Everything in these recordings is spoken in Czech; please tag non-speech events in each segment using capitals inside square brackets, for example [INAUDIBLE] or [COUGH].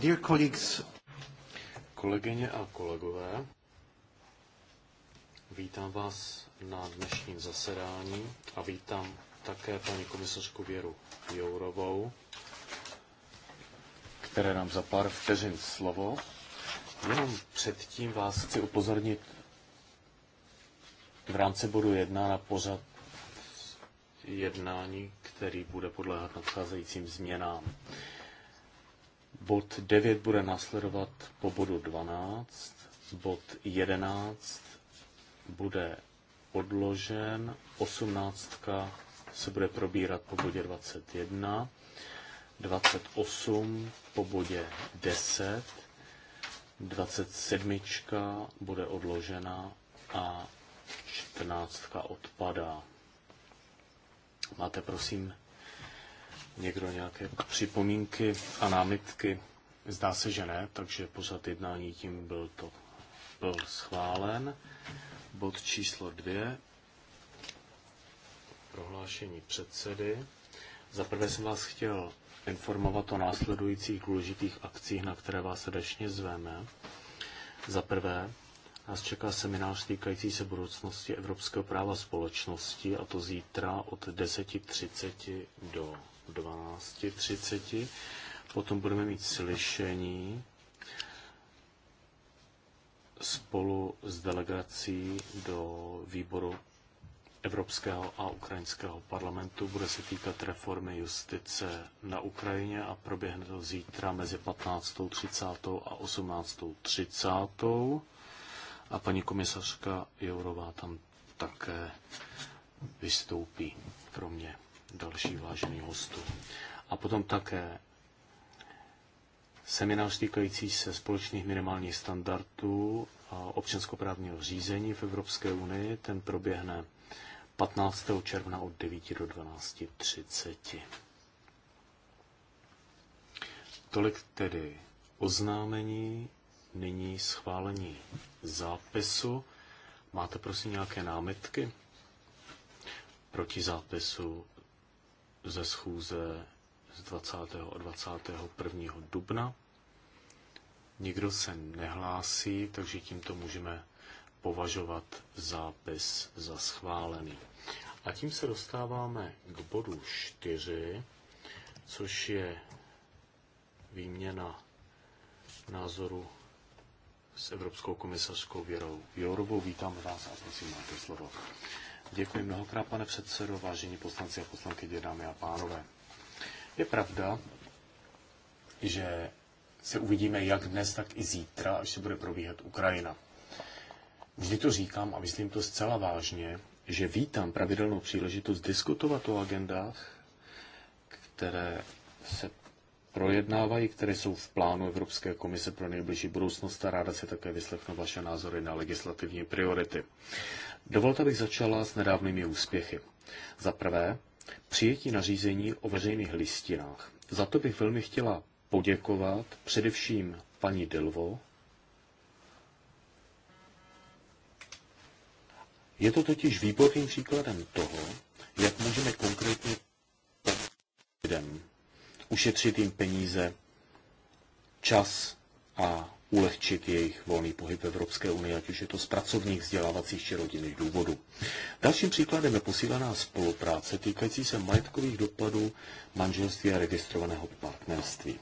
Dear colleagues. Kolegyně a kolegové, vítám vás na dnešním zasedání a vítám také paní komisařku Věru Jourovou, které nám za pár vteřin slovo. Jenom předtím vás chci upozornit v rámci bodu 1 na pořad jednání, který bude podléhat nadcházejícím změnám. Bod 9 bude následovat po bodu 12. Bod 11 bude odložen. 18 se bude probírat po bodě 21. 28 po bodě 10. 27 bude odložena a 14 odpadá. Máte prosím někdo nějaké připomínky a námitky? Zdá se, že ne, takže pořad jednání tím byl to byl schválen. Bod číslo dvě, prohlášení předsedy. Za prvé jsem vás chtěl informovat o následujících důležitých akcích, na které vás srdečně zveme. Za prvé, nás čeká seminář týkající se budoucnosti evropského práva společnosti, a to zítra od 10.30 do 12.30. Potom budeme mít slyšení spolu s delegací do výboru Evropského a Ukrajinského parlamentu. Bude se týkat reformy justice na Ukrajině a proběhne to zítra mezi 15.30 a 18.30. A paní komisařka Jourová tam také vystoupí, pro mě další vážený hostu A potom také seminář týkající se společných minimálních standardů občanskoprávního řízení v Evropské unii. Ten proběhne 15. června od 9 do 12.30. Tolik tedy oznámení, nyní schválení zápisu. Máte prosím nějaké námitky? Proti zápisu ze schůze z 20. a 21. dubna. Nikdo se nehlásí, takže tímto můžeme považovat zápis za schválený. A tím se dostáváme k bodu 4, což je výměna názoru s Evropskou komisařkou Věrou Jourovou. Vítám vás a prosím, máte slovo. Děkuji mnohokrát, pane předsedo, vážení poslanci a poslankyně, dámy a pánové. Je pravda, že se uvidíme jak dnes, tak i zítra, až se bude probíhat Ukrajina. Vždy to říkám a myslím to zcela vážně, že vítám pravidelnou příležitost diskutovat o agendách, které se projednávají, které jsou v plánu Evropské komise pro nejbližší budoucnost a ráda si také vyslechnu vaše názory na legislativní priority. Dovolte, abych začala s nedávnými úspěchy. Za prvé, přijetí nařízení o veřejných listinách. Za to bych velmi chtěla poděkovat především paní Delvo. Je to totiž výborným příkladem toho, jak můžeme konkrétně lidem ušetřit jim peníze, čas a ulehčit jejich volný pohyb v Evropské unii, ať už je to z pracovních, vzdělávacích či rodinných důvodů. Dalším příkladem je posílená spolupráce týkající se majetkových dopadů manželství a registrovaného partnerství.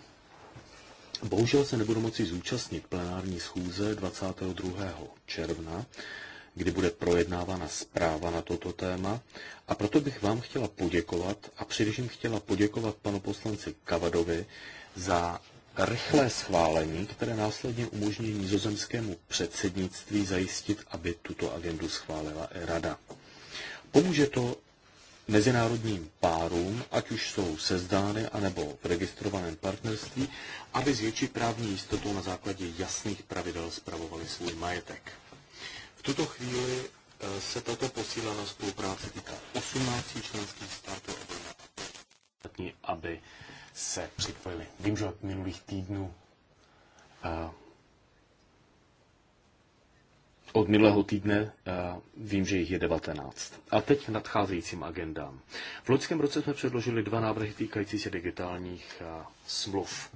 Bohužel se nebudu moci zúčastnit plenární schůze 22. června, kdy bude projednávána zpráva na toto téma. A proto bych vám chtěla poděkovat a především chtěla poděkovat panu poslanci Kavadovi za rychlé schválení, které následně umožní nizozemskému předsednictví zajistit, aby tuto agendu schválila i Rada. Pomůže to mezinárodním párům, ať už jsou sezdány anebo v registrovaném partnerství, aby s větší právní jistotou na základě jasných pravidel spravovali svůj majetek. V tuto chvíli eh, se tato posílená spolupráce týká 18 členských států, aby se připojili. Vím, že od minulých týdnů Uh, od minulého týdne uh, vím, že jich je 19. A teď k nadcházejícím agendám. V loňském roce jsme předložili dva návrhy týkající se digitálních uh, smluv.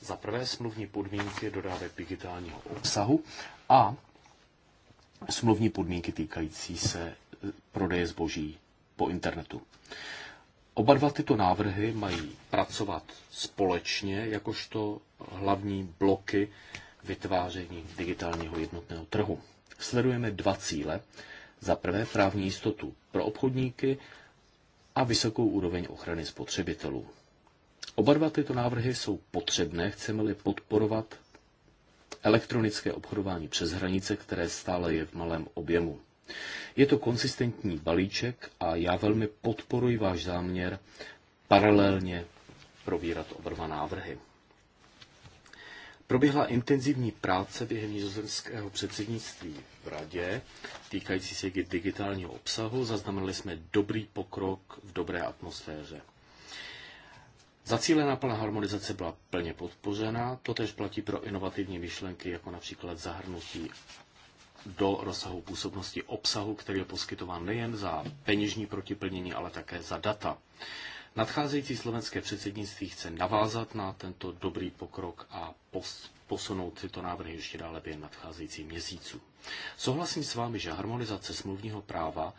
Za prvé smluvní podmínky dodávek digitálního obsahu a smluvní podmínky týkající se prodeje zboží po internetu. Oba dva tyto návrhy mají pracovat společně jakožto hlavní bloky vytváření digitálního jednotného trhu. Sledujeme dva cíle. Za prvé právní jistotu pro obchodníky a vysokou úroveň ochrany spotřebitelů. Oba dva tyto návrhy jsou potřebné, chceme-li podporovat elektronické obchodování přes hranice, které stále je v malém objemu. Je to konsistentní balíček a já velmi podporuji váš záměr paralelně probírat oba návrhy. Proběhla intenzivní práce během nizozemského předsednictví v radě týkající se digitálního obsahu. Zaznamenali jsme dobrý pokrok v dobré atmosféře. Zacílená plná harmonizace byla plně podpořena, totež platí pro inovativní myšlenky, jako například zahrnutí do rozsahu působnosti obsahu, který je poskytován nejen za peněžní protiplnění, ale také za data. Nadcházející slovenské předsednictví chce navázat na tento dobrý pokrok a posunout tyto návrhy ještě dále během nadcházejících měsíců. Souhlasím s vámi, že harmonizace smluvního práva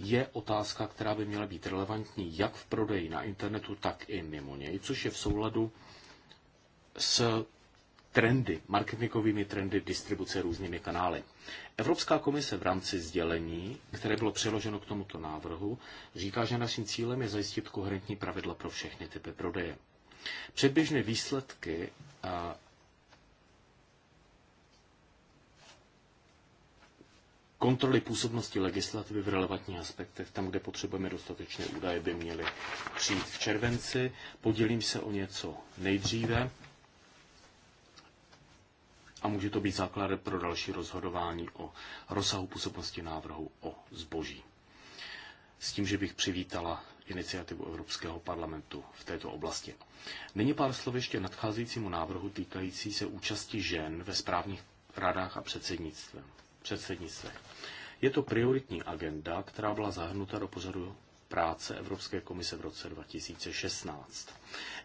je otázka, která by měla být relevantní jak v prodeji na internetu, tak i mimo něj, což je v souladu s trendy, marketingovými trendy distribuce různými kanály. Evropská komise v rámci sdělení, které bylo přeloženo k tomuto návrhu, říká, že naším cílem je zajistit koherentní pravidla pro všechny typy prodeje. Předběžné výsledky a kontroly působnosti legislativy v relevantních aspektech, tam, kde potřebujeme dostatečné údaje, by měly přijít v červenci. Podělím se o něco nejdříve a může to být základ pro další rozhodování o rozsahu působnosti návrhu o zboží. S tím, že bych přivítala iniciativu Evropského parlamentu v této oblasti. Nyní pár slov ještě nadcházejícímu návrhu týkající se účasti žen ve správních radách a předsednictvech. Je to prioritní agenda, která byla zahrnuta do pořadu práce Evropské komise v roce 2016.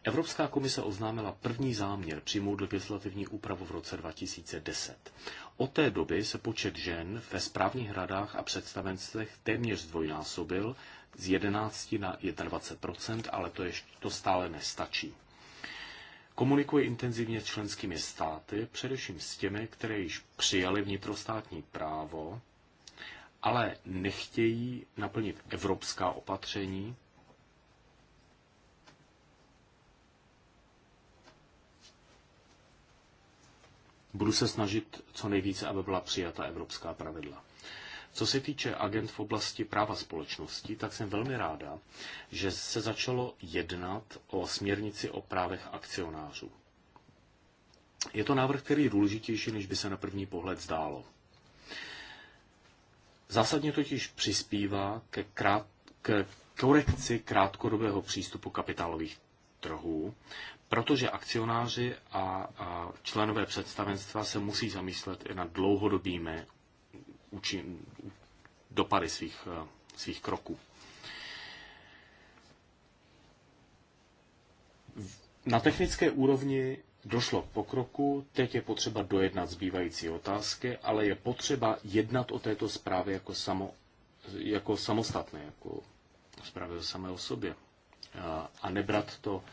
Evropská komise oznámila první záměr přijmout legislativní úpravu v roce 2010. Od té doby se počet žen ve správních radách a představenstvech téměř zdvojnásobil z 11 na 21 ale to, ještě, to stále nestačí. Komunikuje intenzivně s členskými státy, především s těmi, které již přijali vnitrostátní právo ale nechtějí naplnit evropská opatření, Budu se snažit co nejvíce, aby byla přijata evropská pravidla. Co se týče agent v oblasti práva společnosti, tak jsem velmi ráda, že se začalo jednat o směrnici o právech akcionářů. Je to návrh, který je důležitější, než by se na první pohled zdálo. Zásadně totiž přispívá ke, krát, ke korekci krátkodobého přístupu kapitálových trhů, protože akcionáři a, a členové představenstva se musí zamyslet i nad dlouhodobými účin, dopady svých, eh, svých kroků. Na technické úrovni Došlo k pokroku, teď je potřeba dojednat zbývající otázky, ale je potřeba jednat o této zprávě jako, samo, jako samostatné, jako zprávě o samé osobě A, a nebrat to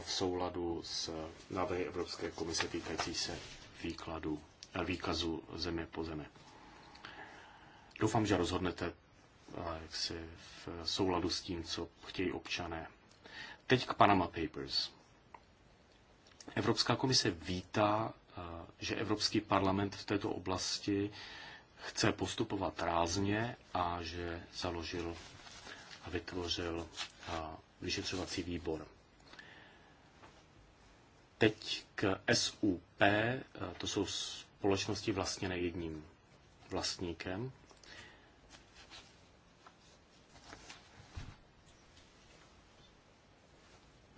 v souladu s návrhy Evropské komise týkající se výkladu, výkazu země po zemi. Doufám, že rozhodnete jak si v souladu s tím, co chtějí občané. Teď k Panama Papers. Evropská komise vítá, eh, že Evropský parlament v této oblasti chce postupovat rázně a že založil a vytvořil eh, vyšetřovací výbor. Teď k SUP, eh, to jsou společnosti vlastněné jedním vlastníkem,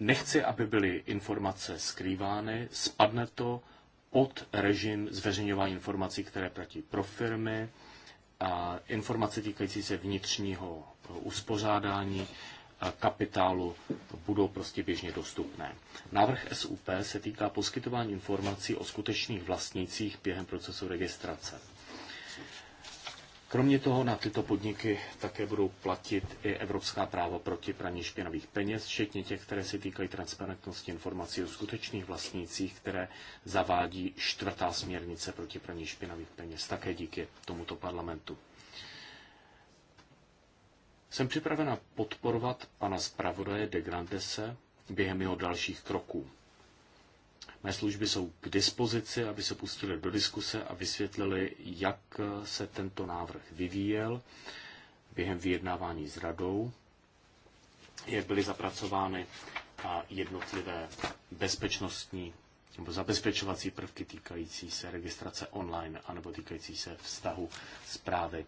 Nechci, aby byly informace skrývány, spadne to pod režim zveřejňování informací, které platí pro firmy, a informace týkající se vnitřního uspořádání kapitálu budou prostě běžně dostupné. Návrh SUP se týká poskytování informací o skutečných vlastnících během procesu registrace. Kromě toho na tyto podniky také budou platit i evropská práva proti praní špinavých peněz, včetně těch, které se týkají transparentnosti informací o skutečných vlastnících, které zavádí čtvrtá směrnice proti praní špinavých peněz, také díky tomuto parlamentu. Jsem připravena podporovat pana zpravodaje de Grandese během jeho dalších kroků. Mé služby jsou k dispozici, aby se pustili do diskuse a vysvětlili, jak se tento návrh vyvíjel během vyjednávání s radou, jak byly zapracovány a jednotlivé bezpečnostní nebo zabezpečovací prvky týkající se registrace online anebo týkající se vztahu zprávy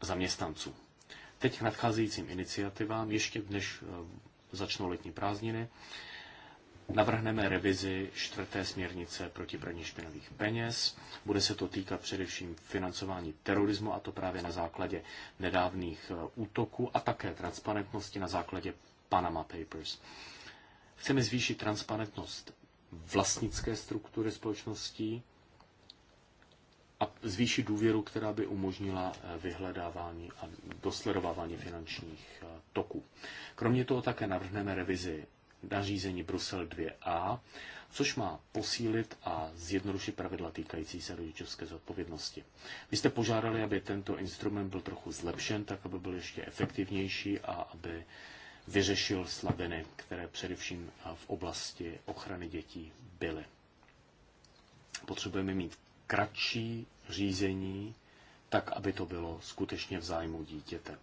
zaměstnanců. Teď k nadcházejícím iniciativám, ještě než e, začnou letní prázdniny. Navrhneme revizi čtvrté směrnice proti praní špinavých peněz. Bude se to týkat především financování terorismu, a to právě na základě nedávných eh, útoků a také transparentnosti na základě Panama Papers. Chceme zvýšit transparentnost vlastnické struktury společností a zvýšit důvěru, která by umožnila eh, vyhledávání a dosledovávání finančních eh, toků. Kromě toho také navrhneme revizi nařízení Brusel 2a, což má posílit a zjednodušit pravidla týkající se rodičovské zodpovědnosti. Vy jste požádali, aby tento instrument byl trochu zlepšen, tak aby byl ještě efektivnější a aby vyřešil slabiny, které především v oblasti ochrany dětí byly. Potřebujeme mít kratší řízení, tak aby to bylo skutečně v zájmu dítěte.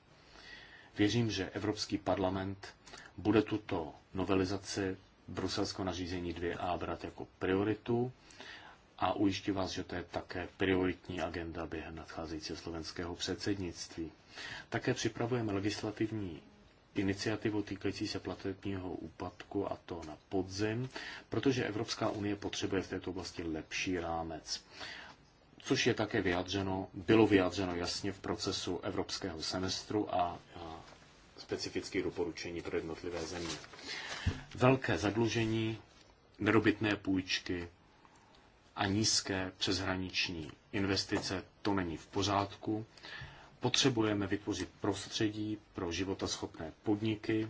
Věřím, že Evropský parlament bude tuto novelizaci bruselského nařízení 2a brát jako prioritu a ujišťuji vás, že to je také prioritní agenda během nadcházejícího slovenského předsednictví. Také připravujeme legislativní iniciativu týkající se platebního úpadku a to na podzim, protože Evropská unie potřebuje v této oblasti lepší rámec což je také vyjádřeno, bylo vyjádřeno jasně v procesu evropského semestru a specifických doporučení pro jednotlivé země. Velké zadlužení, nedobytné půjčky a nízké přeshraniční investice, to není v pořádku. Potřebujeme vytvořit prostředí pro životaschopné podniky,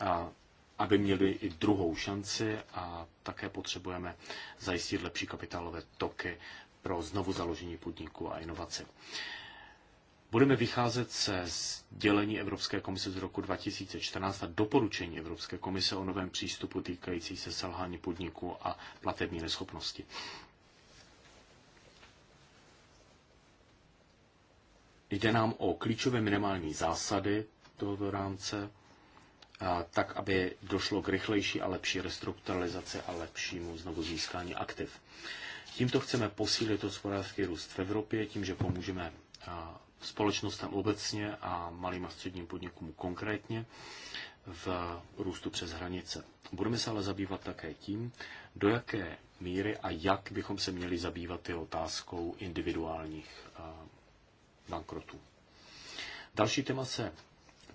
a aby měli i druhou šanci a také potřebujeme zajistit lepší kapitálové toky pro znovu založení podniku a inovaci. Budeme vycházet se sdělení Evropské komise z roku 2014 a doporučení Evropské komise o novém přístupu týkající se selhání podniků a platební neschopnosti. Jde nám o klíčové minimální zásady tohoto rámce, tak, aby došlo k rychlejší a lepší restrukturalizaci a lepšímu znovu získání aktiv. Tímto chceme posílit hospodářský růst v Evropě, tím, že pomůžeme společnostem obecně a malým a středním podnikům konkrétně v růstu přes hranice. Budeme se ale zabývat také tím, do jaké míry a jak bychom se měli zabývat i otázkou individuálních eh, bankrotů. Další téma se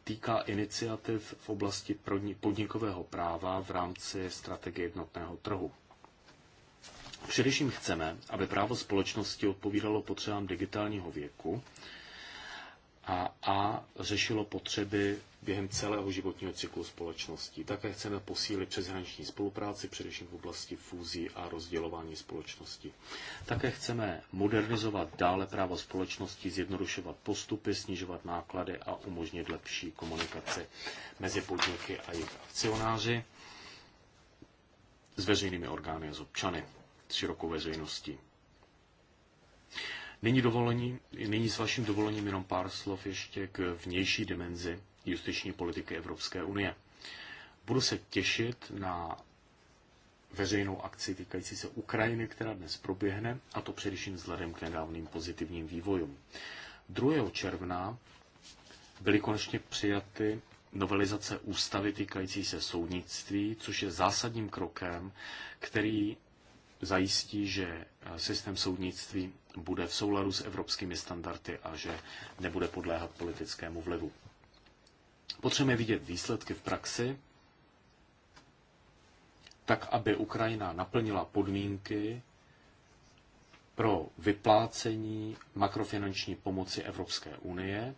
týká iniciativ v oblasti podnikového práva v rámci strategie jednotného trhu. Především chceme, aby právo společnosti odpovídalo potřebám digitálního věku a, a řešilo potřeby během celého životního cyklu společnosti. Také chceme posílit přeshraniční spolupráci, především v oblasti fúzí a rozdělování společnosti. Také chceme modernizovat dále právo společnosti, zjednodušovat postupy, snižovat náklady a umožnit lepší komunikaci mezi podniky a jejich akcionáři s veřejnými orgány a s občany, s širokou veřejností. Nyní, dovolení, nyní s vaším dovolením jenom pár slov ještě k vnější dimenzi justiční politiky Evropské unie. Budu se těšit na veřejnou akci týkající se Ukrajiny, která dnes proběhne, a to především vzhledem k nedávným pozitivním vývojům. 2. června byly konečně přijaty novelizace ústavy týkající se soudnictví, což je zásadním krokem, který zajistí, že eh, systém soudnictví bude v souladu s evropskými standardy a že nebude podléhat politickému vlivu. Potřebujeme vidět výsledky v praxi, tak aby Ukrajina naplnila podmínky pro vyplácení makrofinanční pomoci Evropské unie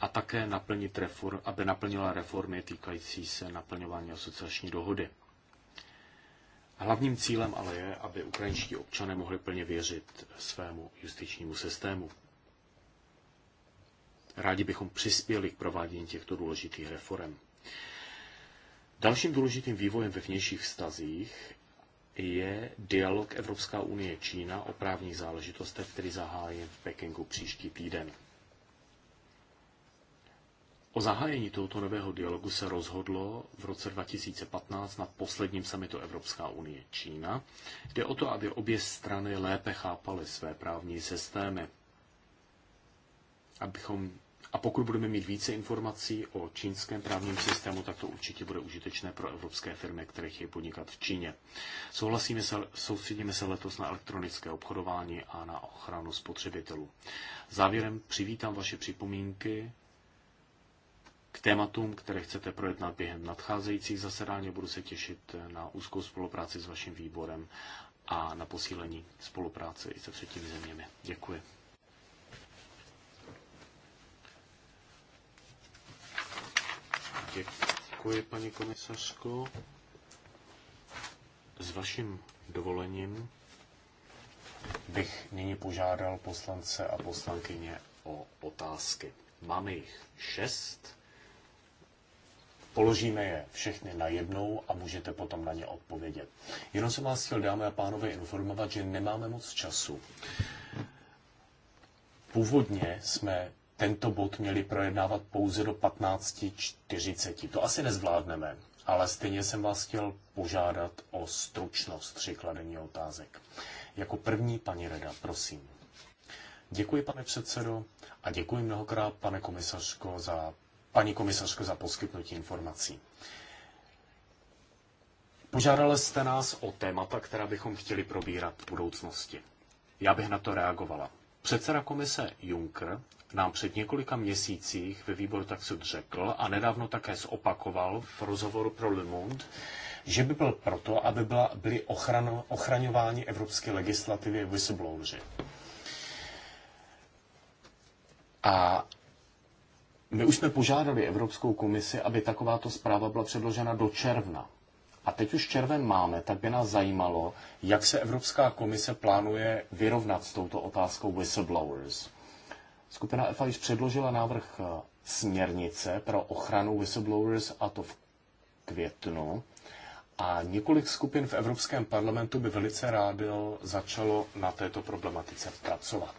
a také naplnit reform, aby naplnila reformy týkající se naplňování asociační dohody. Hlavním cílem ale je, aby ukrajinští občané mohli plně věřit svému justičnímu systému. Rádi bychom přispěli k provádění těchto důležitých reform. Dalším důležitým vývojem ve vnějších vztazích je dialog Evropská unie Čína o právních záležitostech, který zahájí v Pekingu příští týden. O zahájení tohoto nového dialogu se rozhodlo v roce 2015 na posledním samitu Evropská unie Čína. Jde o to, aby obě strany lépe chápaly své právní systémy. Abychom, a pokud budeme mít více informací o čínském právním systému, tak to určitě bude užitečné pro evropské firmy, které chtějí podnikat v Číně. Souhlasíme se, soustředíme se letos na elektronické obchodování a na ochranu spotřebitelů. Závěrem přivítám vaše připomínky k tématům, které chcete projednat během nadcházejících zasedání. Budu se těšit na úzkou spolupráci s vaším výborem a na posílení spolupráce i se třetími zeměmi. Děkuji. Děkuji, paní komisařko. S vaším dovolením bych nyní požádal poslance a poslankyně o otázky. Máme jich šest položíme je všechny na jednou a můžete potom na ně odpovědět. Jenom jsem vás chtěl, dámy a pánové, informovat, že nemáme moc času. Původně jsme tento bod měli projednávat pouze do 15.40. To asi nezvládneme, ale stejně jsem vás chtěl požádat o stručnost při kladení otázek. Jako první, paní Reda, prosím. Děkuji, pane předsedo, a děkuji mnohokrát, pane komisařko, za paní komisařko za poskytnutí informací. Požádala jste nás o témata, která bychom chtěli probírat v budoucnosti. Já bych na to reagovala. Předseda komise Juncker nám před několika měsících ve výboru Taxud řekl a nedávno také zopakoval v rozhovoru pro Le Monde, že by byl proto, aby byla, byly ochran, ochraňováni evropské legislativy whistleblowři. A my už jsme požádali Evropskou komisi, aby takováto zpráva byla předložena do června. A teď už červen máme, tak by nás zajímalo, jak se Evropská komise plánuje vyrovnat s touto otázkou whistleblowers. Skupina EFA již předložila návrh eh, směrnice pro ochranu whistleblowers a to v květnu. A několik skupin v Evropském parlamentu by velice rádo začalo na této problematice pracovat.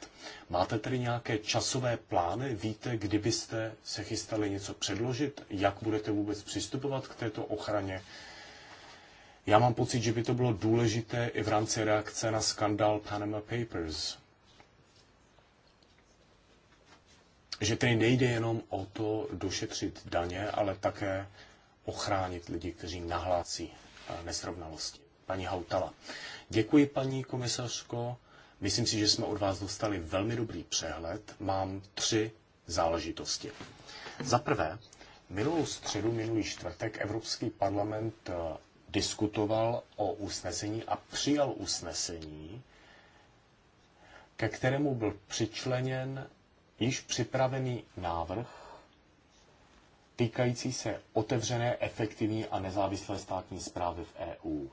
Máte tedy nějaké časové plány? Víte, kdybyste se chystali něco předložit? Jak budete vůbec přistupovat k této ochraně? Já mám pocit, že by to bylo důležité i v rámci reakce na skandal Panama Papers. Že tedy nejde jenom o to došetřit daně, ale také ochránit lidi, kteří nahlásí nesrovnalosti. Paní Hautala. Děkuji, paní komisařko. Myslím si, že jsme od vás dostali velmi dobrý přehled. Mám tři záležitosti. Za prvé, minulou středu, minulý čtvrtek Evropský parlament eh, diskutoval o usnesení a přijal usnesení, ke kterému byl přičleněn již připravený návrh týkající se otevřené, efektivní a nezávislé státní zprávy v EU.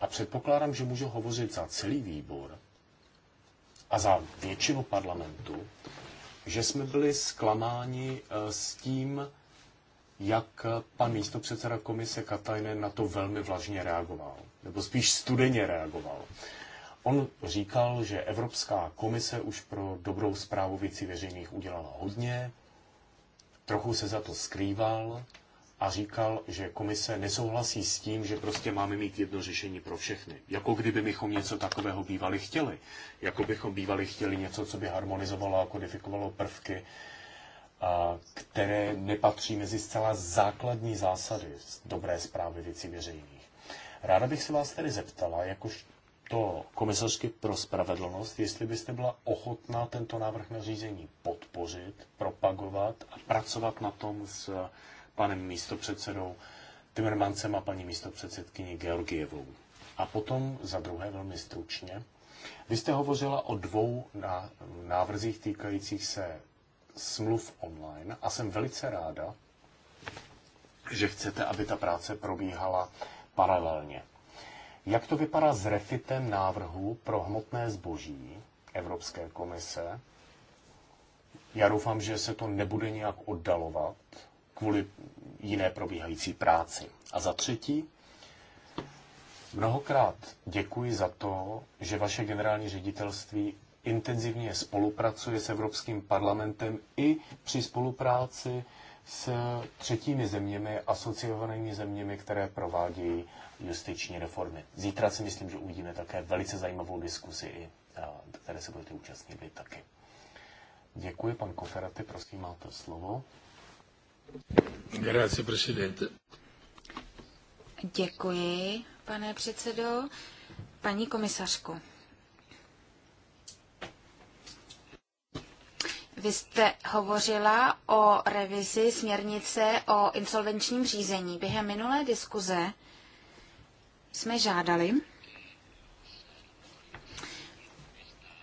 A předpokládám, že můžu hovořit za celý výbor a za většinu parlamentu, že jsme byli zklamáni eh, s tím, jak pan místopředseda komise Katajne na to velmi vlažně reagoval, nebo spíš studeně reagoval. On říkal, že Evropská komise už pro dobrou zprávu věcí veřejných udělala hodně, trochu se za to skrýval a říkal, že komise nesouhlasí s tím, že prostě máme mít jedno řešení pro všechny. Jako kdyby bychom něco takového bývali chtěli. Jako bychom bývali chtěli něco, co by harmonizovalo a kodifikovalo prvky, a, které nepatří mezi zcela základní zásady dobré zprávy věcí veřejných. Ráda bych se vás tedy zeptala, jakož to komisařky pro spravedlnost, jestli byste byla ochotná tento návrh na řízení podpořit, propagovat a pracovat na tom s panem místopředsedou Timmermancem a paní místopředsedkyní Georgievou. A potom za druhé velmi stručně. Vy jste hovořila o dvou návrzích týkajících se smluv online a jsem velice ráda, že chcete, aby ta práce probíhala paralelně. Jak to vypadá s refitem návrhu pro hmotné zboží Evropské komise? Já doufám, že se to nebude nějak oddalovat kvůli jiné probíhající práci. A za třetí, mnohokrát děkuji za to, že vaše generální ředitelství intenzivně spolupracuje s Evropským parlamentem i při spolupráci s třetími zeměmi, asociovanými zeměmi, které provádějí justiční reformy. Zítra si myslím, že uvidíme také velice zajímavou diskusi, které se budete účastnit vy taky. Děkuji, pan Koferaty, prosím, máte slovo. Grazie, presidente. Děkuji, pane předsedo. Paní komisařku, Vy jste hovořila o revizi směrnice o insolvenčním řízení. Během minulé diskuze jsme žádali,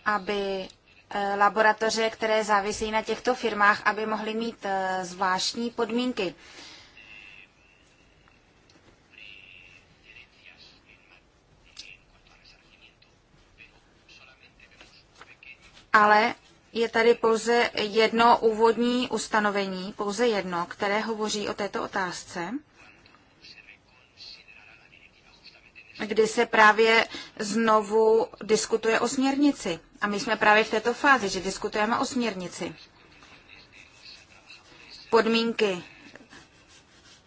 aby eh, laboratoře, které závisí na těchto firmách, aby mohly mít eh, zvláštní podmínky. Ale je tady pouze jedno úvodní ustanovení, pouze jedno, které hovoří o této otázce, kdy se právě znovu diskutuje o směrnici. A my jsme právě v této fázi, že diskutujeme o směrnici. Podmínky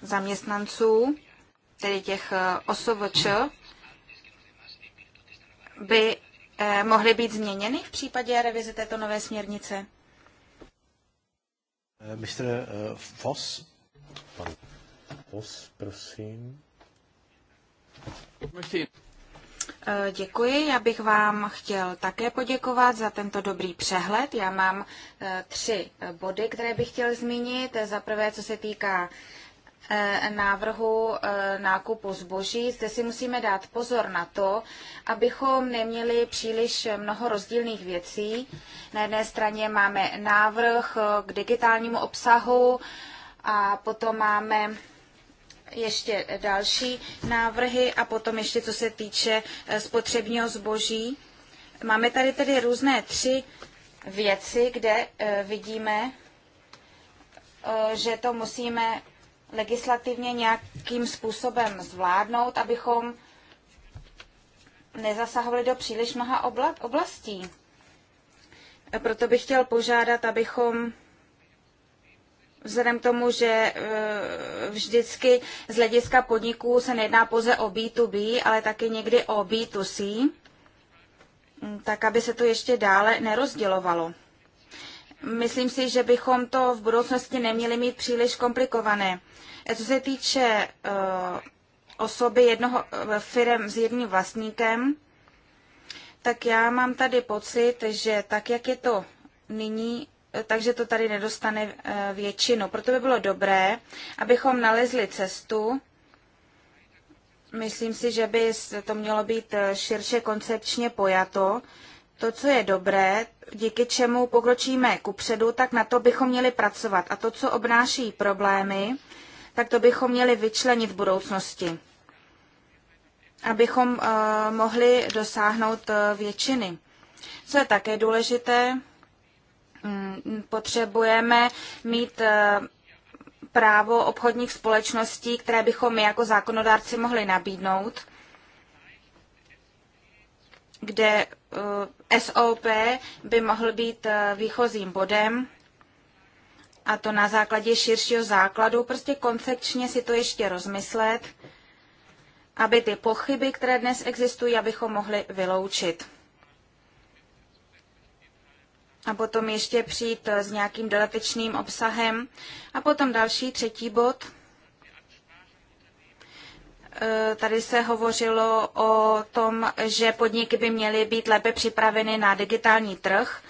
zaměstnanců, tedy těch eh, osovoč, by Eh, mohly být změněny v případě revize této nové směrnice? Eh, Mr. Eh, Foss? Pan Foss, prosím. Děkuji, já bych vám chtěl také poděkovat za tento dobrý přehled. Já mám tři body, které bych chtěl zmínit. Za prvé, co se týká Eh, návrhu eh, nákupu zboží. Zde si musíme dát pozor na to, abychom neměli příliš mnoho rozdílných věcí. Na jedné straně máme návrh k digitálnímu obsahu a potom máme ještě další návrhy a potom ještě co se týče eh, spotřebního zboží. Máme tady tedy různé tři věci, kde vidíme, že to musíme legislativně nějakým způsobem zvládnout, abychom nezasahovali do příliš mnoha oblastí. Proto bych chtěl požádat, abychom vzhledem k tomu, že e, vždycky z hlediska podniků se nejedná pouze o B2B, ale taky někdy o B2C, tak aby se to ještě dále nerozdělovalo. Myslím si, že bychom to v budoucnosti neměli mít příliš komplikované. E, co se týče e, osoby jednoho e, firem s jedním vlastníkem, tak já mám tady pocit, že tak, jak je to nyní, takže to tady nedostane většinu. Proto by bylo dobré, abychom nalezli cestu. Myslím si, že by to mělo být širše koncepčně pojato, to, co je dobré, díky čemu pokročíme kupředu, tak na to bychom měli pracovat. A to, co obnáší problémy, tak to bychom měli vyčlenit v budoucnosti, abychom uh, mohli dosáhnout uh, většiny. Co je také důležité, um, potřebujeme mít uh, právo obchodních společností, které bychom my jako zákonodárci mohli nabídnout kde eh, SOP by mohl být eh, výchozím bodem, a to na základě širšího základu, prostě koncepčně si to ještě rozmyslet, aby ty pochyby, které dnes existují, abychom mohli vyloučit. A potom ještě přijít eh, s nějakým dodatečným obsahem. A potom další třetí bod – Eh, tady se hovořilo o tom, že podniky by měly být lépe připraveny na digitální trh.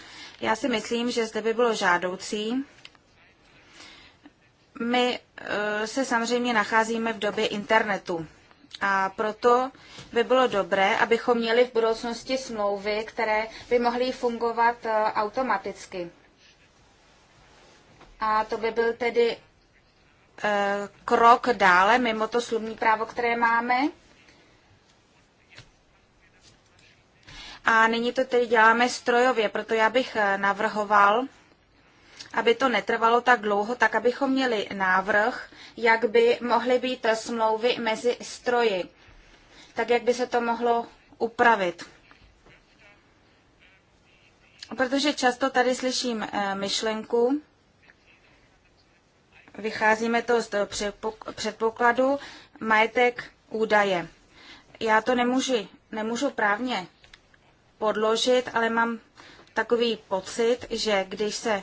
Já si myslím, že zde by bylo žádoucí. My eh, se samozřejmě nacházíme v době internetu. A proto by bylo dobré, abychom měli v budoucnosti smlouvy, které by mohly fungovat eh, automaticky. A to by byl tedy E, krok dále mimo to slumní právo, které máme. A nyní to tedy děláme strojově, proto já bych e, navrhoval, aby to netrvalo tak dlouho, tak abychom měli návrh, jak by mohly být smlouvy mezi stroji, tak jak by se to mohlo upravit. Protože často tady slyším e, myšlenku, vycházíme to z předpokladu majetek údaje. Já to nemůžu, nemůžu právně podložit, ale mám takový pocit, že když se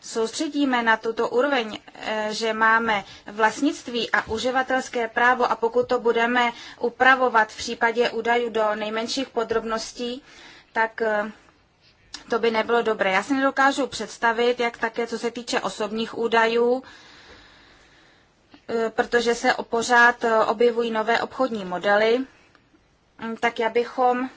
soustředíme na tuto úroveň, eh, že máme vlastnictví a uživatelské právo a pokud to budeme upravovat v případě údajů do nejmenších podrobností, tak eh, to by nebylo dobré. Já si nedokážu představit, jak také, co se týče osobních údajů, e, protože se pořád e, objevují nové obchodní modely, tak já bychom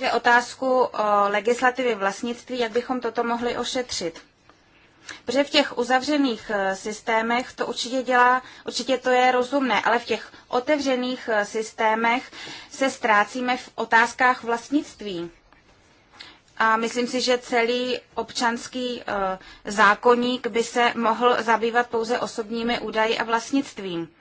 že otázku o legislativy vlastnictví, jak bychom toto mohli ošetřit. Protože v těch uzavřených eh, systémech to určitě dělá, určitě to je rozumné, ale v těch otevřených eh, systémech se ztrácíme v otázkách vlastnictví. A myslím si, že celý občanský eh, zákoník by se mohl zabývat pouze osobními údaji a vlastnictvím.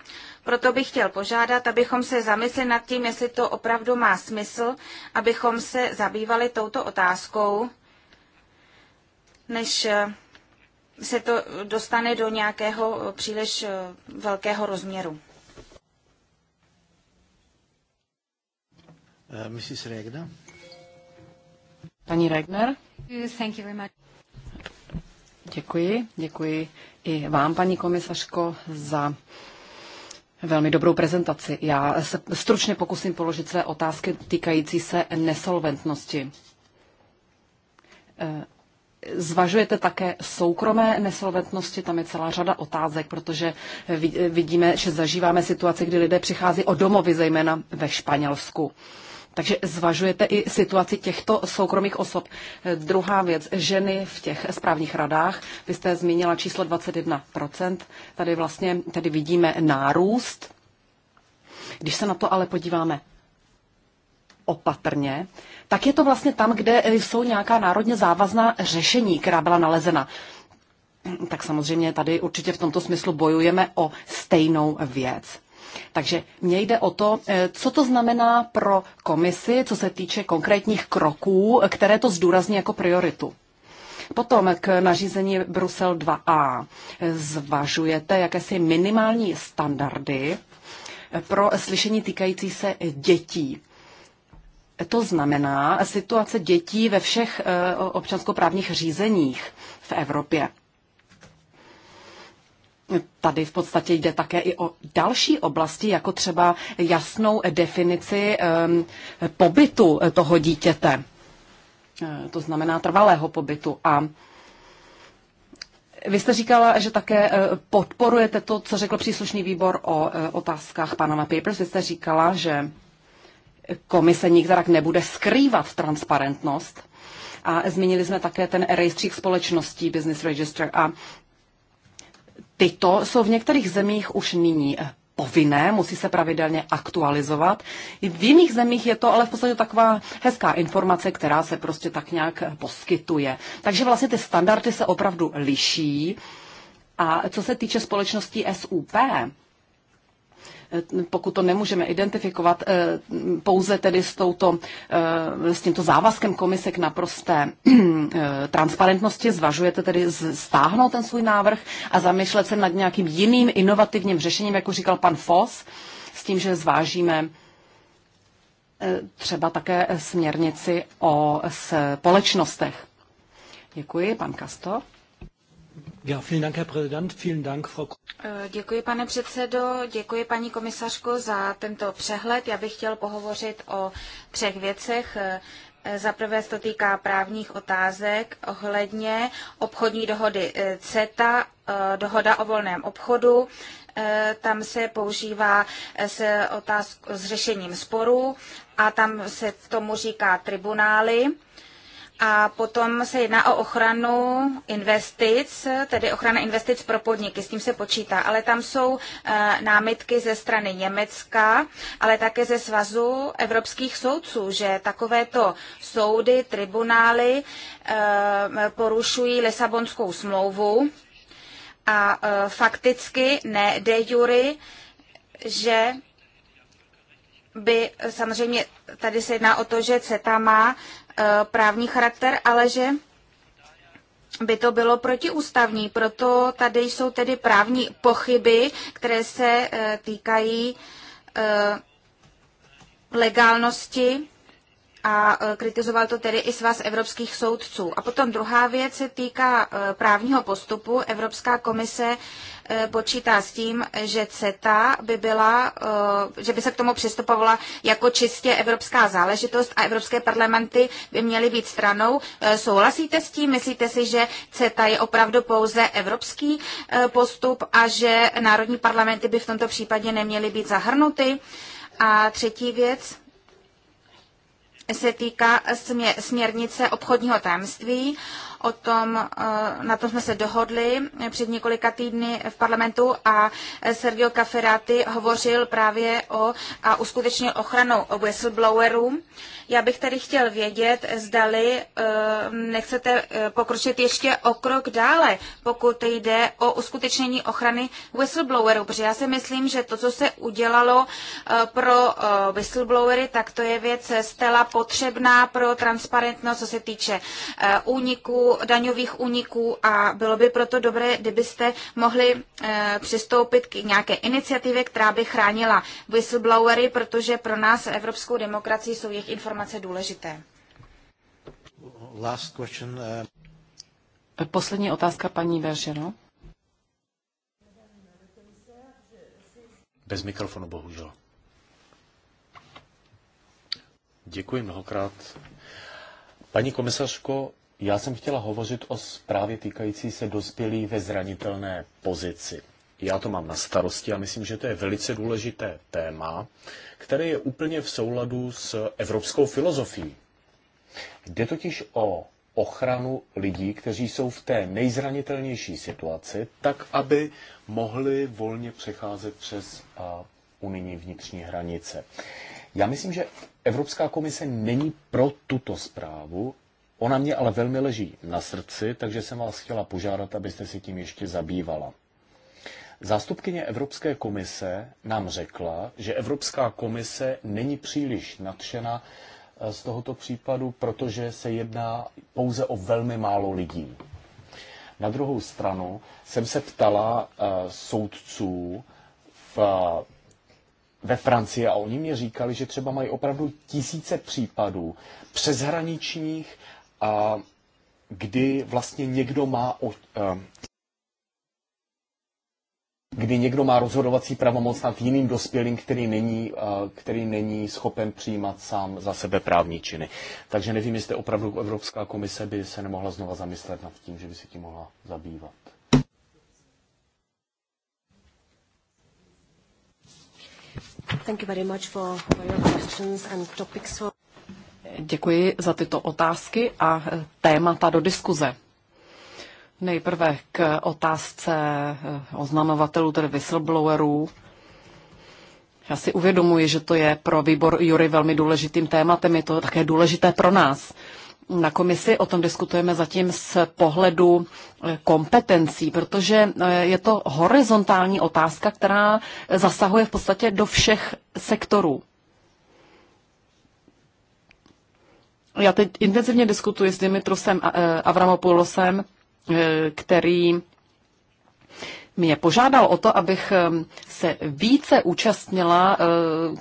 Proto bych chtěl požádat, abychom se zamysleli nad tím, jestli to opravdu má smysl, abychom se zabývali touto otázkou, než se to dostane do nějakého příliš eh, velkého rozměru. Eh, Mrs. Regner. Paní Regner. Thank you very much. Děkuji, děkuji i vám, paní komisařko, za velmi dobrou prezentaci. Já se stručně pokusím položit své otázky týkající se nesolventnosti. Eh, Zvažujete také soukromé nesolventnosti, tam je celá řada otázek, protože vidíme, že zažíváme situaci, kdy lidé přichází o domovy, zejména ve Španělsku. Takže zvažujete i situaci těchto soukromých osob. Druhá věc, ženy v těch správních radách. Vy jste zmínila číslo 21%. Tady vlastně tady vidíme nárůst. Když se na to ale podíváme opatrně, tak je to vlastně tam, kde jsou nějaká národně závazná řešení, která byla nalezena. Tak samozřejmě tady určitě v tomto smyslu bojujeme o stejnou věc. Takže mně jde o to, eh, co to znamená pro komisi, co se týče konkrétních kroků, které to zdůrazní jako prioritu. Potom k nařízení Brusel 2a zvažujete jakési minimální standardy pro slyšení týkající se dětí. To znamená situace dětí ve všech eh, občanskoprávních řízeních v Evropě. Tady v podstatě jde také i o další oblasti, jako třeba jasnou definici ehm, pobytu toho dítěte. Eh, to znamená trvalého pobytu. A vy jste říkala, že také eh, podporujete to, co řekl příslušný výbor o otázkách Panama Papers. Vy jste říkala, že komise nikterak nebude skrývat transparentnost. A zmínili jsme také ten rejstřík společností Business Register a tyto jsou v některých zemích už nyní eh, povinné, musí se pravidelně aktualizovat. V jiných zemích je to ale v podstatě taková hezká informace, která se prostě tak nějak eh, poskytuje. Takže vlastně ty standardy se opravdu liší. A co se týče společností SUP, Eh, pokud to nemůžeme identifikovat eh, pouze tedy s, touto, eh, s tímto závazkem komise k naprosté transparentnosti, zvažujete tedy stáhnout ten svůj návrh a zamýšlet se nad nějakým jiným inovativním řešením, jako říkal pan Foss, s tím, že zvážíme třeba také směrnici o společnostech. Děkuji, pan Kastor. Eh, děkuji, pane předsedo, děkuji, paní komisařko, za tento přehled. Já bych chtěl pohovořit o třech věcech. Eh, za prvé se to týká právních otázek ohledně obchodní dohody eh, CETA, dohoda o volném obchodu. Tam se používá s, otázku, s řešením sporů a tam se tomu říká tribunály a potom se jedná o ochranu investic, tedy ochrana investic pro podniky, s tím se počítá. Ale tam jsou eh, námitky ze strany Německa, ale také ze svazu evropských soudců, že takovéto soudy, tribunály eh, porušují Lisabonskou smlouvu a eh, fakticky ne de jury, že by samozřejmě tady se jedná o to, že CETA má Eh, právní charakter, ale že by to bylo protiústavní. Proto tady jsou tedy právní pochyby, které se eh, týkají eh, legálnosti a e, kritizoval to tedy i svaz evropských soudců. A potom druhá věc se týká e, právního postupu. Evropská komise e, počítá s tím, že CETA by byla, že by se k tomu přistupovala jako čistě evropská záležitost a evropské parlamenty by měly být stranou. Souhlasíte s tím? Myslíte si, že CETA je opravdu pouze evropský postup a že národní parlamenty by v tomto případě neměly být zahrnuty? A třetí věc, se týká směrnice obchodního tajemství o tom, eh, na tom jsme se dohodli před několika týdny v parlamentu a Sergio Caferati hovořil právě o a uskutečnil ochranu whistleblowerů. Já bych tady chtěl vědět, zdali eh, nechcete eh, pokročit ještě o krok dále, pokud jde o uskutečnění ochrany whistleblowerů, protože já si myslím, že to, co se udělalo pro whistleblowery, tak to je věc stela potřebná pro transparentnost, co se týče úniků, daňových úniků a bylo by proto dobré, kdybyste mohli eh, přistoupit k nějaké iniciativě, která by chránila whistleblowery, protože pro nás evropskou demokracii jsou jejich informace důležité. Last question, uh... Poslední otázka paní Berženo. Bez mikrofonu, bohužel. Děkuji mnohokrát. Paní komisařko, já jsem chtěla hovořit o zprávě týkající se dospělí ve zranitelné pozici. Já to mám na starosti a myslím, že to je velice důležité téma, které je úplně v souladu s evropskou filozofií. Jde totiž o ochranu lidí, kteří jsou v té nejzranitelnější situaci, tak aby mohli volně přecházet přes unijní vnitřní hranice. Já myslím, že Evropská komise není pro tuto zprávu, Ona mě ale velmi leží na srdci, takže jsem vás chtěla požádat, abyste si tím ještě zabývala. Zástupkyně Evropské komise nám řekla, že Evropská komise není příliš nadšena eh, z tohoto případu, protože se jedná pouze o velmi málo lidí. Na druhou stranu jsem se ptala eh, soudců v, eh, ve Francii a oni mě říkali, že třeba mají opravdu tisíce případů přeshraničních a kdy vlastně někdo má o, eh, kdy někdo má rozhodovací pravomoc nad jiným dospělým, který není, eh, který není schopen přijímat sám za sebe právní činy. Takže nevím, jestli opravdu Evropská komise by se nemohla znova zamyslet nad tím, že by se tím mohla zabývat. Thank you very much for, for your questions and topics. For... Děkuji za tyto otázky a témata do diskuze. Nejprve k otázce eh, oznamovatelů, tedy whistleblowerů. Já si uvědomuji, že to je pro výbor Jury velmi důležitým tématem, je to také důležité pro nás. Na komisi o tom diskutujeme zatím z pohledu eh, kompetencí, protože eh, je to horizontální otázka, která zasahuje v podstatě do všech sektorů. Já teď intenzivně diskutuji s Dimitrosem eh, Avramopoulosem, eh, který mě požádal o to, abych eh, se více účastnila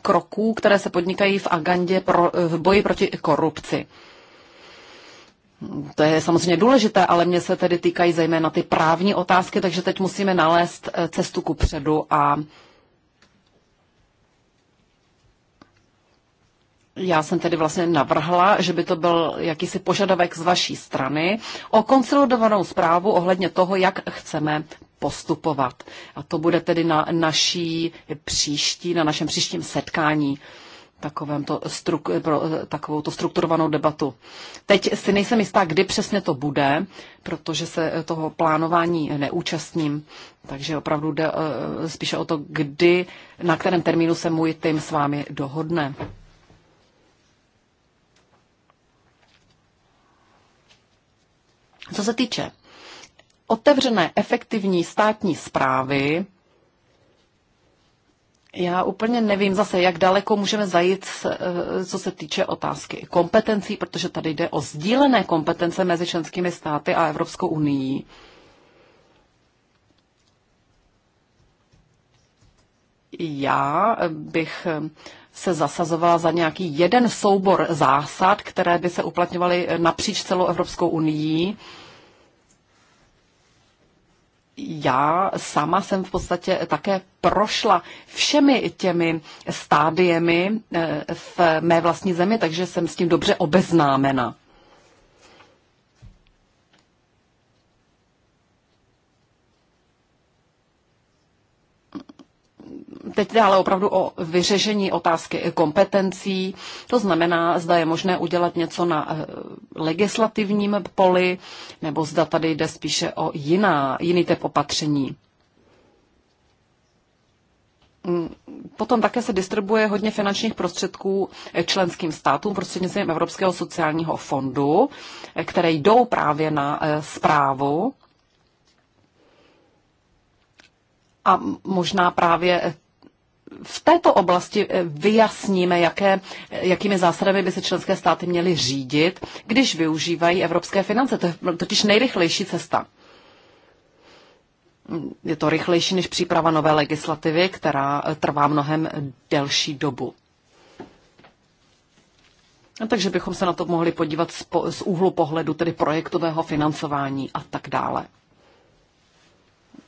kroků, které se podnikají v Agandě pro, v boji proti korupci. To je samozřejmě důležité, ale mě se tedy týkají zejména ty právní otázky, takže teď musíme nalézt cestu ku předu a já jsem tedy vlastně navrhla, že by to byl jakýsi požadavek z vaší strany o konsolidovanou zprávu ohledně toho, jak chceme postupovat. A to bude tedy na naší příští, na našem příštím setkání takovém to struk, pro takovou to strukturovanou debatu. Teď si nejsem jistá, kdy přesně to bude, protože se toho plánování neúčastním, takže opravdu jde eh, spíše o to, kdy, na kterém termínu se můj tým s vámi dohodne. Co se týče otevřené, efektivní státní zprávy, já úplně nevím zase, jak daleko můžeme zajít, eh, co se týče otázky kompetencí, protože tady jde o sdílené kompetence mezi členskými státy a Evropskou unii. Já bych se zasazovala za nějaký jeden soubor zásad, které by se uplatňovaly napříč celou Evropskou unii. Já sama jsem v podstatě také prošla všemi těmi stádiemi eh, v mé vlastní zemi, takže jsem s tím dobře obeznámena. Teď jde ale opravdu o vyřešení otázky kompetencí. To znamená, zda je možné udělat něco na eh, legislativním poli, nebo zda tady jde spíše o jiná, jiný typ opatření. Mm, potom také se distribuje hodně finančních prostředků eh, členským státům prostřednictvím Evropského sociálního fondu, eh, které jdou právě na zprávu. A možná právě v této oblasti eh, vyjasníme, jaké, eh, jakými zásadami by se členské státy měly řídit, když využívají evropské finance. To je totiž nejrychlejší cesta. Je to rychlejší než příprava nové legislativy, která eh, trvá mnohem delší dobu. No, takže bychom se na to mohli podívat z, po, z úhlu pohledu tedy projektového financování a tak dále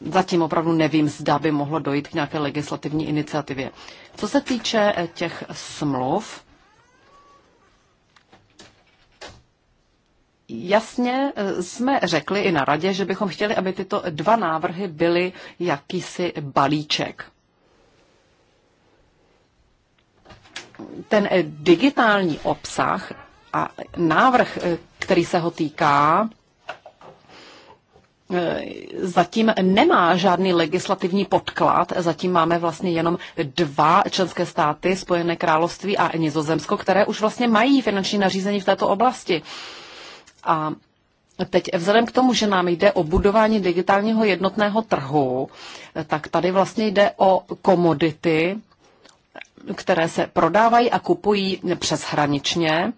zatím opravdu nevím, zda by mohlo dojít k nějaké legislativní iniciativě. Co se týče eh, těch smluv, Jasně eh, jsme řekli i na radě, že bychom chtěli, aby tyto dva návrhy byly jakýsi balíček. Ten eh, digitální obsah a návrh, který se ho týká, Eh, zatím nemá žádný legislativní podklad, zatím máme vlastně jenom dva členské státy, Spojené království a Nizozemsko, které už vlastně mají finanční nařízení v této oblasti. A Teď vzhledem k tomu, že nám jde o budování digitálního jednotného trhu, eh, tak tady vlastně jde o komodity, které se prodávají a kupují přeshraničně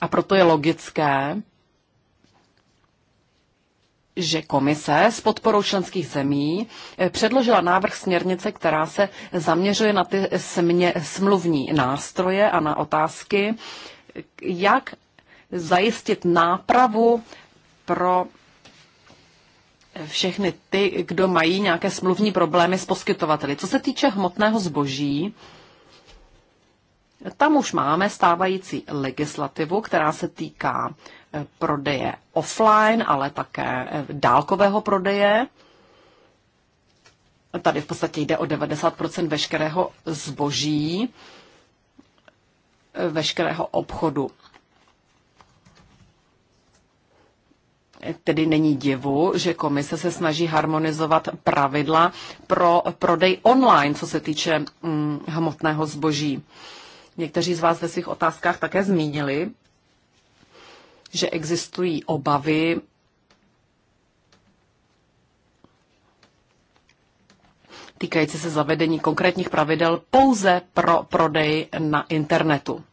a proto je logické, že komise s podporou členských zemí eh, předložila návrh směrnice, která se zaměřuje na ty smě, smluvní nástroje a na otázky, jak zajistit nápravu pro všechny ty, kdo mají nějaké smluvní problémy s poskytovateli. Co se týče hmotného zboží, tam už máme stávající legislativu, která se týká prodeje offline, ale také dálkového prodeje. Tady v podstatě jde o 90 veškerého zboží, veškerého obchodu. Tedy není divu, že komise se snaží harmonizovat pravidla pro prodej online, co se týče mm, hmotného zboží. Někteří z vás ve svých otázkách také zmínili, že existují obavy týkající se zavedení konkrétních pravidel pouze pro prodej na internetu.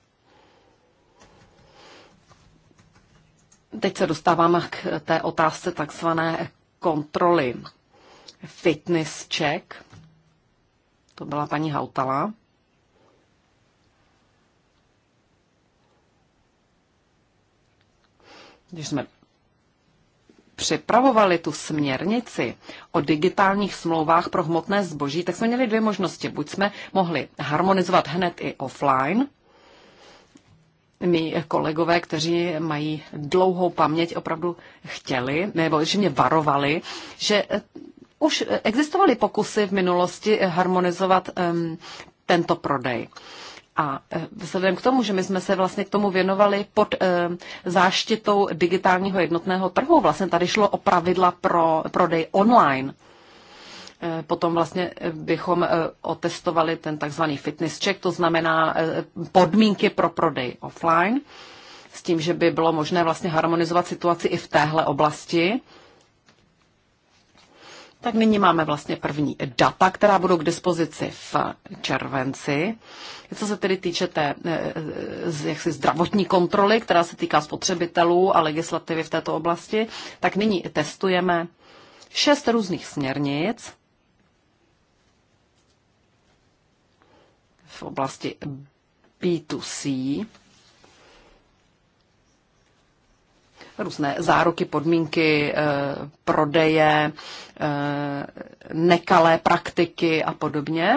Teď se dostáváme k té otázce takzvané kontroly. Fitness check. To byla paní Hautala. když jsme připravovali tu směrnici o digitálních smlouvách pro hmotné zboží, tak jsme měli dvě možnosti. Buď jsme mohli harmonizovat hned i offline, my kolegové, kteří mají dlouhou paměť, opravdu chtěli, nebo že mě varovali, že eh, už existovaly pokusy v minulosti harmonizovat um, tento prodej. A e, vzhledem k tomu, že my jsme se vlastně k tomu věnovali pod e, záštitou digitálního jednotného trhu, vlastně tady šlo o pravidla pro prodej online. E, potom vlastně bychom otestovali ten takzvaný fitness check, to znamená podmínky pro prodej offline, s tím, že by bylo možné vlastně harmonizovat situaci i v téhle oblasti tak nyní máme vlastně první data, která budou k dispozici v červenci. Co se tedy týče té eh, jaksi zdravotní kontroly, která se týká spotřebitelů a legislativy v této oblasti, tak nyní testujeme šest různých směrnic v oblasti B2C, různé záruky, podmínky eh, prodeje, eh, nekalé praktiky a podobně.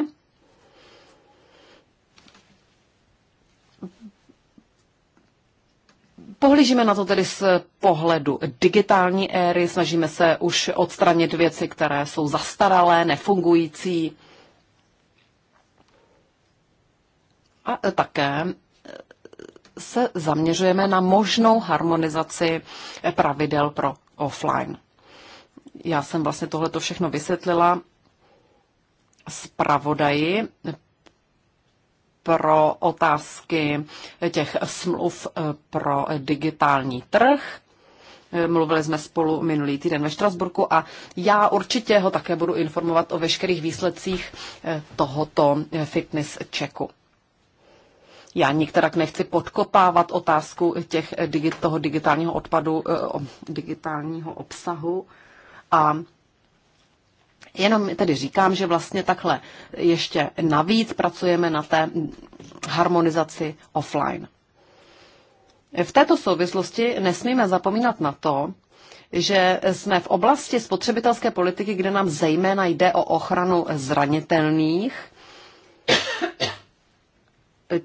Pohlížíme na to tedy z pohledu digitální éry, snažíme se už odstranit věci, které jsou zastaralé, nefungující. A také se zaměřujeme na možnou harmonizaci pravidel pro offline. Já jsem vlastně tohle to všechno vysvětlila zpravodaji pro otázky těch smluv eh, pro digitální trh. Eh, mluvili jsme spolu minulý týden ve Štrasburku a já určitě ho také budu informovat o veškerých výsledcích eh, tohoto fitness checku. Já nikterak nechci podkopávat otázku těch, toho digitálního odpadu, eh, digitálního obsahu a Jenom tedy říkám, že vlastně takhle ještě navíc pracujeme na té harmonizaci offline. V této souvislosti nesmíme zapomínat na to, že jsme v oblasti spotřebitelské politiky, kde nám zejména jde o ochranu zranitelných,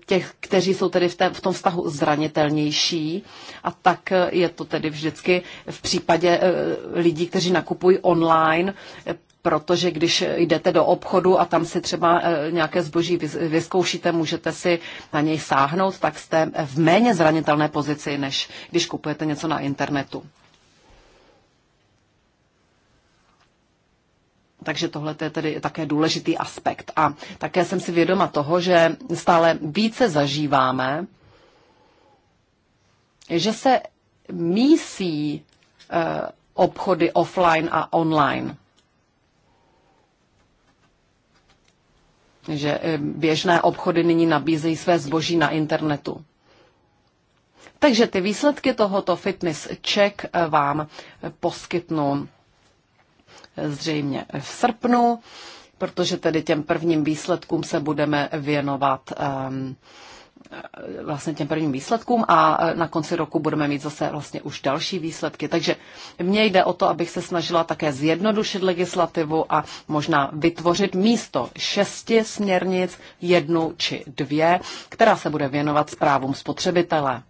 těch, kteří jsou tedy v, té, v tom vztahu zranitelnější a tak eh, je to tedy vždycky v případě eh, lidí, kteří nakupují online, eh, protože když jdete do obchodu a tam si třeba nějaké zboží vyzkoušíte, můžete si na něj sáhnout, tak jste v méně zranitelné pozici, než když kupujete něco na internetu. Takže tohle je tedy také důležitý aspekt. A také jsem si vědoma toho, že stále více zažíváme, že se mísí eh, obchody offline a online. Že eh, běžné obchody nyní nabízejí své zboží na internetu. Takže ty výsledky tohoto fitness check eh, vám poskytnu zřejmě v srpnu, protože tedy těm prvním výsledkům se budeme věnovat ehm, e, vlastně těm prvním výsledkům a e, na konci roku budeme mít zase vlastně už další výsledky. Takže mně jde o to, abych se snažila také zjednodušit legislativu a možná vytvořit místo šesti směrnic, jednu či dvě, která se bude věnovat zprávům spotřebitele.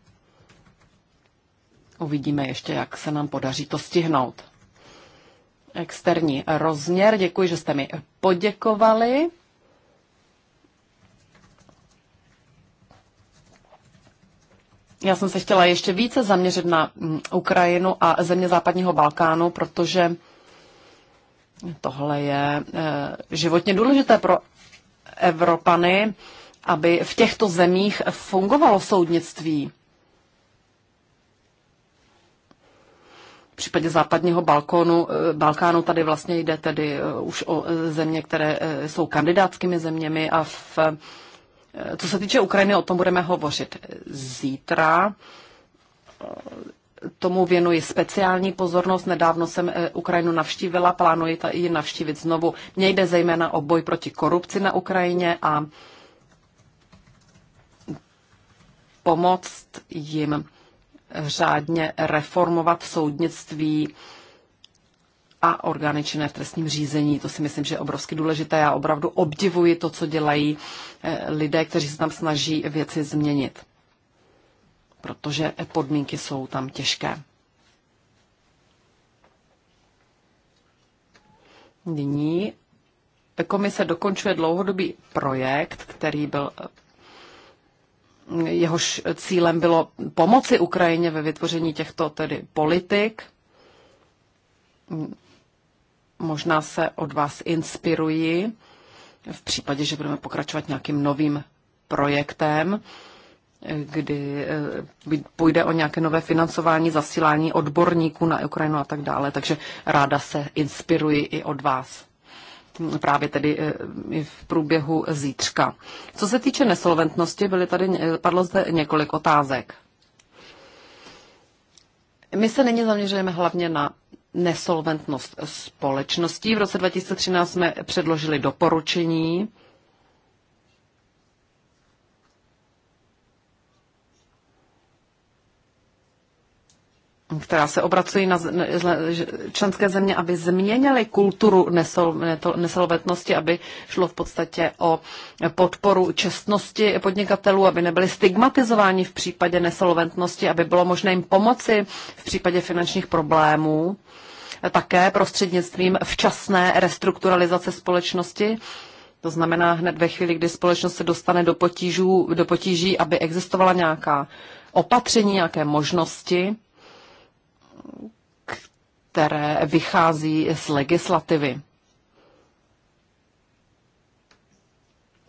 Uvidíme ještě, jak se nám podaří to stihnout externí rozměr. Děkuji, že jste mi poděkovali. Já jsem se chtěla ještě více zaměřit na mm, Ukrajinu a země západního Balkánu, protože tohle je eh, životně důležité pro Evropany, aby v těchto zemích fungovalo soudnictví. V případě západního Balkónu, eh, Balkánu tady vlastně jde tedy eh, už o eh, země, které jsou kandidátskými zeměmi a v, co se týče Ukrajiny, o tom budeme hovořit zítra. Tomu věnuji speciální pozornost. Nedávno jsem Ukrajinu navštívila, plánuji ji navštívit znovu. Mně jde zejména o boj proti korupci na Ukrajině a pomoct jim řádně reformovat soudnictví a orgány činné v trestním řízení. To si myslím, že je obrovsky důležité. Já opravdu obdivuji to, co dělají eh, lidé, kteří se tam snaží věci změnit, protože podmínky jsou tam těžké. Nyní komise dokončuje dlouhodobý projekt, který byl jehož cílem bylo pomoci Ukrajině ve vytvoření těchto tedy politik. Možná se od vás inspiruji v případě, že budeme pokračovat nějakým novým projektem, kdy eh, půjde o nějaké nové financování, zasílání odborníků na Ukrajinu a tak dále. Takže ráda se inspiruji i od vás právě tedy eh, v průběhu zítřka. Co se týče nesolventnosti, byly tady, eh, padlo zde několik otázek. My se nyní zaměřujeme hlavně na nesolventnost společností. V roce 2013 jsme předložili doporučení která se obracují na členské země, aby změnily kulturu nesolvetnosti, aby šlo v podstatě o podporu čestnosti podnikatelů, aby nebyli stigmatizováni v případě nesolventnosti, aby bylo možné jim pomoci v případě finančních problémů, také prostřednictvím včasné restrukturalizace společnosti. To znamená hned ve chvíli, kdy společnost se dostane do, potížů, do potíží, aby existovala nějaká opatření, nějaké možnosti, které vychází z legislativy.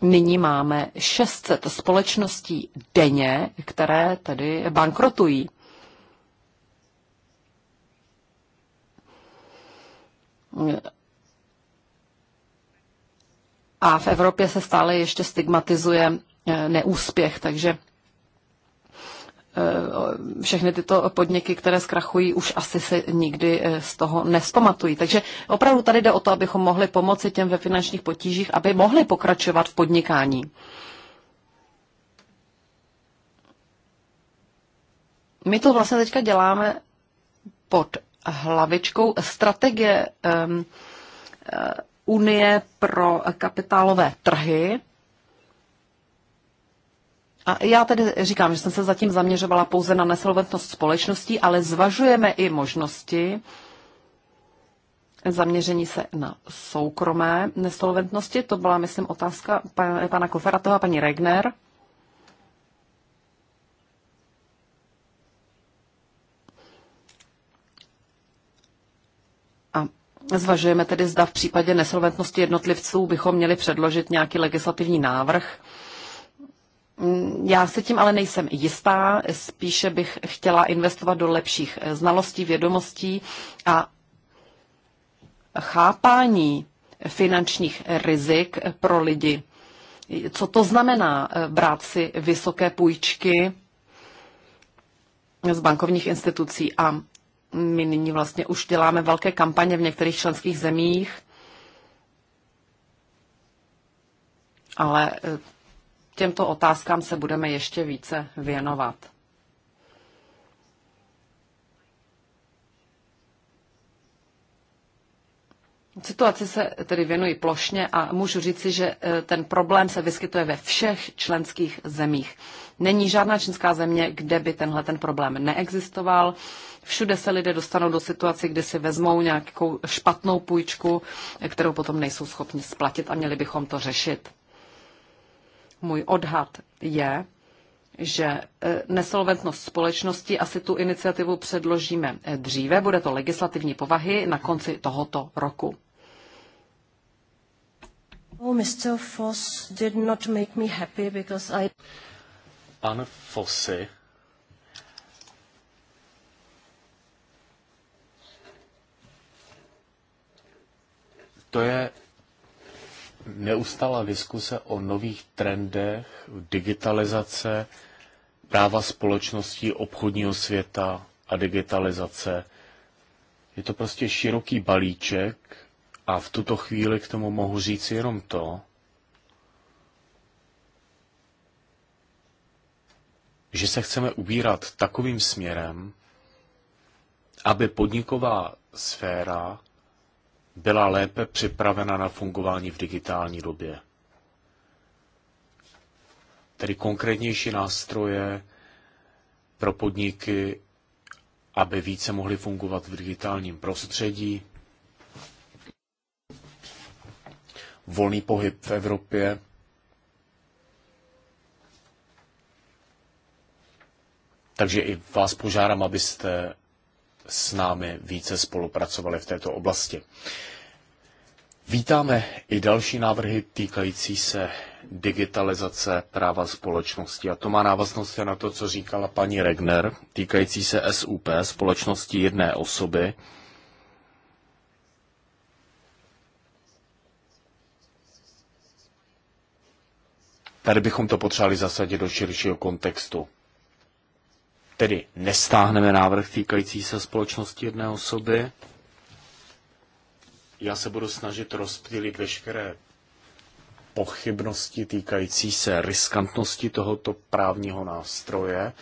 Nyní máme 600 společností denně, které tedy bankrotují. A v Evropě se stále ještě stigmatizuje eh, neúspěch, takže Eh, všechny tyto podniky, které zkrachují, už asi se nikdy eh, z toho nespamatují. Takže opravdu tady jde o to, abychom mohli pomoci těm ve finančních potížích, aby mohli pokračovat v podnikání. My to vlastně teďka děláme pod hlavičkou strategie um, Unie pro kapitálové trhy. A já tedy říkám, že jsem se zatím zaměřovala pouze na nesolventnost společností, ale zvažujeme i možnosti zaměření se na soukromé nesolventnosti. To byla, myslím, otázka pana Koferatova a paní Regner. Zvažujeme tedy, zda v případě nesolventnosti jednotlivců bychom měli předložit nějaký legislativní návrh já se tím ale nejsem jistá, spíše bych chtěla investovat do lepších eh, znalostí, vědomostí a chápání finančních rizik pro lidi. Co to znamená eh, brát si vysoké půjčky z bankovních institucí a my nyní vlastně už děláme velké kampaně v některých členských zemích, ale eh, těmto otázkám se budeme ještě více věnovat. Situaci se tedy věnuji plošně a můžu říci, že e, ten problém se vyskytuje ve všech členských zemích. Není žádná čínská země, kde by tenhle ten problém neexistoval. Všude se lidé dostanou do situace, kdy si vezmou nějakou špatnou půjčku, e, kterou potom nejsou schopni splatit a měli bychom to řešit. Můj odhad je, že e, nesolventnost společnosti asi tu iniciativu předložíme e, dříve, bude to legislativní povahy na konci tohoto roku. Oh, Mr. Foss did not make me happy because I... Pan Fossi. to je neustála diskuse o nových trendech digitalizace, práva společností, obchodního světa a digitalizace. Je to prostě široký balíček a v tuto chvíli k tomu mohu říct jenom to, že se chceme ubírat takovým směrem, aby podniková sféra byla lépe připravena na fungování v digitální době. Tedy konkrétnější nástroje pro podniky, aby více mohly fungovat v digitálním prostředí, volný pohyb v Evropě, Takže i vás požádám, abyste s námi více spolupracovali v této oblasti. Vítáme i další návrhy týkající se digitalizace práva společnosti. A to má návaznost na to, co říkala paní Regner, týkající se SUP, společnosti jedné osoby. Tady bychom to potřebovali zasadit do širšího kontextu tedy nestáhneme návrh týkající se společnosti jedné osoby. Já se budu snažit rozptýlit veškeré pochybnosti týkající se riskantnosti tohoto právního nástroje.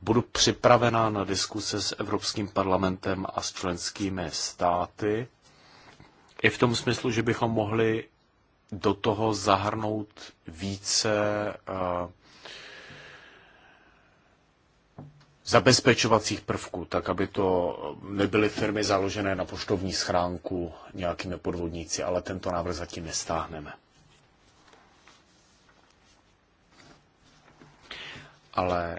Budu připravená na diskuse s Evropským parlamentem a s členskými státy. I v tom smyslu, že bychom mohli do toho zahrnout více uh, zabezpečovacích prvků, tak aby to nebyly firmy založené na poštovní schránku nějakými podvodníci, ale tento návrh zatím nestáhneme. Ale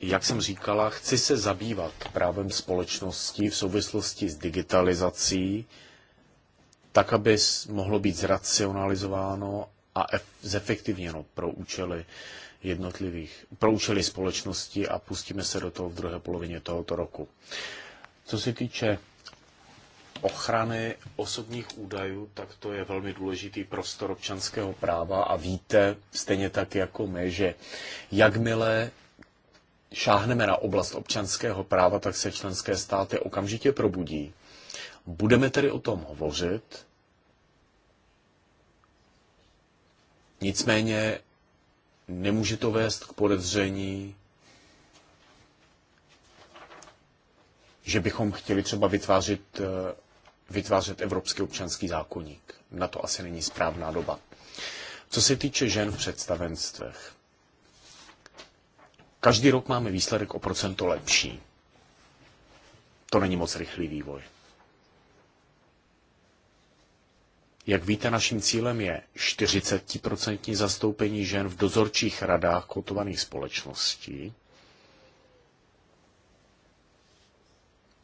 jak jsem říkala, chci se zabývat právem společnosti v souvislosti s digitalizací, tak, aby mohlo být zracionalizováno a zefektivněno pro účely jednotlivých, pro účely společnosti a pustíme se do toho v druhé polovině tohoto roku. Co se týče ochrany osobních údajů, tak to je velmi důležitý prostor občanského práva a víte stejně tak jako my, že jakmile šáhneme na oblast občanského práva, tak se členské státy okamžitě probudí. Budeme tedy o tom hovořit. Nicméně nemůže to vést k podezření, že bychom chtěli třeba vytvářet, eh, vytvářet Evropský občanský zákonník. Na to asi není správná doba. Co se týče žen v představenstvech, každý rok máme výsledek o procento lepší. To není moc rychlý vývoj. Jak víte, naším cílem je 40% zastoupení žen v dozorčích radách kotovaných společností.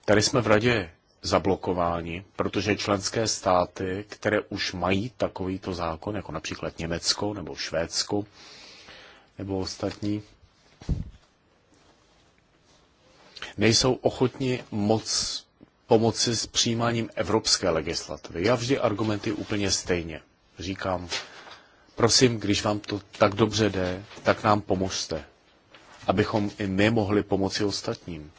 Tady jsme v radě zablokováni, protože členské státy, které už mají takovýto zákon, jako například Německo nebo Švédsko nebo ostatní, nejsou ochotni moc pomoci s přijímáním evropské legislativy. Já vždy argumenty úplně stejně. Říkám, prosím, když vám to tak dobře jde, tak nám pomožte, abychom i my mohli pomoci ostatním.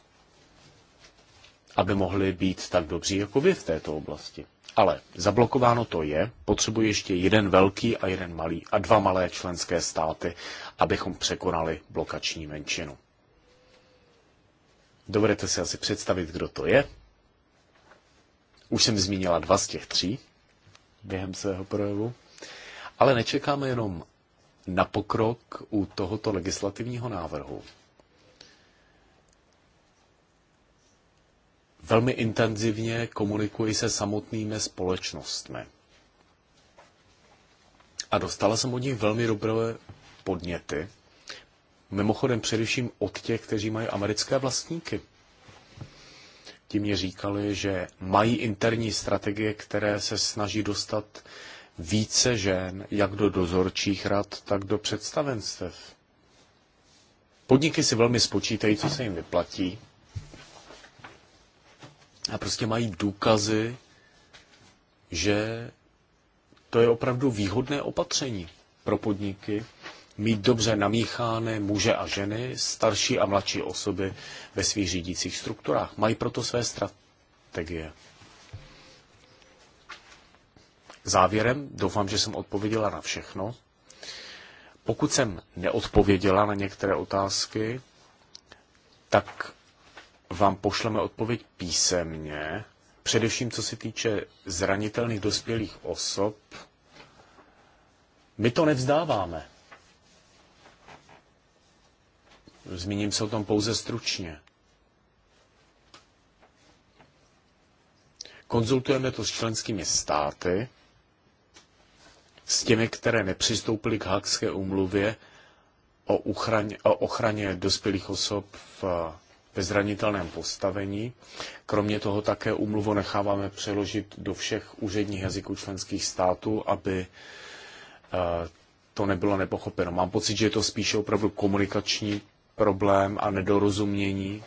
Aby mohli být tak dobří jako vy v této oblasti. Ale zablokováno to je, Potřebuji ještě jeden velký a jeden malý a dva malé členské státy, abychom překonali blokační menšinu. Dovedete si asi představit, kdo to je. Už jsem zmínila dva z těch tří během svého projevu. Ale nečekáme jenom na pokrok u tohoto legislativního návrhu. Velmi intenzivně komunikuji se samotnými společnostmi. A dostala jsem od nich velmi dobré podněty. Mimochodem především od těch, kteří mají americké vlastníky ti mě říkali, že mají interní strategie, které se snaží dostat více žen, jak do dozorčích rad, tak do představenstev. Podniky si velmi spočítají, co se jim vyplatí. A prostě mají důkazy, že to je opravdu výhodné opatření pro podniky, mít dobře namíchané muže a ženy, starší a mladší osoby ve svých řídících strukturách. Mají proto své strategie. Závěrem, doufám, že jsem odpověděla na všechno. Pokud jsem neodpověděla na některé otázky, tak vám pošleme odpověď písemně, především co se týče zranitelných dospělých osob. My to nevzdáváme. Zmíním se o tom pouze stručně. Konzultujeme to s členskými státy, s těmi, které nepřistoupily k Hákské umluvě o, uchraně, o ochraně dospělých osob v, ve zranitelném postavení. Kromě toho také umluvu necháváme přeložit do všech úředních jazyků členských států, aby eh, to nebylo nepochopeno. Mám pocit, že je to spíše opravdu komunikační problém a nedorozumění,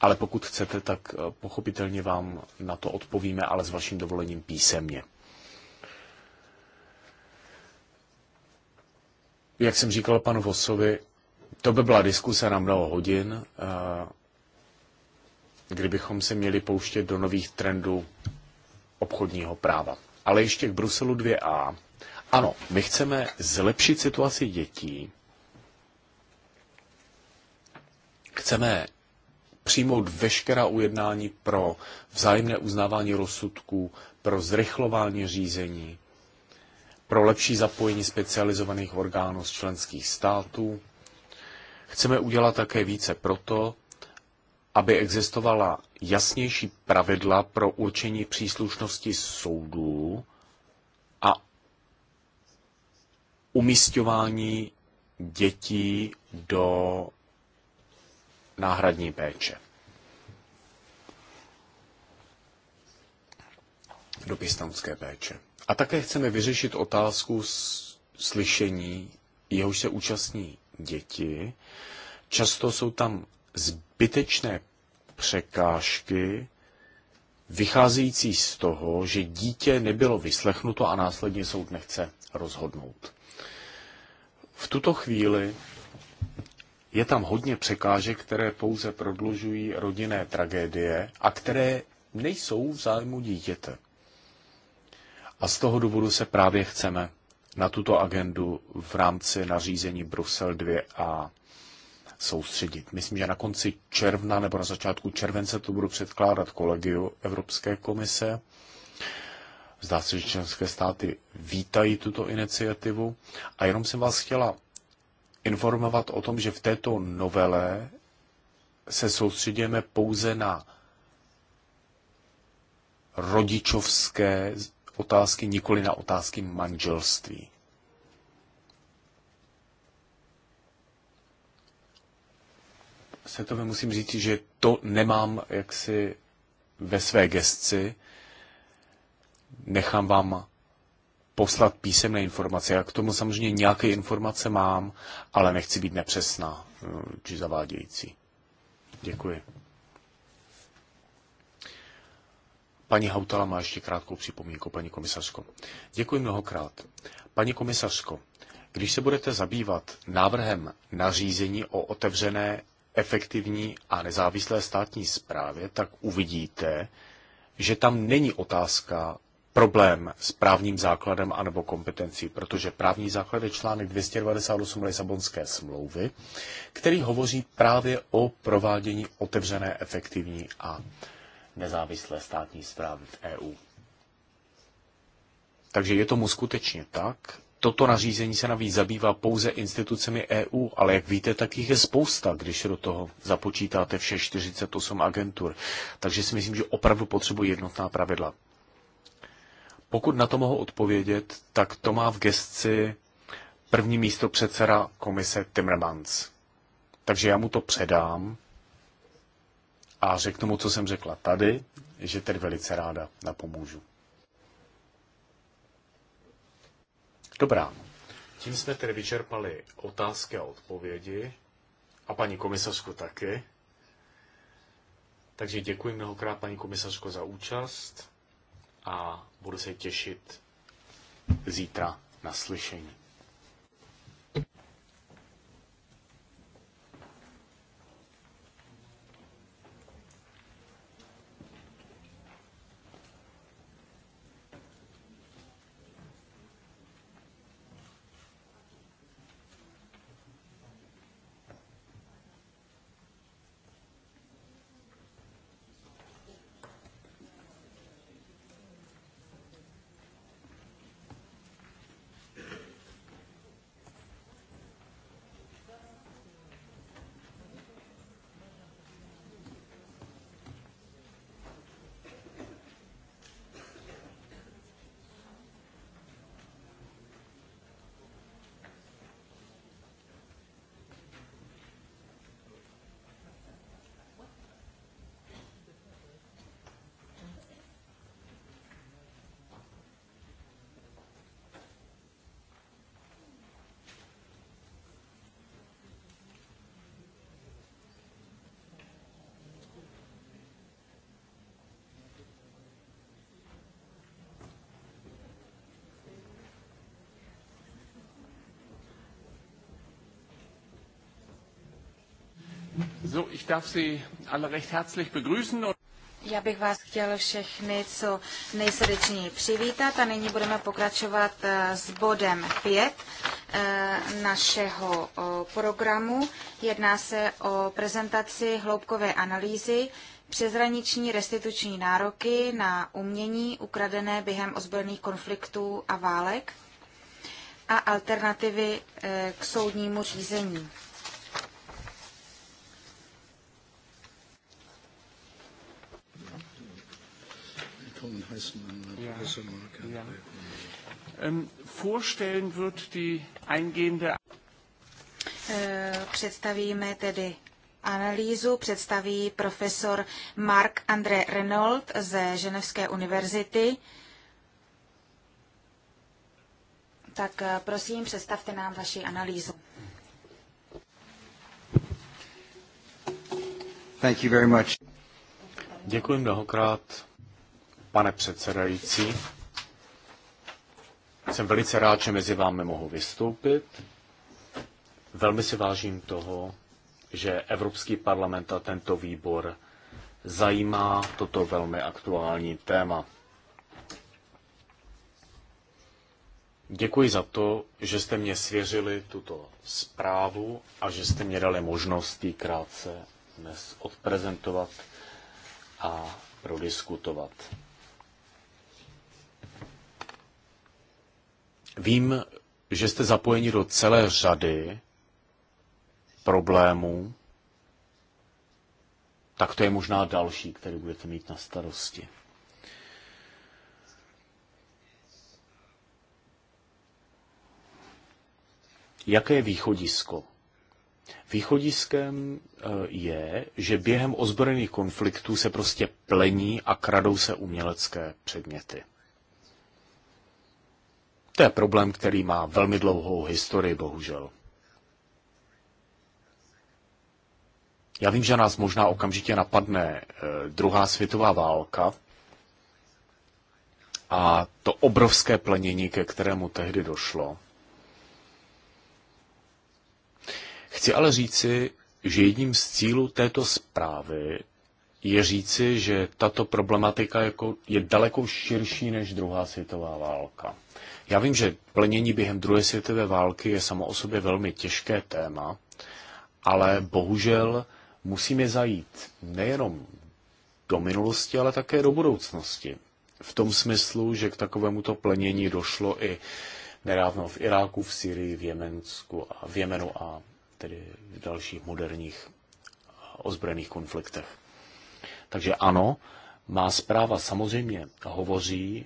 ale pokud chcete, tak eh, pochopitelně vám na to odpovíme, ale s vaším dovolením písemně. Jak jsem říkal panu Vosovi, to by byla diskuse na mnoho hodin, eh, kdybychom se měli pouštět do nových trendů obchodního práva. Ale ještě k Bruselu 2a. Ano, my chceme zlepšit situaci dětí, chceme přijmout veškerá ujednání pro vzájemné uznávání rozsudků, pro zrychlování řízení, pro lepší zapojení specializovaných orgánů z členských států. Chceme udělat také více proto, aby existovala jasnější pravidla pro určení příslušnosti soudů a umístování dětí do náhradní péče. do pěstounské péče. A také chceme vyřešit otázku slyšení, jehož se účastní děti. Často jsou tam zbytečné překážky, vycházející z toho, že dítě nebylo vyslechnuto a následně soud nechce rozhodnout. V tuto chvíli je tam hodně překážek, které pouze prodlužují rodinné tragédie a které nejsou v zájmu dítěte. A z toho důvodu se právě chceme na tuto agendu v rámci nařízení Brusel 2 a soustředit. Myslím, že na konci června nebo na začátku července to budu předkládat kolegiu Evropské komise. Zdá se, že členské státy vítají tuto iniciativu. A jenom jsem vás chtěla informovat o tom, že v této novele se soustředíme pouze na rodičovské otázky, nikoli na otázky manželství. Se to musím říct, že to nemám jaksi ve své gesci. Nechám vám poslat písemné informace. Já k tomu samozřejmě nějaké informace mám, ale nechci být nepřesná eh, či zavádějící. Děkuji. Paní Hautala má ještě krátkou připomínku, paní komisařko. Děkuji mnohokrát. Paní komisařko, když se budete zabývat návrhem nařízení o otevřené, efektivní a nezávislé státní správě, tak uvidíte, že tam není otázka problém s právním základem anebo kompetencí, protože právní základ je článek 298 Lisabonské smlouvy, který hovoří právě o provádění otevřené, efektivní a nezávislé státní zprávy v EU. Takže je tomu skutečně tak. Toto nařízení se navíc zabývá pouze institucemi EU, ale jak víte, tak jich je spousta, když do toho započítáte vše 48 agentur. Takže si myslím, že opravdu potřebují jednotná pravidla. Pokud na to mohu odpovědět, tak to má v gestci první místo předseda komise Timmermans. Takže já mu to předám a řeknu mu, co jsem řekla tady, že tedy velice ráda napomůžu. Dobrá. Tím jsme tedy vyčerpali otázky a odpovědi a paní komisařku taky. Takže děkuji mnohokrát paní komisařko za účast a budu se těšit zítra na slyšení. So, ich darf Sie alle recht herzlich begrüßen. Já bych vás chtěl všechny co nejsrdečněji přivítat a nyní budeme pokračovat eh, s bodem 5 eh, našeho programu. Jedná se o prezentaci hloubkové analýzy přezraniční restituční nároky na umění ukradené během ozbrojených konfliktů a válek a alternativy eh, k soudnímu řízení. heißen, ja. Professor Marker. Ja. Ähm, vorstellen wird die eingehende eh, Představíme tedy analýzu, představí profesor Mark André Renault ze Ženevské univerzity. Tak eh, prosím, představte nám vaši analýzu. Thank you very much. Děkuji mnohokrát pane předsedající. Jsem velice rád, že mezi vámi mohu vystoupit. Velmi si vážím toho, že Evropský parlament a tento výbor zajímá toto velmi aktuální téma. Děkuji za to, že jste mě svěřili tuto zprávu a že jste mě dali možnost ji krátce dnes odprezentovat a prodiskutovat. Vím, že jste zapojeni do celé řady problémů, tak to je možná další, který budete mít na starosti. Jaké je východisko? Východiskem eh, je, že během ozbrojených konfliktů se prostě plení a kradou se umělecké předměty. To je problém, který má velmi dlouhou historii, bohužel. Já vím, že nás možná okamžitě napadne eh, druhá světová válka a to obrovské plenění, ke kterému tehdy došlo. Chci ale říci, že jedním z cílů této zprávy je říci, že tato problematika jako je daleko širší než druhá světová válka. Já vím, že plenění během druhé světové války je samo o sobě velmi těžké téma, ale bohužel musíme zajít nejenom do minulosti, ale také do budoucnosti. V tom smyslu, že k takovémuto plenění došlo i nedávno v Iráku, v Syrii, v, Jemensku a v Jemenu a tedy v dalších moderních eh, ozbrojených konfliktech. Takže ano, má zpráva samozřejmě hovoří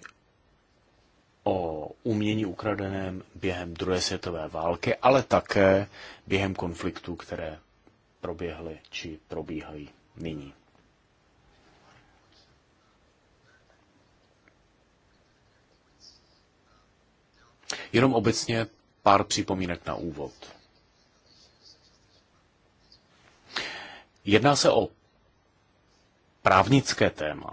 o umění ukradeném během druhé světové války, ale také během konfliktů, které proběhly či probíhají nyní. Jenom obecně pár připomínek na úvod. Jedná se o právnické téma,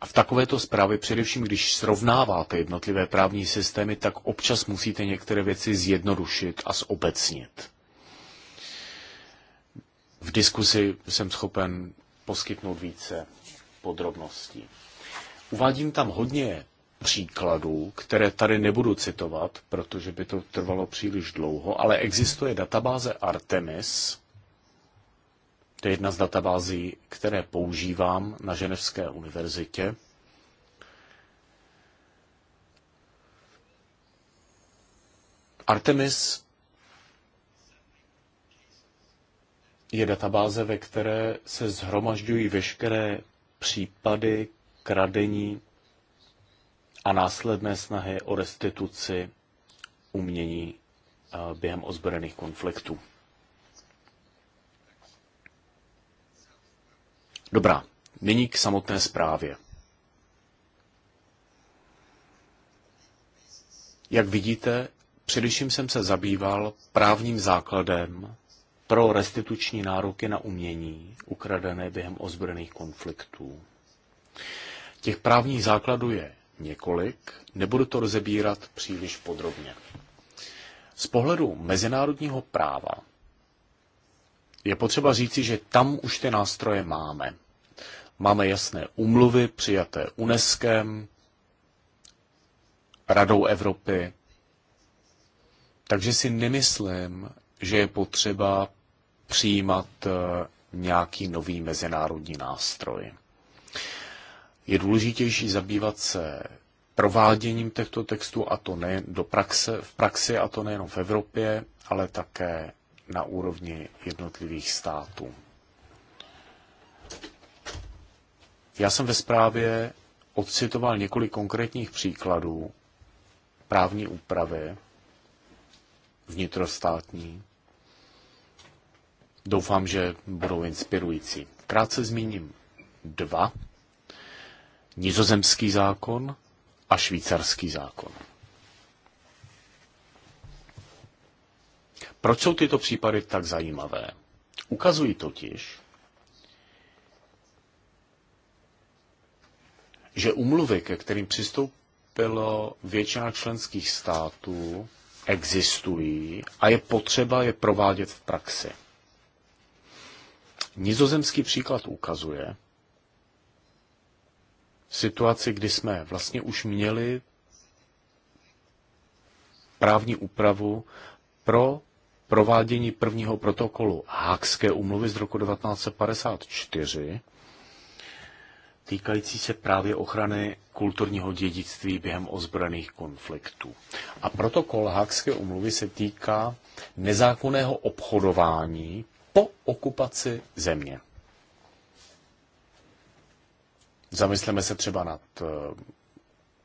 A v takovéto zprávě, především když srovnáváte jednotlivé právní systémy, tak občas musíte některé věci zjednodušit a zobecnit. V diskusi jsem schopen poskytnout více podrobností. Uvádím tam hodně příkladů, které tady nebudu citovat, protože by to trvalo příliš dlouho, ale existuje databáze Artemis, to je jedna z databází, které používám na Ženevské univerzitě. Artemis je databáze, ve které se zhromažďují veškeré případy kradení a následné snahy o restituci umění eh, během ozbrojených konfliktů. Dobrá, nyní k samotné zprávě. Jak vidíte, především jsem se zabýval právním základem pro restituční nároky na umění ukradené během ozbrojených konfliktů. Těch právních základů je několik, nebudu to rozebírat příliš podrobně. Z pohledu mezinárodního práva je potřeba říci, že tam už ty nástroje máme. Máme jasné umluvy přijaté UNESCO, Radou Evropy. Takže si nemyslím, že je potřeba přijímat eh, nějaký nový mezinárodní nástroj. Je důležitější zabývat se prováděním těchto textů, a to ne do praxe, v praxi, a to nejenom v Evropě, ale také na úrovni jednotlivých států. Já jsem ve zprávě odcitoval několik konkrétních příkladů právní úpravy vnitrostátní. Doufám, že budou inspirující. Krátce zmíním dva. Nizozemský zákon a švýcarský zákon. Proč jsou tyto případy tak zajímavé? Ukazují totiž, že umluvy, ke kterým přistoupilo většina členských států, existují a je potřeba je provádět v praxi. Nizozemský příklad ukazuje situaci, kdy jsme vlastně už měli právní úpravu pro provádění prvního protokolu Hákské umluvy z roku 1954, týkající se právě ochrany kulturního dědictví během ozbrojených konfliktů. A protokol Hákské umluvy se týká nezákonného obchodování po okupaci země. Zamysleme se třeba nad eh,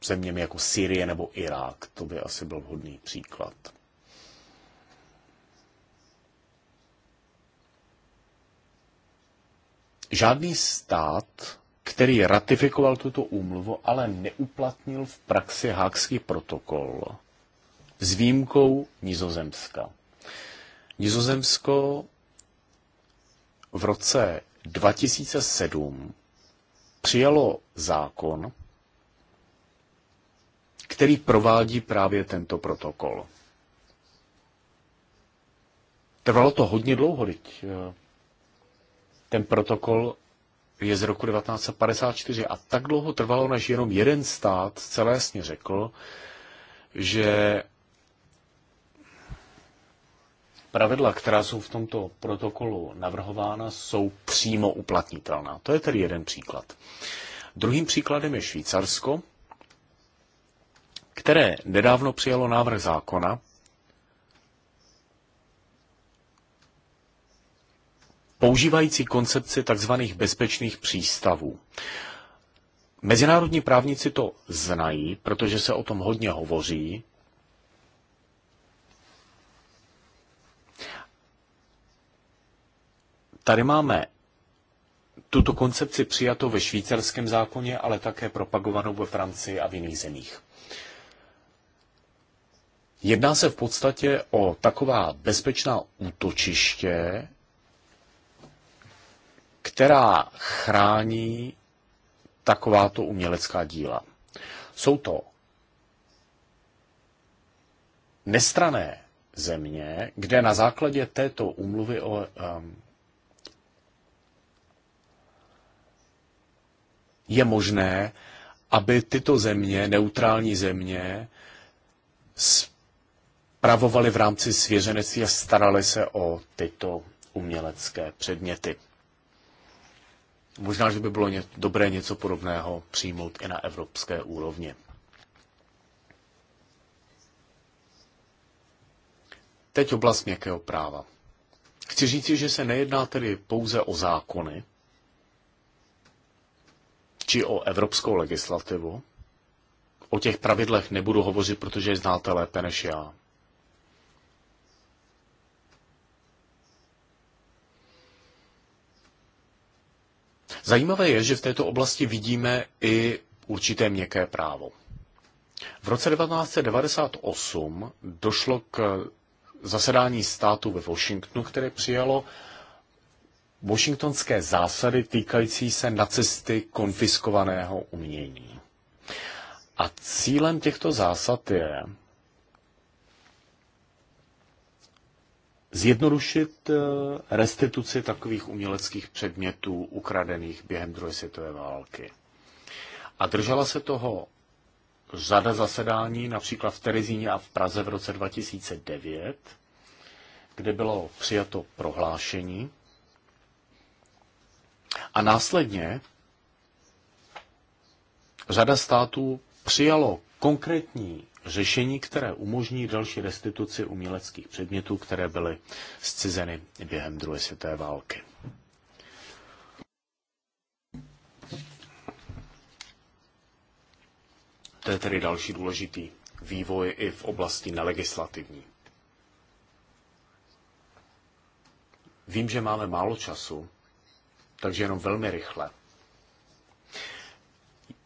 zeměmi jako Syrie nebo Irák. To by asi byl vhodný příklad. Žádný stát, který ratifikoval tuto úmluvu, ale neuplatnil v praxi hákský protokol s výjimkou Nizozemska. Nizozemsko v roce 2007 přijalo zákon, který provádí právě tento protokol. Trvalo to hodně dlouho, teď eh, ten protokol je z roku 1954 a tak dlouho trvalo, než jenom jeden stát celé jasně řekl, že pravidla, která jsou v tomto protokolu navrhována, jsou přímo uplatnitelná. To je tedy jeden příklad. Druhým příkladem je Švýcarsko, které nedávno přijalo návrh zákona, používající koncepci tzv. bezpečných přístavů. Mezinárodní právníci to znají, protože se o tom hodně hovoří. Tady máme tuto koncepci přijatou ve švýcarském zákoně, ale také propagovanou ve Francii a v jiných zemích. Jedná se v podstatě o taková bezpečná útočiště, která chrání takováto umělecká díla. Jsou to nestrané země, kde na základě této umluvy o um, je možné, aby tyto země, neutrální země, spravovaly v rámci svěřenectví a staraly se o tyto umělecké předměty. Možná, že by bylo ně, dobré něco podobného přijmout i na evropské úrovni. Teď oblast měkkého práva. Chci říci, že se nejedná tedy pouze o zákony, či o evropskou legislativu. O těch pravidlech nebudu hovořit, protože je znáte lépe než já. Zajímavé je, že v této oblasti vidíme i určité měkké právo. V roce 1998 došlo k zasedání státu ve Washingtonu, které přijalo washingtonské zásady týkající se nacisty konfiskovaného umění. A cílem těchto zásad je, zjednodušit eh, restituci takových uměleckých předmětů ukradených během druhé světové války. A držela se toho řada zasedání, například v Terezíně a v Praze v roce 2009, kde bylo přijato prohlášení. A následně řada států přijalo konkrétní řešení, které umožní další restituci uměleckých předmětů, které byly zcizeny během druhé světové války. To je tedy další důležitý vývoj i v oblasti nelegislativní. Vím, že máme málo času, takže jenom velmi rychle.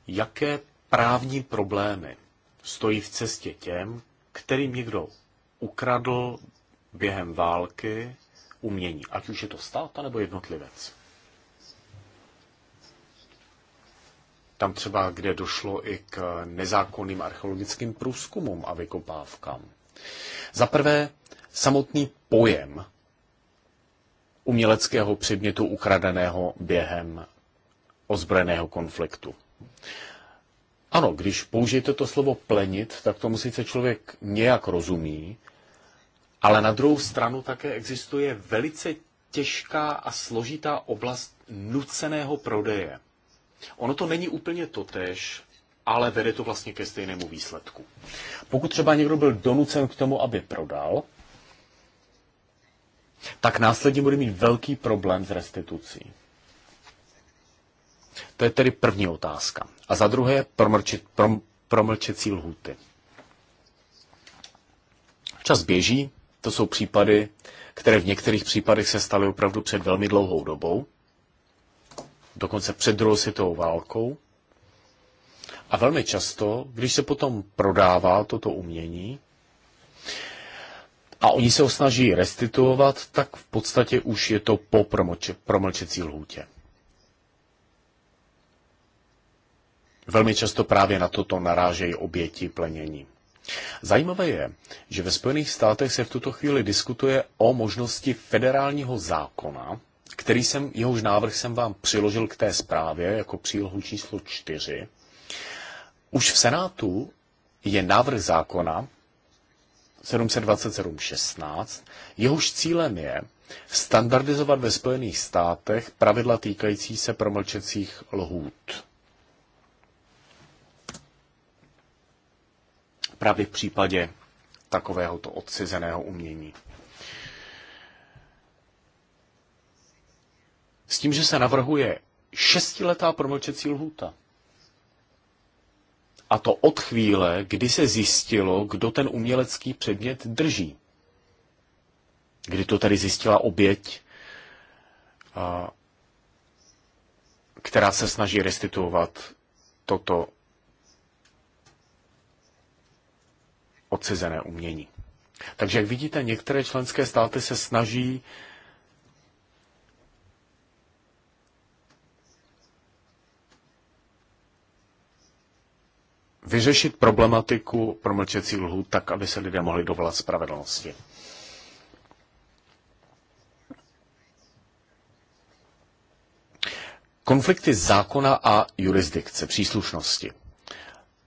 Jaké právní problémy stojí v cestě těm, kterým někdo ukradl během války umění, ať už je to stát, nebo jednotlivec. Tam třeba, kde došlo i k nezákonným archeologickým průzkumům a vykopávkám. Za prvé, samotný pojem uměleckého předmětu ukradeného během ozbrojeného konfliktu. Ano, když použijete to slovo plenit, tak tomu sice člověk nějak rozumí, ale na druhou stranu také existuje velice těžká a složitá oblast nuceného prodeje. Ono to není úplně totéž, ale vede to vlastně ke stejnému výsledku. Pokud třeba někdo byl donucen k tomu, aby prodal, tak následně bude mít velký problém s restitucí. To je tedy první otázka. A za druhé promlčet, prom, promlčecí lhuty. Čas běží, to jsou případy, které v některých případech se staly opravdu před velmi dlouhou dobou, dokonce před druhou světovou válkou. A velmi často, když se potom prodává toto umění a oni se ho snaží restituovat, tak v podstatě už je to po promlčecí lhůtě. Velmi často právě na toto narážejí oběti plenění. Zajímavé je, že ve Spojených státech se v tuto chvíli diskutuje o možnosti federálního zákona, který jsem, jehož návrh jsem vám přiložil k té zprávě jako přílohu číslo 4. Už v Senátu je návrh zákona 727.16, jehož cílem je standardizovat ve Spojených státech pravidla týkající se promlčecích lhůt. právě v případě takovéhoto odcizeného umění. S tím, že se navrhuje šestiletá promlčecí lhůta. A to od chvíle, kdy se zjistilo, kdo ten umělecký předmět drží. Kdy to tady zjistila oběť, která se snaží restituovat toto odcizené umění. Takže jak vidíte, některé členské státy se snaží vyřešit problematiku promlčecí lhů tak, aby se lidé mohli dovolat spravedlnosti. Konflikty zákona a jurisdikce, příslušnosti.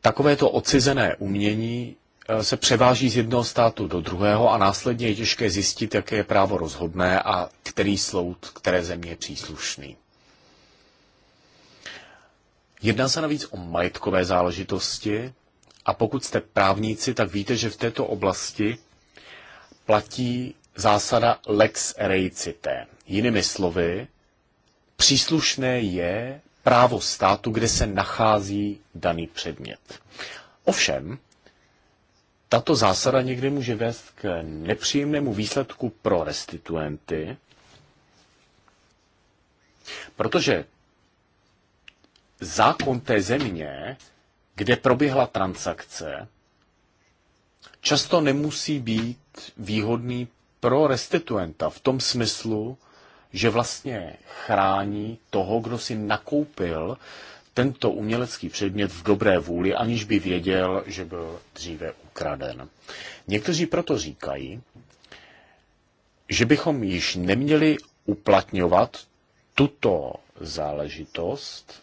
Takovéto odcizené umění Eh, se převáží z jednoho státu do druhého a následně je těžké zjistit, jaké je právo rozhodné a který soud, které země je příslušný. Jedná se navíc o majetkové záležitosti a pokud jste právníci, tak víte, že v této oblasti platí zásada lex reicite. Jinými slovy, příslušné je právo státu, kde se nachází daný předmět. Ovšem, tato zásada někdy může vést k nepříjemnému výsledku pro restituenty, protože zákon té země, kde proběhla transakce, často nemusí být výhodný pro restituenta v tom smyslu, že vlastně chrání toho, kdo si nakoupil tento umělecký předmět v dobré vůli, aniž by věděl, že byl dříve kraden. Někteří proto říkají, že bychom již neměli uplatňovat tuto záležitost,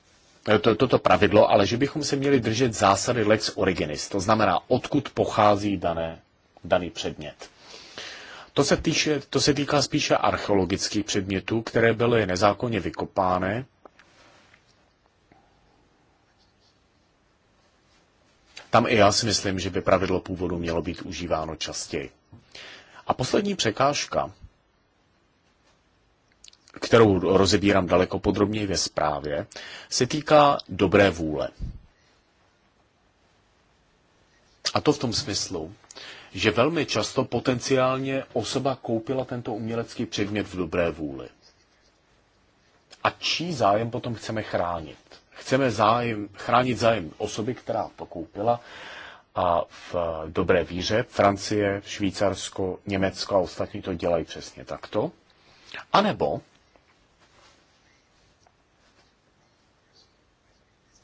eh, to, toto pravidlo, ale že bychom se měli držet zásady lex originis, to znamená, odkud pochází dané, daný předmět. To se, týče, to se týká spíše archeologických předmětů, které byly nezákonně vykopány Tam i já si myslím, že by pravidlo původu mělo být užíváno častěji. A poslední překážka, kterou rozebírám daleko podrobněji ve zprávě, se týká dobré vůle. A to v tom smyslu, že velmi často potenciálně osoba koupila tento umělecký předmět v dobré vůli. A čí zájem potom chceme chránit? Chceme zájem, chránit zájem osoby, která to koupila a v dobré víře Francie, Švýcarsko, Německo a ostatní to dělají přesně takto. A nebo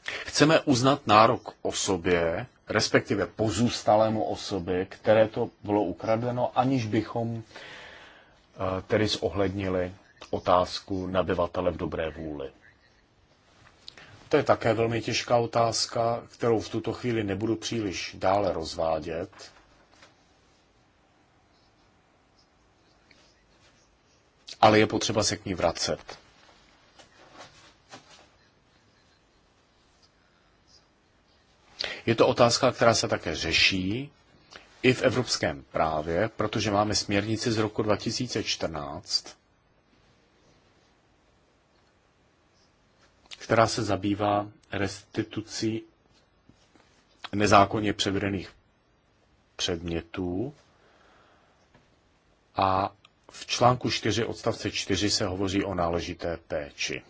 chceme uznat nárok osobě, respektive pozůstalému osobě, které to bylo ukradeno, aniž bychom eh, tedy zohlednili otázku nabyvatele v dobré vůli. To je také velmi těžká otázka, kterou v tuto chvíli nebudu příliš dále rozvádět. Ale je potřeba se k ní vracet. Je to otázka, která se také řeší i v evropském právě, protože máme směrnici z roku 2014, která se zabývá restitucí nezákonně převedených předmětů. A v článku 4 odstavce 4 se hovoří o náležité péči.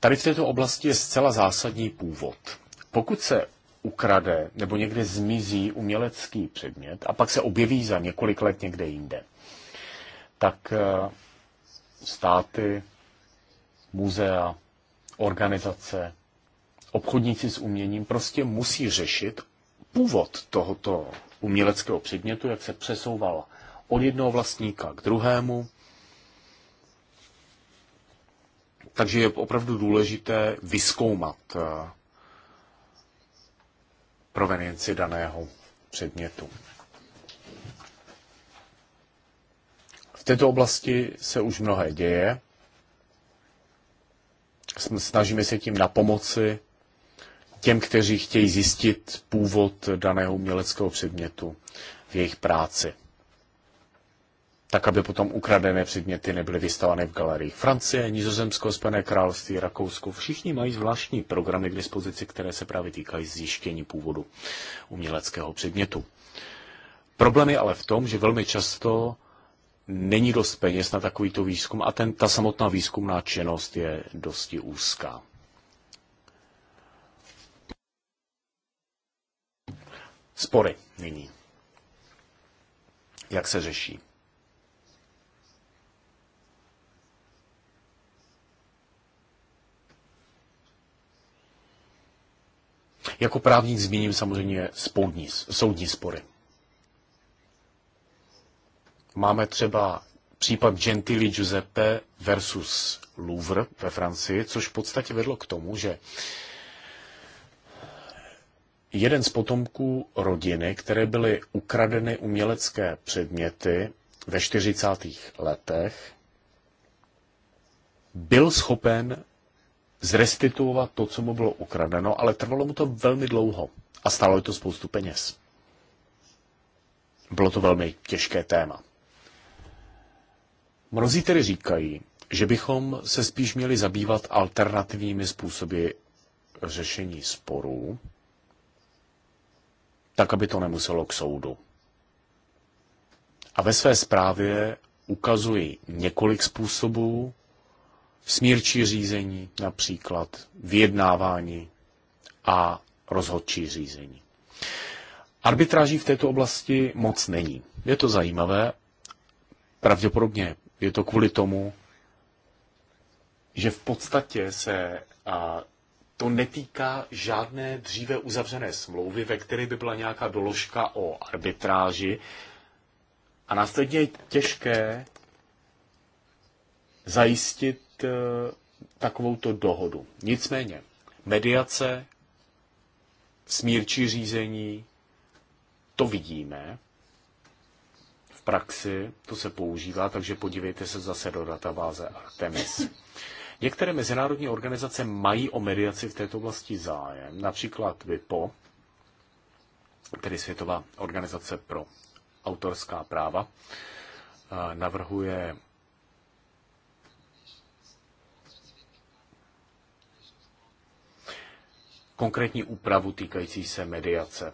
Tady v této oblasti je zcela zásadní původ. Pokud se ukrade nebo někde zmizí umělecký předmět a pak se objeví za několik let někde jinde, tak eh, státy, muzea, organizace, obchodníci s uměním prostě musí řešit původ tohoto uměleckého předmětu, jak se přesouval od jednoho vlastníka k druhému. Takže je opravdu důležité vyskoumat eh, provenienci daného předmětu. V této oblasti se už mnohé děje. Snažíme se tím na pomoci těm, kteří chtějí zjistit původ daného uměleckého předmětu v jejich práci. Tak, aby potom ukradené předměty nebyly vystaveny v galeriích. Francie, Nizozemsko, Spojené království, Rakousko, všichni mají zvláštní programy k dispozici, které se právě týkají zjištění původu uměleckého předmětu. Problém je ale v tom, že velmi často není dost peněz na takovýto výzkum a ten, ta samotná výzkumná činnost je dosti úzká. Spory nyní. Jak se řeší? Jako právník zmíním samozřejmě spoudní, soudní spory. Máme třeba případ Gentili Giuseppe versus Louvre ve Francii, což v podstatě vedlo k tomu, že jeden z potomků rodiny, které byly ukradeny umělecké předměty ve 40. letech, byl schopen zrestituovat to, co mu bylo ukradeno, ale trvalo mu to velmi dlouho a stálo to spoustu peněz. Bylo to velmi těžké téma. Mnozí tedy říkají, že bychom se spíš měli zabývat alternativními způsoby řešení sporů, tak aby to nemuselo k soudu. A ve své zprávě ukazují několik způsobů, smírčí řízení například, vyjednávání a rozhodčí řízení. Arbitráží v této oblasti moc není. Je to zajímavé, pravděpodobně je to kvůli tomu, že v podstatě se a, to netýká žádné dříve uzavřené smlouvy, ve které by byla nějaká doložka o arbitráži. A následně je těžké zajistit e, takovouto dohodu. Nicméně, mediace, smírčí řízení, to vidíme praxi to se používá, takže podívejte se zase do databáze Artemis. Některé mezinárodní organizace mají o mediaci v této oblasti zájem, například WIPO, tedy Světová organizace pro autorská práva, eh, navrhuje konkrétní úpravu týkající se mediace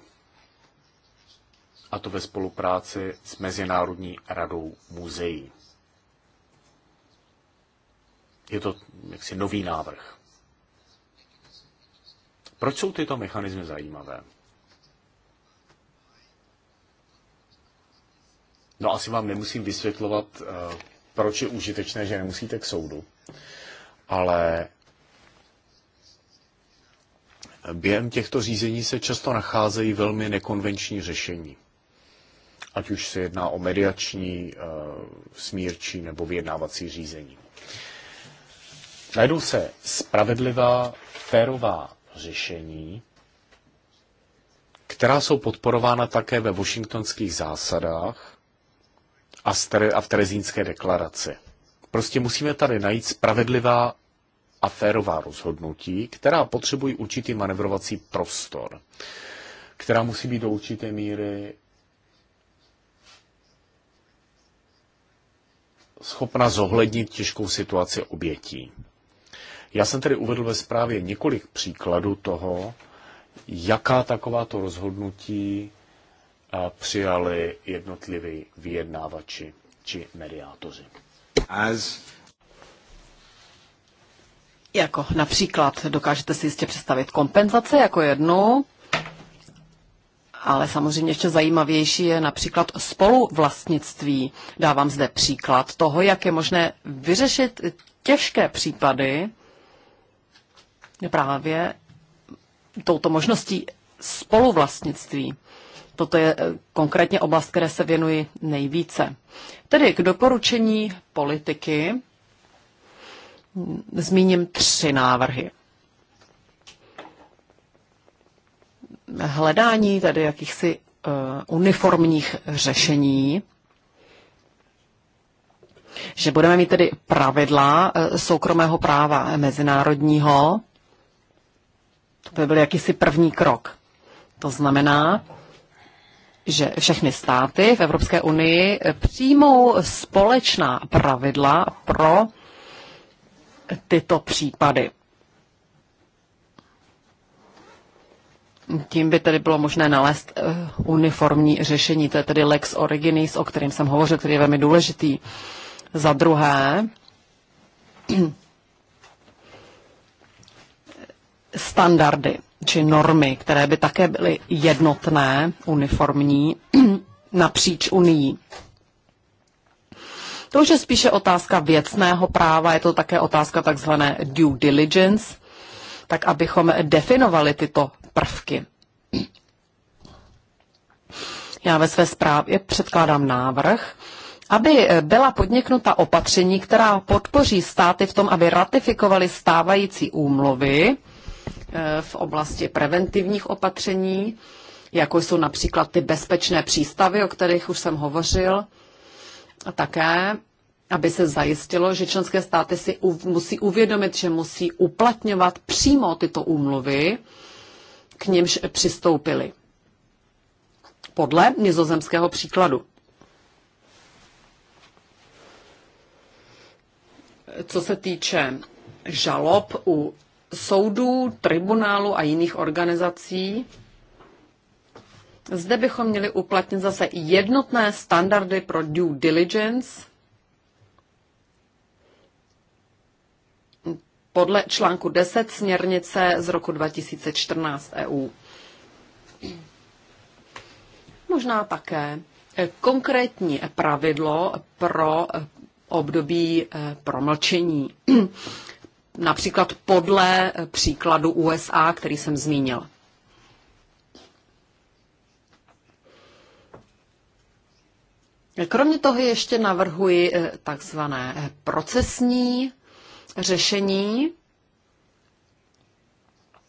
a to ve spolupráci s Mezinárodní radou muzeí. Je to jaksi nový návrh. Proč jsou tyto mechanismy zajímavé? No asi vám nemusím vysvětlovat, eh, proč je užitečné, že nemusíte k soudu. Ale během těchto řízení se často nacházejí velmi nekonvenční řešení ať už se jedná o mediační, eh, smírčí nebo vyjednávací řízení. Najdou se spravedlivá, férová řešení, která jsou podporována také ve washingtonských zásadách a v Terezínské deklaraci. Prostě musíme tady najít spravedlivá a férová rozhodnutí, která potřebují určitý manevrovací prostor, která musí být do určité míry schopna zohlednit těžkou situaci obětí. Já jsem tedy uvedl ve zprávě několik příkladů toho, jaká takováto rozhodnutí přijali jednotliví vyjednávači či mediátoři. As... Jako například dokážete si jistě představit kompenzace jako jednu ale samozřejmě ještě zajímavější je například spoluvlastnictví. Dávám zde příklad toho, jak je možné vyřešit těžké případy právě touto možností spoluvlastnictví. Toto je eh, konkrétně oblast, které se věnuji nejvíce. Tedy k doporučení politiky zmíním tři návrhy. hledání tady jakýchsi eh, uniformních řešení, že budeme mít tedy pravidla eh, soukromého práva mezinárodního. To by byl jakýsi první krok. To znamená, že všechny státy v Evropské unii eh, přijmou společná pravidla pro tyto případy. tím by tedy bylo možné nalézt eh, uniformní řešení. To je tedy lex originis, o kterém jsem hovořil, který je velmi důležitý. Za druhé, [CLEARS THROAT] standardy či normy, které by také byly jednotné, uniformní, [CLEARS THROAT] napříč Unii. To už je spíše otázka věcného práva, je to také otázka takzvané due diligence, tak abychom definovali tyto prvky. Já ve své zprávě předkládám návrh, aby byla podniknuta opatření, která podpoří státy v tom, aby ratifikovali stávající úmluvy eh, v oblasti preventivních opatření, jako jsou například ty bezpečné přístavy, o kterých už jsem hovořil, a také aby se zajistilo, že členské státy si u, musí uvědomit, že musí uplatňovat přímo tyto úmluvy k němž přistoupili. Podle nizozemského příkladu. Co se týče žalob u soudů, tribunálu a jiných organizací, zde bychom měli uplatnit zase jednotné standardy pro due diligence podle článku 10 směrnice z roku 2014 EU. Možná také konkrétní pravidlo pro období eh, promlčení. [CLEARS THROAT] Například podle příkladu USA, který jsem zmínil. Kromě toho ještě navrhuji eh, takzvané eh, procesní řešení,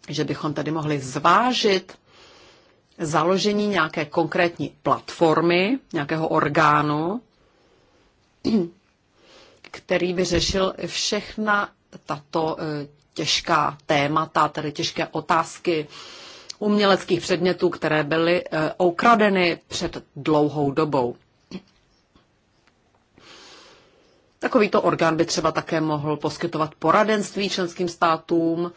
že bychom tady mohli zvážit založení nějaké konkrétní platformy, nějakého orgánu, který by řešil všechna tato e, těžká témata, tedy těžké otázky uměleckých předmětů, které byly e, okradeny před dlouhou dobou. Takovýto orgán by třeba také mohl poskytovat poradenství členským státům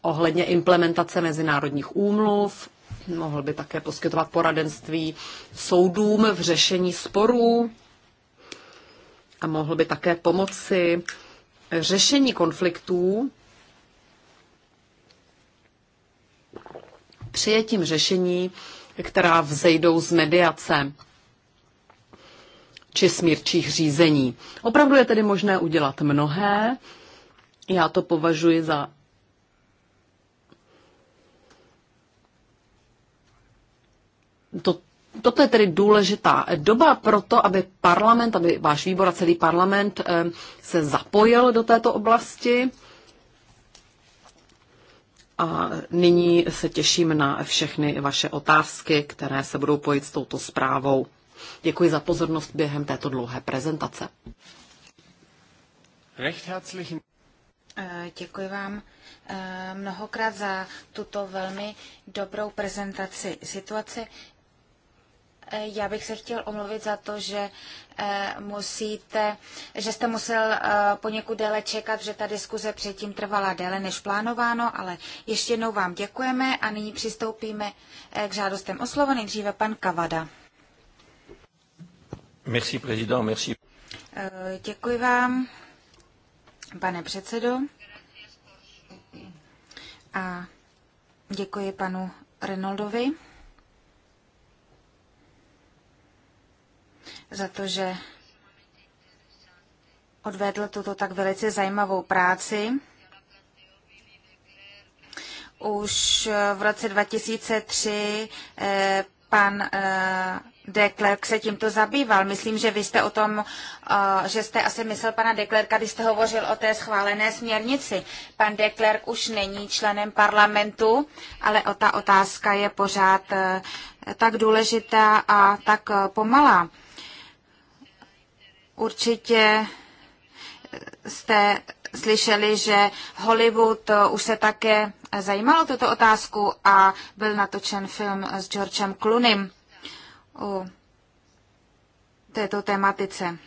ohledně implementace mezinárodních úmluv, mohl by také poskytovat poradenství soudům v řešení sporů a mohl by také pomoci řešení konfliktů přijetím řešení, která vzejdou z mediace či smírčích řízení. Opravdu je tedy možné udělat mnohé. Já to považuji za to, toto je tedy důležitá doba pro to, aby parlament, aby váš výbor a celý parlament eh, se zapojil do této oblasti. A nyní se těším na všechny vaše otázky, které se budou pojít s touto zprávou. Děkuji za pozornost během této dlouhé prezentace. Recht herzlichen eh, Děkuji vám eh, mnohokrát za tuto velmi dobrou prezentaci situace. Eh, já bych se chtěl omluvit za to, že musíte, že jste musel poněkud déle čekat, že ta diskuze předtím trvala déle než plánováno, ale ještě jednou vám děkujeme a nyní přistoupíme k žádostem o slovo, nejdříve pan Kavada. Merci, merci. Eh, děkuji vám, pane předsedo. A děkuji panu Renoldovi za to, že odvedl tuto tak velice zajímavou práci. Už v roce 2003 eh, pan eh, Deklerk se tímto zabýval. Myslím, že vy jste o tom, eh, že jste asi myslel pana Deklerka, když jste hovořil o té schválené směrnici. Pan Deklerk už není členem parlamentu, ale o ta otázka je pořád eh, tak důležitá a tak eh, pomalá. Určitě jste slyšeli, že Hollywood už se také zajímalo tuto otázku a byl natočen film s Georgem Clooneym o této tematice.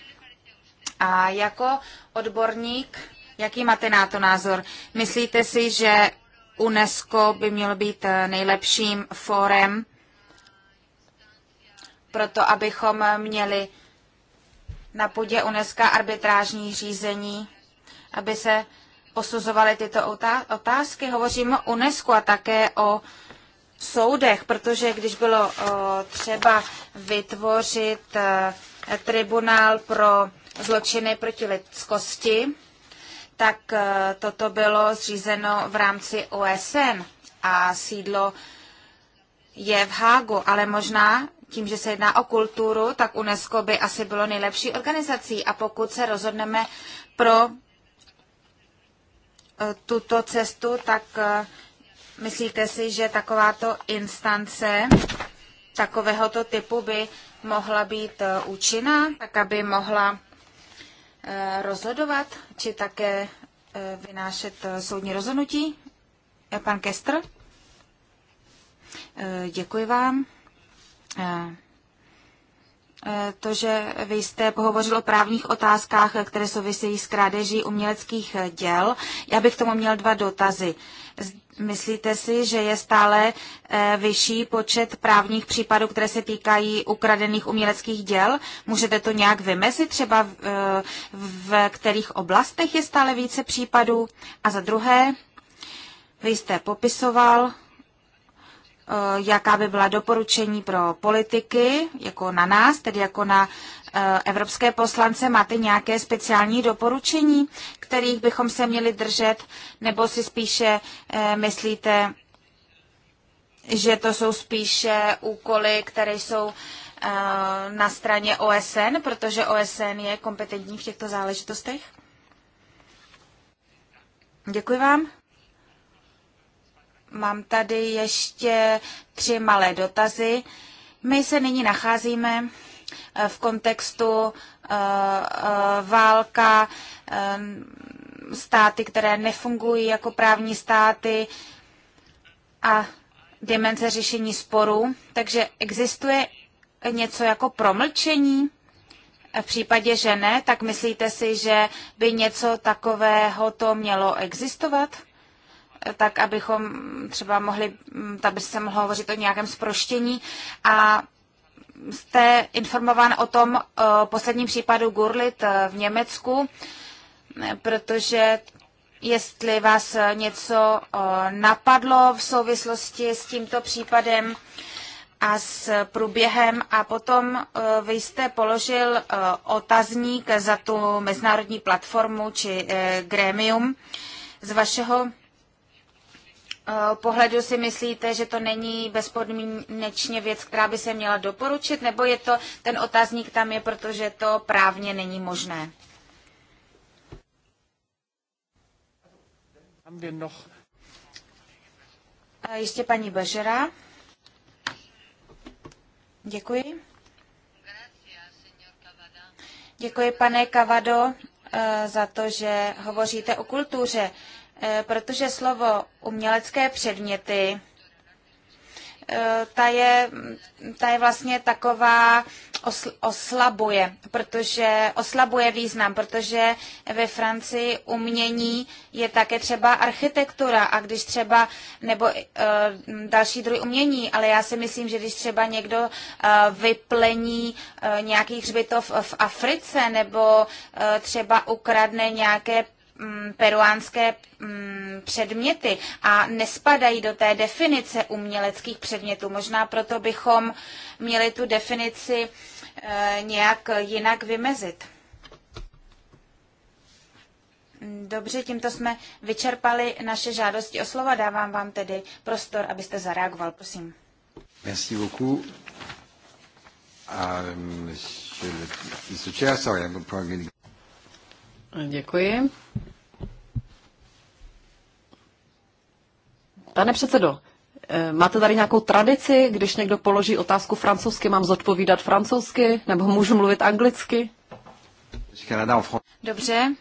A jako odborník, jaký máte na to názor? Myslíte si, že UNESCO by mělo být eh, nejlepším fórem proto, abychom měli na půdě UNESCO arbitrážní řízení, aby se posuzovaly tyto otázky. Hovoříme o UNESCO a také o soudech, protože když bylo třeba vytvořit e, tribunál pro zločiny proti lidskosti, tak e, toto bylo zřízeno v rámci OSN a sídlo je v Hágu, ale možná tím, že se jedná o kulturu, tak UNESCO by asi bylo nejlepší organizací. A pokud se rozhodneme pro e, tuto cestu, tak Myslíte si, že takováto instance takovéhoto typu by mohla být eh, účinná, tak aby mohla eh, rozhodovat, či také eh, vynášet soudní rozhodnutí? Pan Kestr? Děkuji vám. To, že vy jste pohovořil o právních otázkách, které souvisejí s krádeží uměleckých děl, já bych k tomu měl dva dotazy. Myslíte si, že je stále eh, vyšší počet právních případů, které se týkají ukradených uměleckých děl? Můžete to nějak vymezit, třeba v eh, kterých oblastech je stále více případů? A za druhé, vy jste popisoval, eh, jaká by byla doporučení pro politiky, jako na nás, tedy jako na Eh, evropské poslance, máte nějaké speciální doporučení, kterých bychom se měli držet, nebo si spíše eh, myslíte, že to jsou spíše úkoly, které jsou eh, na straně OSN, protože OSN je kompetentní v těchto záležitostech? Děkuji vám. Mám tady ještě tři malé dotazy. My se nyní nacházíme v kontextu eh, eh, válka, eh, státy, které nefungují jako právní státy a dimenze řešení sporů. Takže existuje něco jako promlčení? V případě, že ne, tak myslíte si, že by něco takového to mělo existovat? Tak, abychom třeba mohli, mm, aby se mohlo hovořit o nějakém sproštění. A jste informován o tom o eh, posledním případu Gurlit eh, v Německu, eh, protože jestli vás něco napadlo v souvislosti s tímto případem a s průběhem a potom vy jste položil otazník za tu mezinárodní platformu či grémium z vašeho Eh, pohledu si myslíte, že to není bezpodmínečně věc, která by se měla doporučit, nebo je to, ten otazník tam je, protože to právně není možné? A eh, ještě paní Bežera. Děkuji. Děkuji, pane Kavado, eh, za to, že hovoříte o kultuře. Eh, protože slovo umělecké předměty eh, ta je, ta je vlastně taková osl, oslabuje, protože oslabuje význam, protože ve Francii umění je také třeba architektura a když třeba, nebo uh, další druh umění, ale já si myslím, že když třeba někdo uh, vyplení uh, nějaký hřbitov v Africe nebo uh, třeba ukradne nějaké Mm, peruánské mm, předměty a nespadají do té definice uměleckých předmětů. Možná proto bychom měli tu definici e, nějak jinak vymezit. Dobře, tímto jsme vyčerpali naše žádosti o slova. Dávám vám tedy prostor, abyste zareagoval. Prosím. Merci beaucoup. A, um, monsieur le, sorry, I'm probably... Děkuji. Pane předsedo, eh, máte tady nějakou tradici, když někdo položí otázku francouzsky, mám zodpovídat francouzsky nebo můžu mluvit anglicky? Dobře,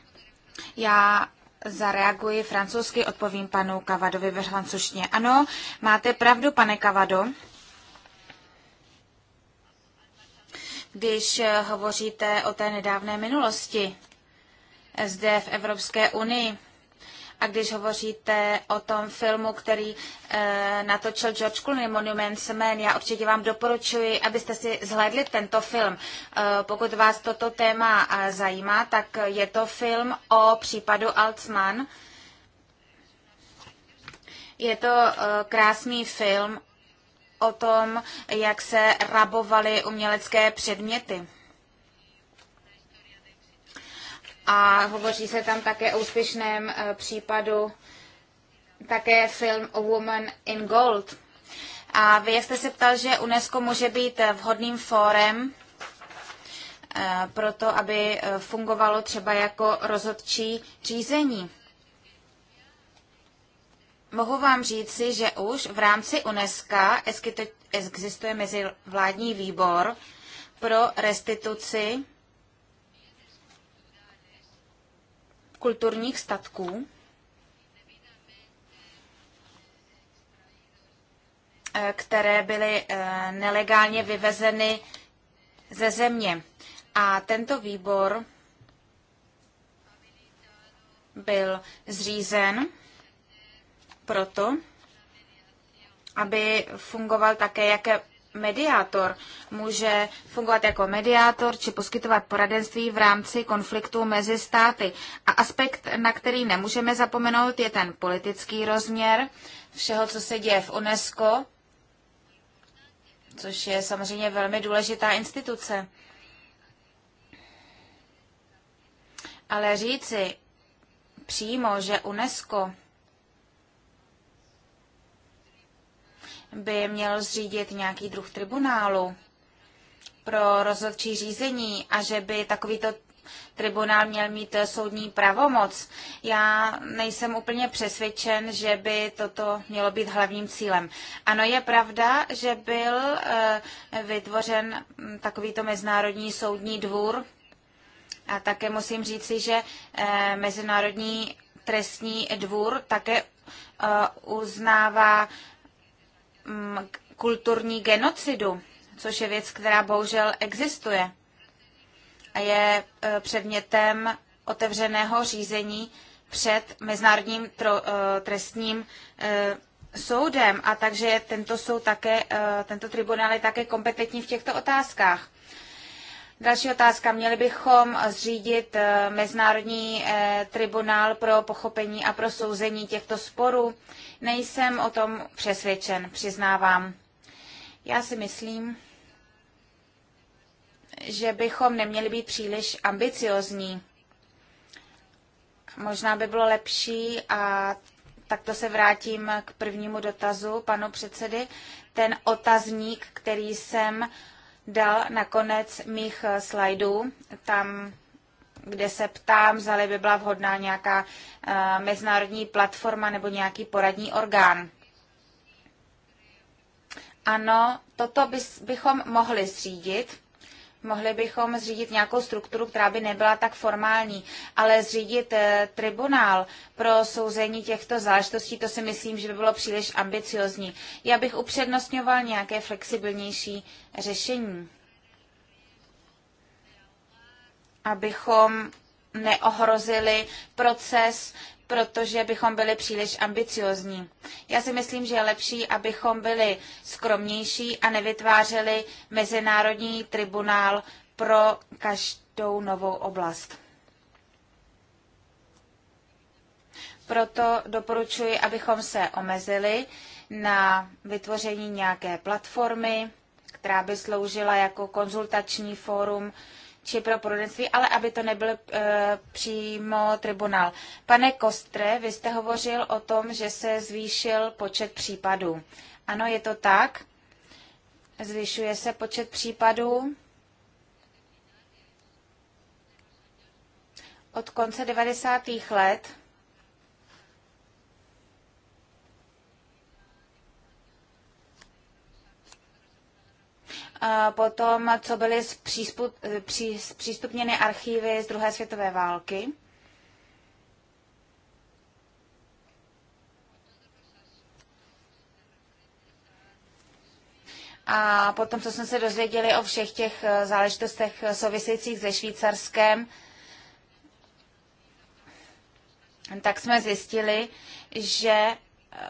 já zareaguji francouzsky, odpovím panu Kavadovi ve francouzštině. Ano, máte pravdu, pane Kavado. Když eh, hovoříte o té nedávné minulosti, zde v Evropské unii. A když hovoříte o tom filmu, který e, natočil George Clooney, Monuments Man, já určitě vám doporučuji, abyste si zhlédli tento film. E, pokud vás toto téma eh, zajímá, tak je to film o případu Altman. Je to e, krásný film o tom, jak se rabovaly umělecké předměty. a hovoří se tam také o úspěšném eh, případu také film A Woman in Gold. A vy jste se ptal, že UNESCO může být eh, vhodným fórem eh, pro to, aby fungovalo třeba jako rozhodčí řízení. Mohu vám říci, že už v rámci UNESCO existuje mezivládní výbor pro restituci kulturních statků, eh, které byly eh, nelegálně vyvezeny ze země. A tento výbor byl zřízen proto, aby fungoval také jako mediátor může fungovat jako mediátor či poskytovat poradenství v rámci konfliktu mezi státy. A aspekt, na který nemůžeme zapomenout, je ten politický rozměr všeho, co se děje v UNESCO, což je samozřejmě velmi důležitá instituce. Ale říci přímo, že UNESCO by měl zřídit nějaký druh tribunálu pro rozhodčí řízení a že by takovýto tribunál měl mít eh, soudní pravomoc. Já nejsem úplně přesvědčen, že by toto mělo být hlavním cílem. Ano, je pravda, že byl eh, vytvořen mm, takovýto mezinárodní soudní dvůr a také musím říci, že eh, mezinárodní trestní dvůr také uznává Mm, kulturní genocidu, což je věc, která bohužel existuje a je e, předmětem otevřeného řízení před Mezinárodním e, trestním e, soudem a takže tento, soud také, tento tribunál je také kompetentní v těchto otázkách. Další otázka. Měli bychom zřídit Mezinárodní tribunál pro pochopení a pro souzení těchto sporů. Nejsem o tom přesvědčen, přiznávám. Já si myslím, že bychom neměli být příliš ambiciozní. Možná by bylo lepší a takto se vrátím k prvnímu dotazu panu předsedy. Ten otazník, který jsem dal na konec mých slajdů, tam kde se ptám, zda by byla vhodná nějaká eh, mezinárodní platforma nebo nějaký poradní orgán. Ano, toto bychom mohli zřídit. Mohli bychom zřídit nějakou strukturu, která by nebyla tak formální, ale zřídit eh, tribunál pro souzení těchto záležitostí, to si myslím, že by bylo příliš ambiciozní. Já bych upřednostňoval nějaké flexibilnější řešení. abychom neohrozili proces, protože bychom byli příliš ambiciozní. Já si myslím, že je lepší, abychom byli skromnější a nevytvářeli mezinárodní tribunál pro každou novou oblast. Proto doporučuji, abychom se omezili na vytvoření nějaké platformy, která by sloužila jako konzultační fórum či pro poradenství, ale aby to nebyl uh, přímo tribunál. Pane Kostre, vy jste hovořil o tom, že se zvýšil počet případů. Ano, je to tak. Zvyšuje se počet případů. Od konce 90. let potom, co byly eh, zpřístupněny archívy z druhé světové války. A potom, co jsme se dozvěděli o všech těch eh, záležitostech eh, souvisejících se Švýcarskem, tak jsme zjistili, že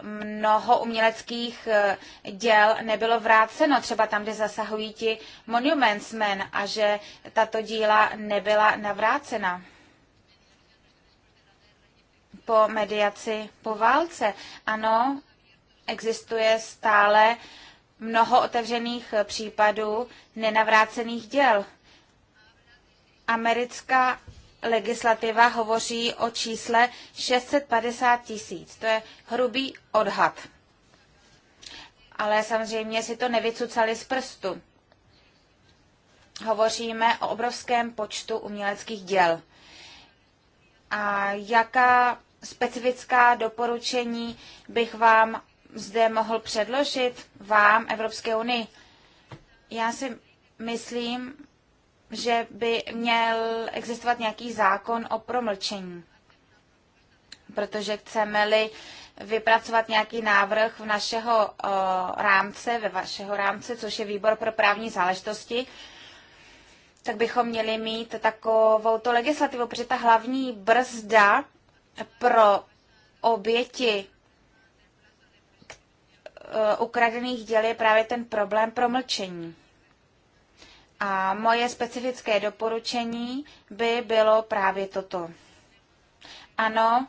mnoho uměleckých eh, děl nebylo vráceno, třeba tam, kde zasahují ti monuments men a že tato díla nebyla navrácena po mediaci po válce. Ano, existuje stále mnoho otevřených eh, případů nenavrácených děl. Americká legislativa hovoří o čísle 650 tisíc. To je hrubý odhad. Ale samozřejmě si to nevycucali z prstu. Hovoříme o obrovském počtu uměleckých děl. A jaká specifická doporučení bych vám zde mohl předložit, vám, Evropské unii? Já si myslím, že by měl existovat nějaký zákon o promlčení. Protože chceme-li vypracovat nějaký návrh v našeho rámce, ve vašeho rámce, což je výbor pro právní záležitosti, tak bychom měli mít takovou to legislativu, protože ta hlavní brzda pro oběti ukradených děl je právě ten problém promlčení. A moje specifické doporučení by bylo právě toto. Ano,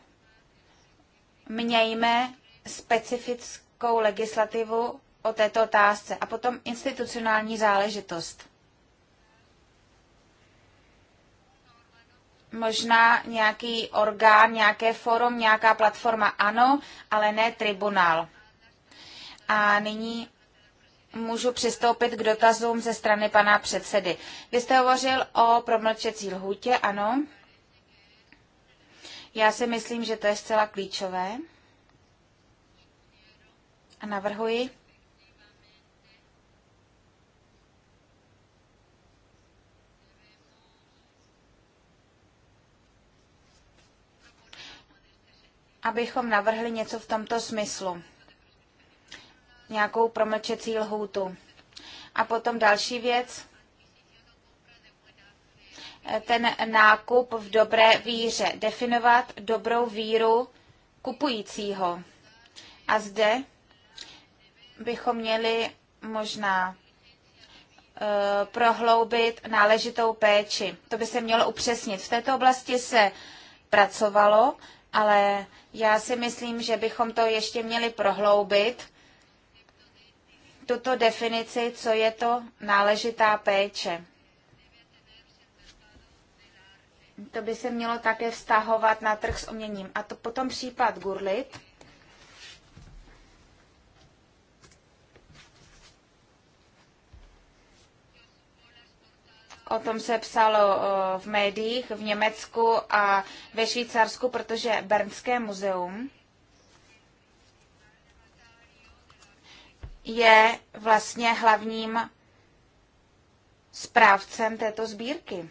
mějme specifickou legislativu o této otázce a potom institucionální záležitost. Možná nějaký orgán, nějaké forum, nějaká platforma, ano, ale ne tribunál. A nyní můžu přistoupit k dotazům ze strany pana předsedy. Vy jste hovořil o promlčecí lhůtě, ano. Já si myslím, že to je zcela klíčové. A navrhuji, abychom navrhli něco v tomto smyslu nějakou promlčecí lhůtu. A potom další věc, ten nákup v dobré víře, definovat dobrou víru kupujícího. A zde bychom měli možná eh, prohloubit náležitou péči. To by se mělo upřesnit. V této oblasti se pracovalo, ale já si myslím, že bychom to ještě měli prohloubit tuto definici, co je to náležitá péče. To by se mělo také vztahovat na trh s uměním. A to potom případ Gurlit. O tom se psalo v médiích v Německu a ve Švýcarsku, protože Bernské muzeum je vlastně hlavním správcem této sbírky.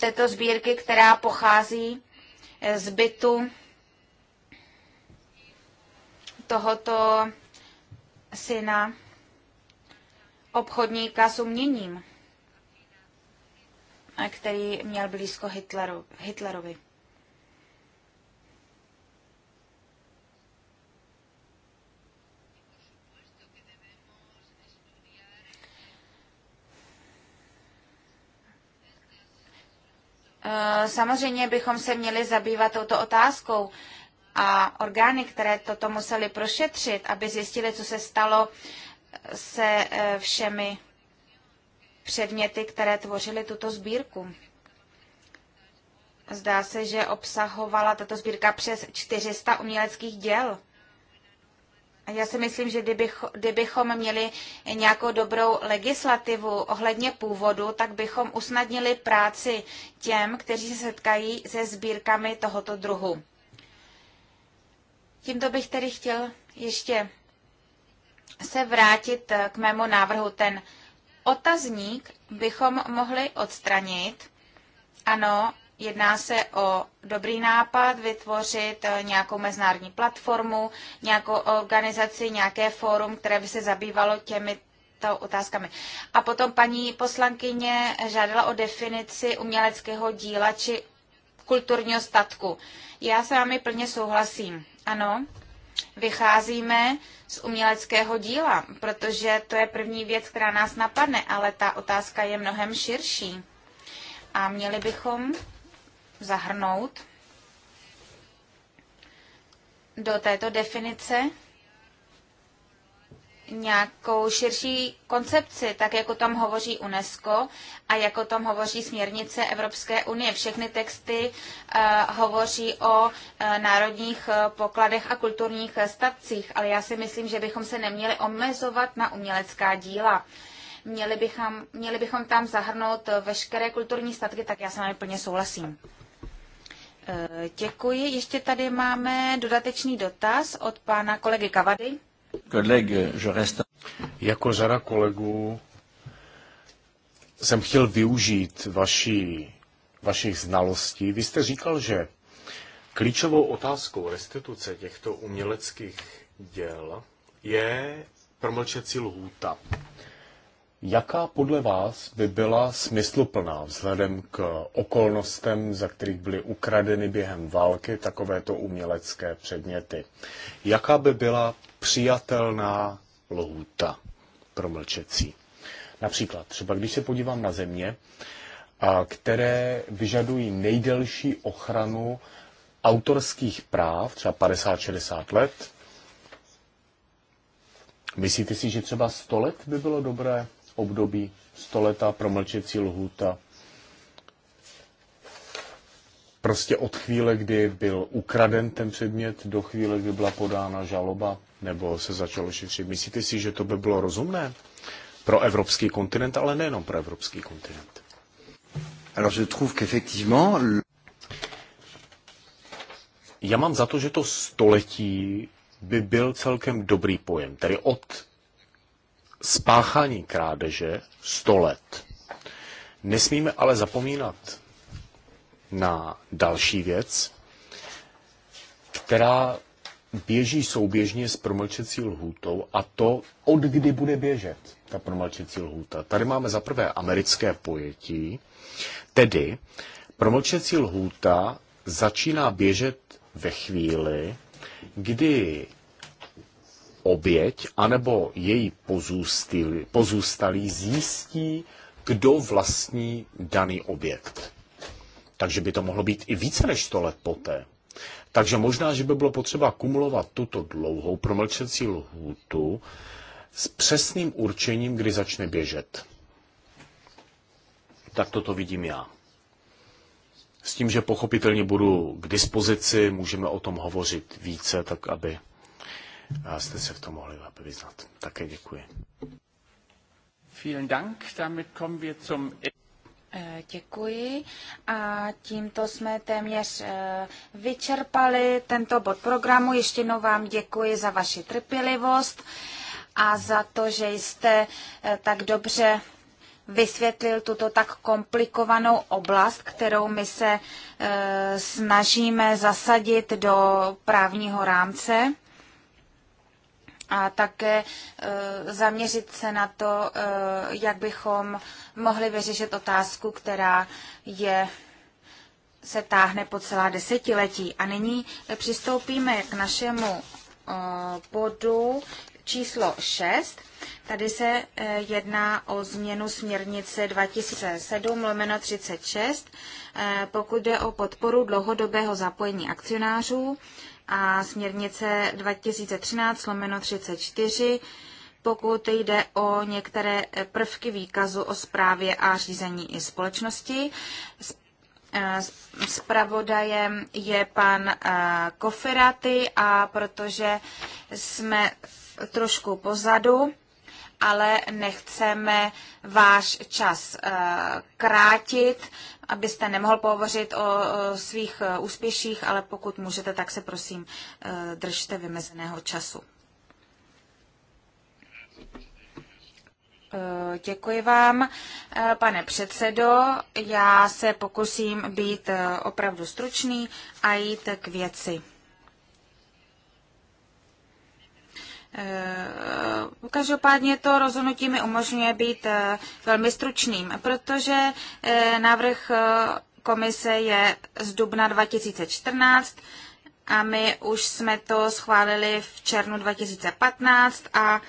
Této sbírky, která pochází z bytu tohoto syna obchodníka s uměním, který měl blízko Hitleru, Hitlerovi. Eh, samozřejmě bychom se měli zabývat touto otázkou a orgány, které toto museli prošetřit, aby zjistili, co se stalo se eh, všemi předměty, které tvořily tuto sbírku. Zdá se, že obsahovala tato sbírka přes 400 uměleckých děl. Já si myslím, že kdybych, kdybychom měli nějakou dobrou legislativu ohledně původu, tak bychom usnadnili práci těm, kteří se setkají se sbírkami tohoto druhu. Tímto bych tedy chtěl ještě se vrátit k mému návrhu. Ten otazník bychom mohli odstranit. Ano, Jedná se o dobrý nápad vytvořit eh, nějakou mezinárodní platformu, nějakou organizaci, nějaké fórum, které by se zabývalo těmi to otázkami. A potom paní poslankyně žádala o definici uměleckého díla či kulturního statku. Já s vámi plně souhlasím. Ano, vycházíme z uměleckého díla, protože to je první věc, která nás napadne, ale ta otázka je mnohem širší. A měli bychom zahrnout do této definice nějakou širší koncepci, tak jako tam hovoří UNESCO a jako tam hovoří směrnice Evropské unie. Všechny texty uh, hovoří o uh, národních uh, pokladech a kulturních uh, statcích, ale já si myslím, že bychom se neměli omezovat na umělecká díla. Měli bychom, měli bychom tam zahrnout veškeré kulturní statky, tak já s vámi plně souhlasím. Eh, děkuji. Ještě tady máme dodatečný dotaz od pana kolegy Kavady. Jako řada kolegů jsem chtěl využít vaší, vašich znalostí. Vy jste říkal, že klíčovou otázkou restituce těchto uměleckých děl je promlčecí lhůta. Jaká podle vás by byla smysluplná vzhledem k okolnostem, za kterých byly ukradeny během války takovéto umělecké předměty? Jaká by byla přijatelná lhůta pro mlčecí? Například třeba, když se podívám na země, které vyžadují nejdelší ochranu autorských práv, třeba 50-60 let, myslíte si, že třeba 100 let by bylo dobré? období stoleta promlčecí lhůta. Prostě od chvíle, kdy byl ukraden ten předmět, do chvíle, kdy byla podána žaloba, nebo se začalo šetřit. Myslíte si, že to by bylo rozumné pro evropský kontinent, ale nejenom pro evropský kontinent? Alors je trouve qu'effectivement... Já mám za to, že to století by byl celkem dobrý pojem, tedy od spáchání krádeže 100 let. Nesmíme ale zapomínat na další věc, která běží souběžně s promlčecí lhůtou a to, od kdy bude běžet ta promlčecí lhůta. Tady máme za prvé americké pojetí, tedy promlčecí lhůta začíná běžet ve chvíli, kdy oběť anebo její pozůstalý, pozůstalý zjistí, kdo vlastní daný objekt. Takže by to mohlo být i více než 100 let poté. Takže možná, že by bylo potřeba kumulovat tuto dlouhou promlčecí lhůtu s přesným určením, kdy začne běžet. Tak toto vidím já. S tím, že pochopitelně budu k dispozici, můžeme o tom hovořit více, tak aby a jste se v tom mohli lépe vyznat. Také děkuji. Vielen Dank. Damit kommen wir zum e- eh, Děkuji a tímto jsme téměř eh, vyčerpali tento bod programu. Ještě jednou vám děkuji za vaši trpělivost a za to, že jste eh, tak dobře vysvětlil tuto tak komplikovanou oblast, kterou my se snažíme zasadit do právního rámce a také e, zaměřit se na to, e, jak bychom mohli vyřešit otázku, která je se táhne po celá desetiletí. A nyní přistoupíme k našemu e, bodu číslo 6. Tady se jedná o změnu směrnice 2007 lomeno 36, pokud jde o podporu dlouhodobého zapojení akcionářů a směrnice 2013 lomeno 34, pokud jde o některé prvky výkazu o správě a řízení i společnosti. Spravodajem eh, je pan eh, Koferaty a protože jsme trošku pozadu, ale nechceme váš čas eh, krátit, abyste nemohl pohovořit o svých eh, úspěších, ale pokud můžete, tak se prosím eh, držte vymezeného času. Děkuji vám, pane předsedo. Já se pokusím být opravdu stručný a jít k věci. Eh, každopádně to rozhodnutí mi umožňuje být eh, velmi stručným, protože eh, návrh komise je z dubna 2014 a my už jsme to schválili v červnu 2015 a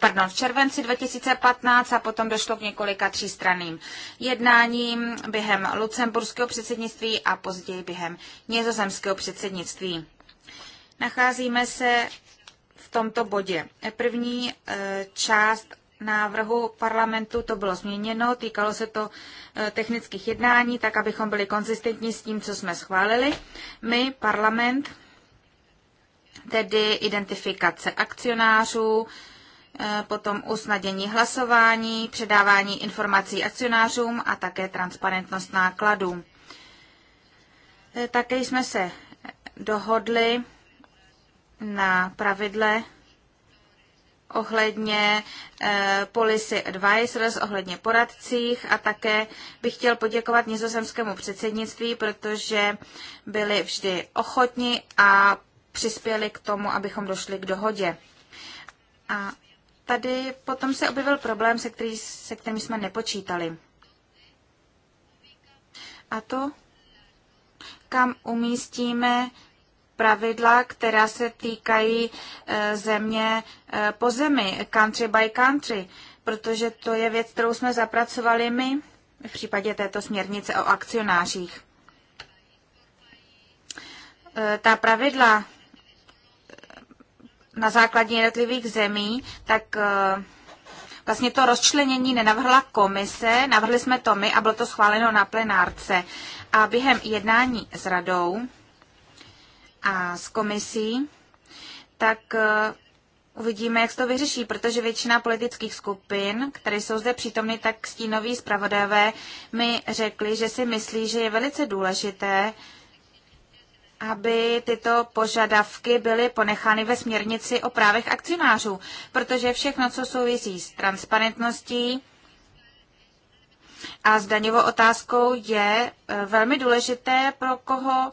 pardon, v červenci 2015 a potom došlo k několika třístranným jednáním během lucemburského předsednictví a později během nězozemského předsednictví. Nacházíme se tomto bodě. E, první e, část návrhu parlamentu to bylo změněno, týkalo se to e, technických jednání, tak abychom byli konzistentní s tím, co jsme schválili. My, parlament, tedy identifikace akcionářů, potom usnadění hlasování, předávání informací akcionářům a také transparentnost nákladů. Také jsme se dohodli na pravidle ohledně eh, policy advisors, ohledně poradcích a také bych chtěl poděkovat nizozemskému předsednictví, protože byli vždy ochotni a přispěli k tomu, abychom došli k dohodě. A tady potom se objevil problém, se, který, se kterým jsme nepočítali. A to, kam umístíme pravidla, která se týkají eh, země eh, po zemi, country by country, protože to je věc, kterou jsme zapracovali my v případě této směrnice o akcionářích. Eh, ta pravidla na základě jednotlivých zemí, tak vlastně to rozčlenění nenavrhla komise, navrhli jsme to my a bylo to schváleno na plenárce. A během jednání s radou a s komisí, tak eh, uvidíme, jak se to vyřeší, protože většina politických skupin, které jsou zde přítomny, tak stínoví zpravodajové mi řekli, že si myslí, že je velice důležité, aby tyto požadavky byly ponechány ve směrnici o právech akcionářů, protože všechno, co souvisí s transparentností, a s daňovou otázkou je eh, velmi důležité, pro koho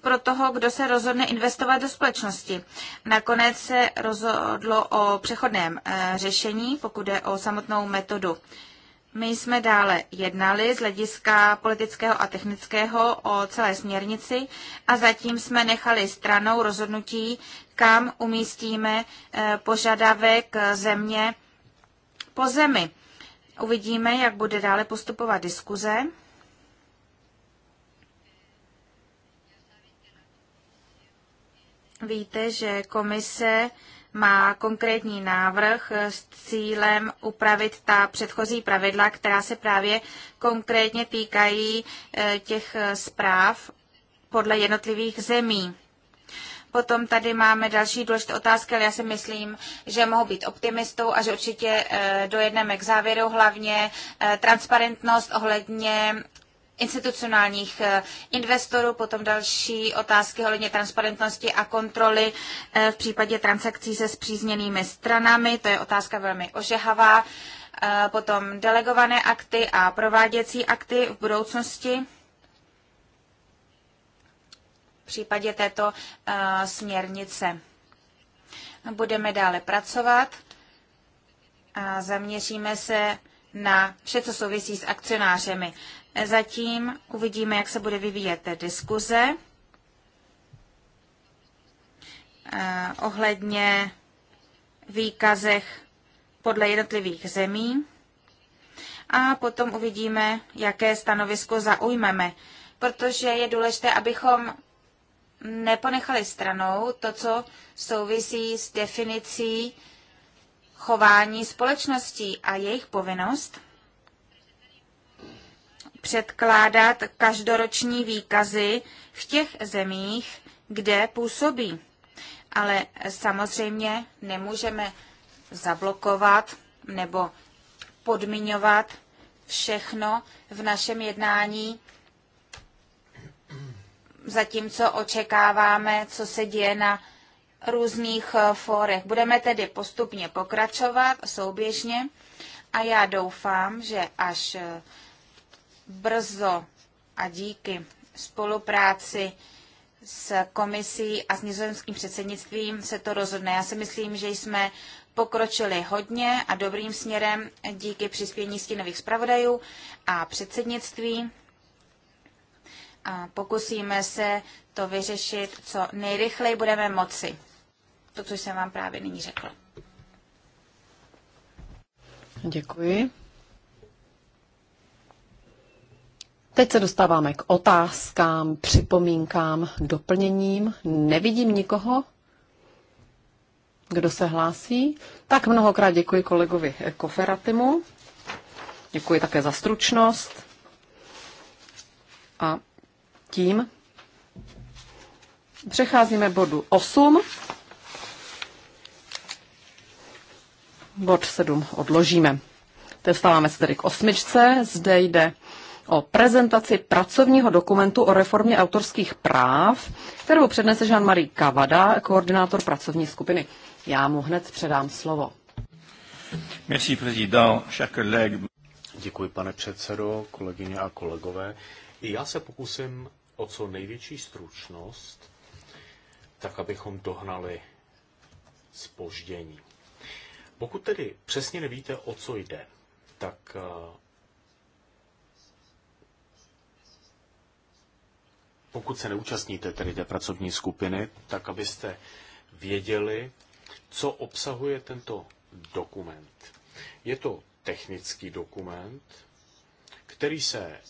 pro toho, kdo se rozhodne investovat do společnosti. Nakonec se rozhodlo o přechodném eh, řešení, pokud je o samotnou metodu. My jsme dále jednali z hlediska politického a technického o celé směrnici a zatím jsme nechali stranou rozhodnutí, kam umístíme eh, požadavek země po zemi. Uvidíme, jak bude dále postupovat diskuze. Víte, že komise má konkrétní návrh s cílem upravit ta předchozí pravidla, která se právě konkrétně týkají eh, těch eh, zpráv podle jednotlivých zemí. Potom tady máme další důležité otázky, ale já si myslím, že mohu být optimistou a že určitě eh, dojedneme k závěru, hlavně transparentnost ohledně institucionálních eh, investorů, potom další otázky ohledně transparentnosti a kontroly eh, v případě transakcí se zpřízněnými stranami, to je otázka velmi ožehavá, eh, potom delegované akty a prováděcí akty v budoucnosti v případě této směrnice. Budeme dále pracovat a zaměříme se na vše, co souvisí s akcionářemi. Zatím uvidíme, jak se bude vyvíjet diskuze eh, ohledně výkazech podle jednotlivých zemí a potom uvidíme, jaké stanovisko zaujmeme, protože je důležité, abychom neponechali stranou to, co souvisí s definicí chování společností a jejich povinnost předkládat každoroční výkazy v těch zemích, kde působí. Ale samozřejmě nemůžeme zablokovat nebo podmiňovat všechno v našem jednání, zatímco očekáváme, co se děje na různých eh, fórech. Budeme tedy postupně pokračovat souběžně a já doufám, že až eh, brzo a díky spolupráci s komisí a s nizozemským předsednictvím se to rozhodne. Já si myslím, že jsme pokročili hodně a dobrým směrem díky přispění stínových zpravodajů a předsednictví. A pokusíme se to vyřešit, co nejrychleji budeme moci. To, co jsem vám právě nyní řekla. Děkuji. Teď se dostáváme k otázkám, připomínkám, doplněním. Nevidím nikoho, kdo se hlásí. Tak mnohokrát děkuji kolegovi Koferatimu. Děkuji také za stručnost. A tím přecházíme bodu 8. Bod 7 odložíme. Dostáváme se tedy k osmičce. Zde jde o prezentaci pracovního dokumentu o reformě autorských práv, kterou přednese Jean-Marie Kavada, koordinátor pracovní skupiny. Já mu hned předám slovo. Merci, président, Děkuji, pane předsedo, kolegyně a kolegové. I já se pokusím o co největší stručnost, tak abychom dohnali spoždění. Pokud tedy přesně nevíte, o co jde, tak eh, pokud se neúčastníte tedy té pracovní skupiny, tak abyste věděli, co obsahuje tento dokument. Je to technický dokument, který se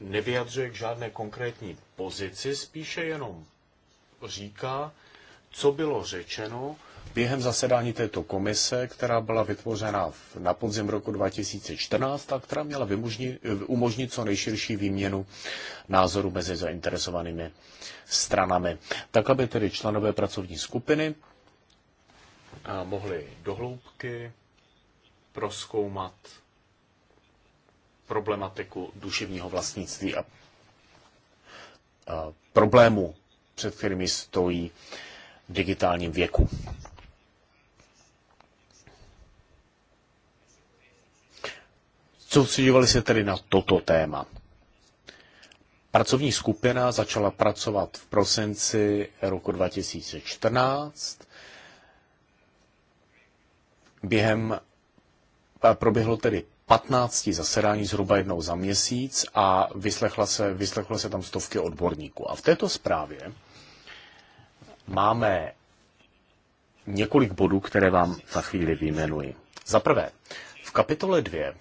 nevyjadřuje k žádné konkrétní pozici, spíše jenom říká, co bylo řečeno během zasedání této komise, která byla vytvořena na podzim roku 2014 a která měla umožnit co nejširší výměnu názorů mezi zainteresovanými stranami. Tak, aby tedy členové pracovní skupiny mohli dohloubky proskoumat problematiku duševního vlastnictví a problému, před kterými stojí v digitálním věku. Soustředovali se tedy na toto téma. Pracovní skupina začala pracovat v prosinci roku 2014. Během proběhlo tedy 15 zasedání zhruba jednou za měsíc a vyslechla se, vyslechlo se tam stovky odborníků. A v této zprávě máme několik bodů, které vám za chvíli vyjmenuji. Za prvé, v kapitole 2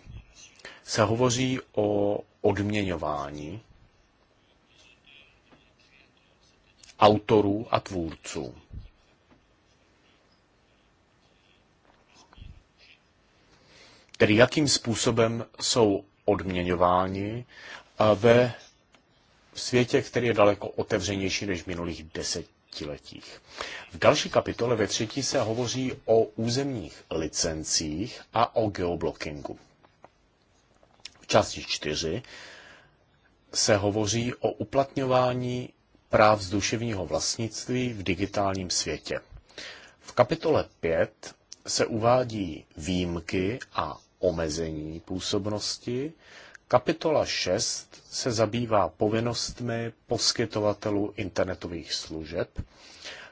se hovoří o odměňování autorů a tvůrců. Tedy jakým způsobem jsou odměňováni eh, ve světě, který je daleko otevřenější než v minulých desetiletích. V další kapitole ve třetí se hovoří o územních licencích a o geoblockingu části 4 se hovoří o uplatňování práv z duševního vlastnictví v digitálním světě. V kapitole 5 se uvádí výjimky a omezení působnosti. Kapitola 6 se zabývá povinnostmi poskytovatelů internetových služeb.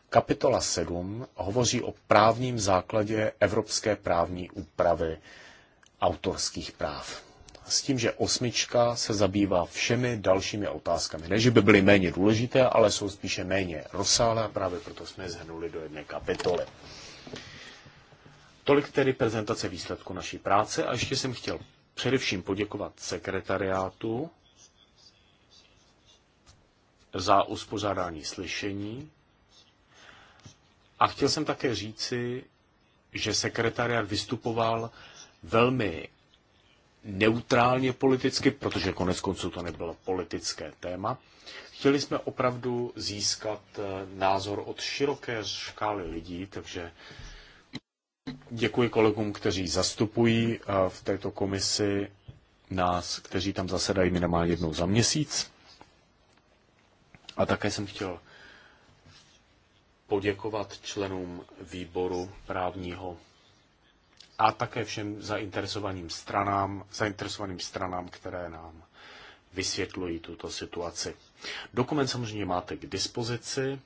Kapitola 7 hovoří o právním základě evropské právní úpravy autorských práv s tím, že osmička se zabývá všemi dalšími otázkami. Ne, že by byly méně důležité, ale jsou spíše méně rozsáhlé a právě proto jsme je zhrnuli do jedné kapitoly. Tolik tedy prezentace výsledku naší práce a ještě jsem chtěl především poděkovat sekretariátu za uspořádání slyšení a chtěl jsem také říci, že sekretariát vystupoval velmi neutrálně politicky, protože konec konců to nebylo politické téma. Chtěli jsme opravdu získat eh, názor od široké škály lidí, takže děkuji kolegům, kteří zastupují eh, v této komisi nás, kteří tam zasedají minimálně jednou za měsíc. A také jsem chtěl poděkovat členům výboru právního a také všem zainteresovaným stranám, zainteresovaným stranám, které nám vysvětlují tuto situaci. Dokument samozřejmě máte k dispozici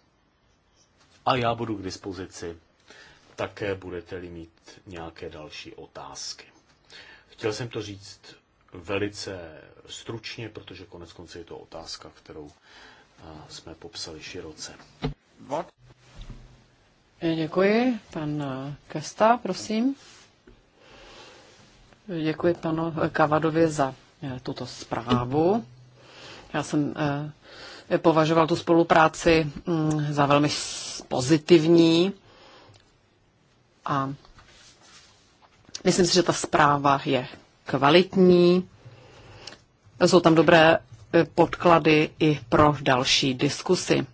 a já budu k dispozici. Také budete-li mít nějaké další otázky. Chtěl jsem to říct velice stručně, protože konec konců je to otázka, kterou eh, jsme popsali široce. Eh, děkuji. Pan eh, Kesta, prosím. Děkuji panu Kavadovi za eh, tuto zprávu. Já jsem eh, považoval tu spolupráci mm, za velmi pozitivní a myslím si, že ta zpráva je kvalitní. Jsou tam dobré eh, podklady i pro další diskusy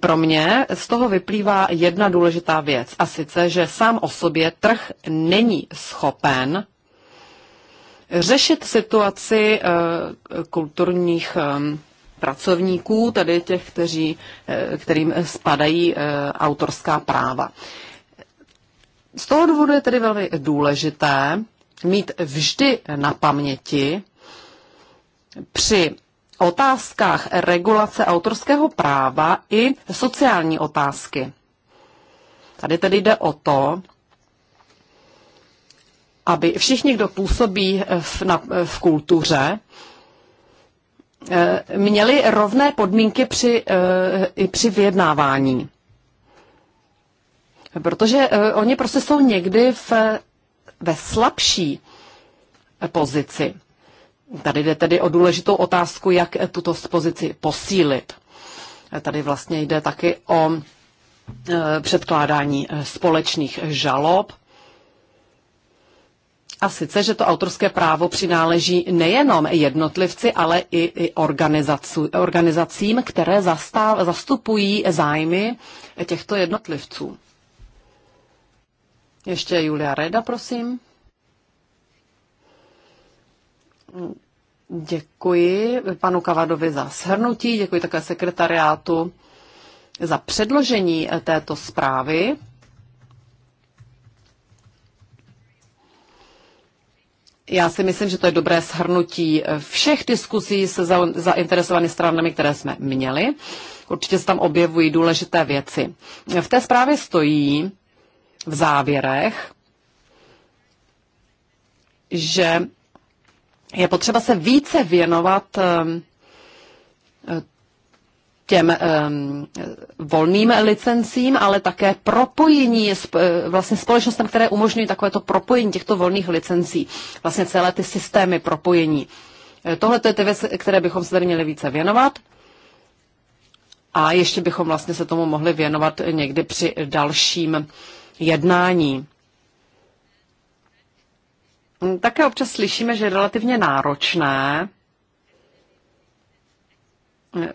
pro mě z toho vyplývá jedna důležitá věc, a sice, že sám o sobě trh není schopen řešit situaci eh, kulturních eh, pracovníků, tedy těch, kteří, eh, kterým spadají autorská práva. Z toho důvodu je tedy velmi důležité mít vždy na paměti při otázkách regulace autorského práva i sociální otázky. Tady tedy jde o to, aby všichni, kdo působí v, na, v kultuře, eh, měli rovné podmínky při, eh, i při vyjednávání. Protože eh, oni prostě jsou někdy v, ve slabší pozici. Tady jde tedy o důležitou otázku, jak tuto pozici posílit. Tady vlastně jde taky o e, předkládání e, společných žalob. A sice, že to autorské právo přináleží nejenom jednotlivci, ale i, organizacím, které zastav, zastupují zájmy těchto jednotlivců. Ještě Julia Reda, prosím. Děkuji panu Kavadovi za shrnutí, děkuji také sekretariátu za předložení této zprávy. Já si myslím, že to je dobré shrnutí všech diskuzí se zainteresovanými stranami, které jsme měli. Určitě se tam objevují důležité věci. V té zprávě stojí v závěrech, že je potřeba se více věnovat ehm, eh, těm ehm, volným licencím, ale také propojení eh, vlastně společnostem, které umožňují takovéto propojení těchto volných licencí, vlastně celé ty systémy propojení. Eh, tohle to je ty věci, které bychom se tady měli více věnovat. A ještě bychom vlastně se tomu mohli věnovat někdy při dalším jednání. Mm, také občas slyšíme, že je relativně náročné eh,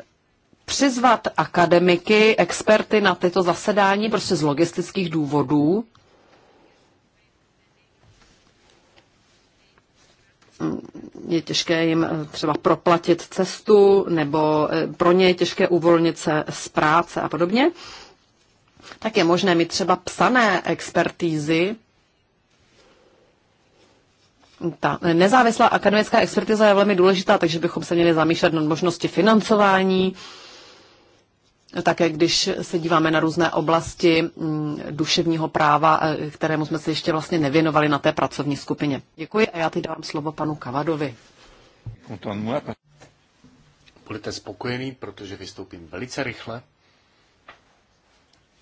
přizvat akademiky, experty na tyto zasedání prostě z logistických důvodů. Mm, je těžké jim eh, třeba proplatit cestu, nebo eh, pro ně je těžké uvolnit se z práce a podobně. Tak je možné mít třeba psané expertízy, ta nezávislá akademická expertiza je velmi důležitá, takže bychom se měli zamýšlet nad možnosti financování, také když se díváme na různé oblasti mm, duševního práva, e, kterému jsme se ještě vlastně nevěnovali na té pracovní skupině. Děkuji a já teď dávám slovo panu Kavadovi. Budete spokojený, protože vystoupím velice rychle.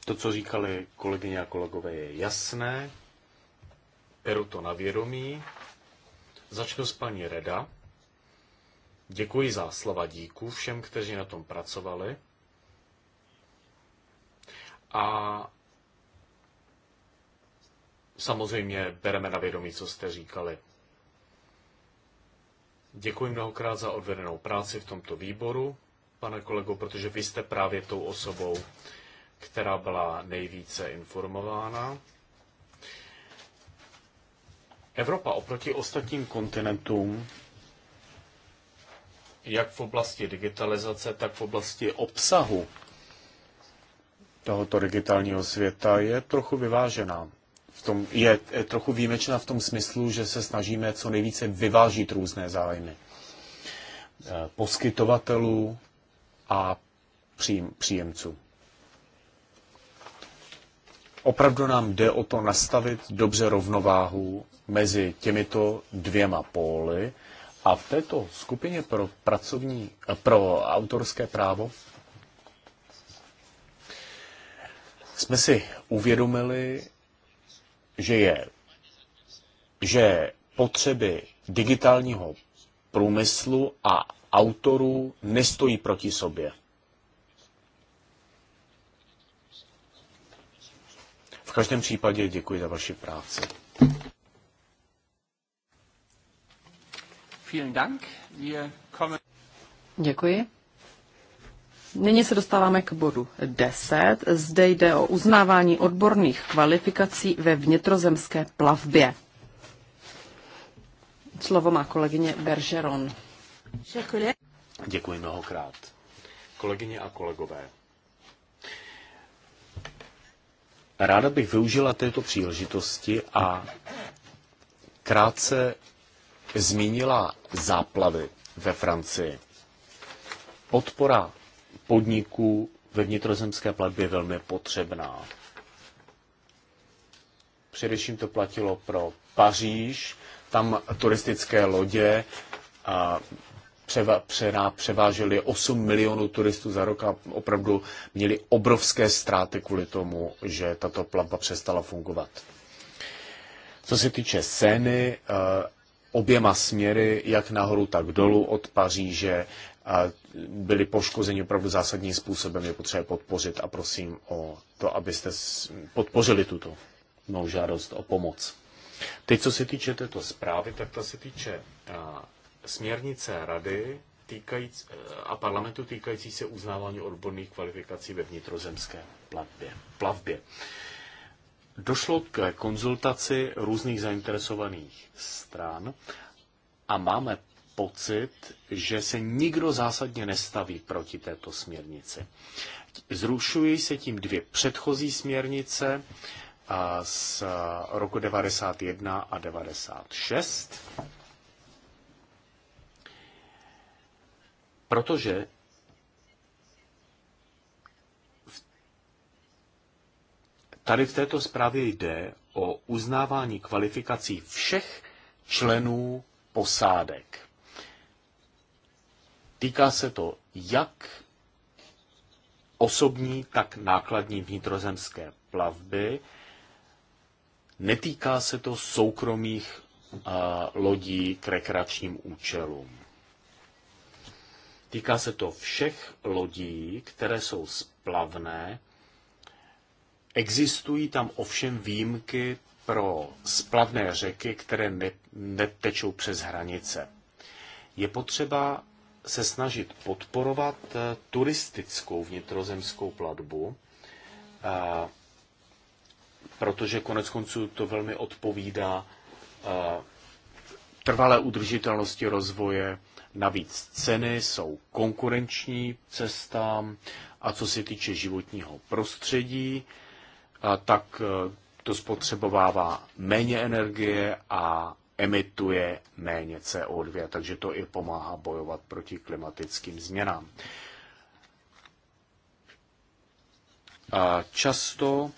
To, co říkali kolegyně a kolegové, je jasné. Beru to na vědomí. Začnu s paní Reda. Děkuji za slova díků všem, kteří na tom pracovali. A samozřejmě bereme na vědomí, co jste říkali. Děkuji mnohokrát za odvedenou práci v tomto výboru, pane kolego, protože vy jste právě tou osobou, která byla nejvíce informována. Evropa oproti ostatním kontinentům, jak v oblasti digitalizace, tak v oblasti obsahu tohoto digitálního světa, je trochu vyvážená. V tom, je je trochu výjimečná v tom smyslu, že se snažíme co nejvíce vyvážit různé zájmy eh, poskytovatelů a příjemců. Opravdu nám jde o to nastavit dobře rovnováhu mezi těmito dvěma póly a v této skupině pro, pracovní, pro autorské právo jsme si uvědomili, že je že potřeby digitálního průmyslu a autorů nestojí proti sobě. každém případě děkuji za vaši práci. Děkuji. Nyní se dostáváme k bodu 10. Zde jde o uznávání odborných kvalifikací ve vnitrozemské plavbě. Slovo má kolegyně Bergeron. Děkuji mnohokrát. Kolegyně a kolegové, Ráda bych využila této příležitosti a krátce zmínila záplavy ve Francii. Podpora podniků ve vnitrozemské platbě je velmi potřebná. Především to platilo pro Paříž, tam turistické lodě převa, přená, převáželi 8 milionů turistů za rok a opravdu měli obrovské ztráty kvůli tomu, že tato plavba přestala fungovat. Co se týče scény, eh, oběma směry, jak nahoru, tak dolů od Paříže, eh, byli poškozeni opravdu zásadním způsobem, je potřeba podpořit a prosím o to, abyste podpořili tuto mou žádost o pomoc. Teď, co se týče této zprávy, tak ta se týče eh, směrnice Rady týkajíc, a parlamentu týkající se uznávání odborných kvalifikací ve vnitrozemské plavbě. plavbě. Došlo k konzultaci různých zainteresovaných stran a máme pocit, že se nikdo zásadně nestaví proti této směrnici. Zrušují se tím dvě předchozí směrnice z roku 91 a 96 Protože tady v této zprávě jde o uznávání kvalifikací všech členů posádek. Týká se to jak osobní, tak nákladní vnitrozemské plavby. Netýká se to soukromých lodí k rekreačním účelům. Týká se to všech lodí, které jsou splavné. Existují tam ovšem výjimky pro splavné řeky, které netečou přes hranice. Je potřeba se snažit podporovat eh, turistickou vnitrozemskou platbu, eh, protože konec konců to velmi odpovídá eh, trvalé udržitelnosti rozvoje Navíc ceny jsou konkurenční cestám a co se týče životního prostředí, tak e, to spotřebovává méně energie a emituje méně CO2, takže to i pomáhá bojovat proti klimatickým změnám. A často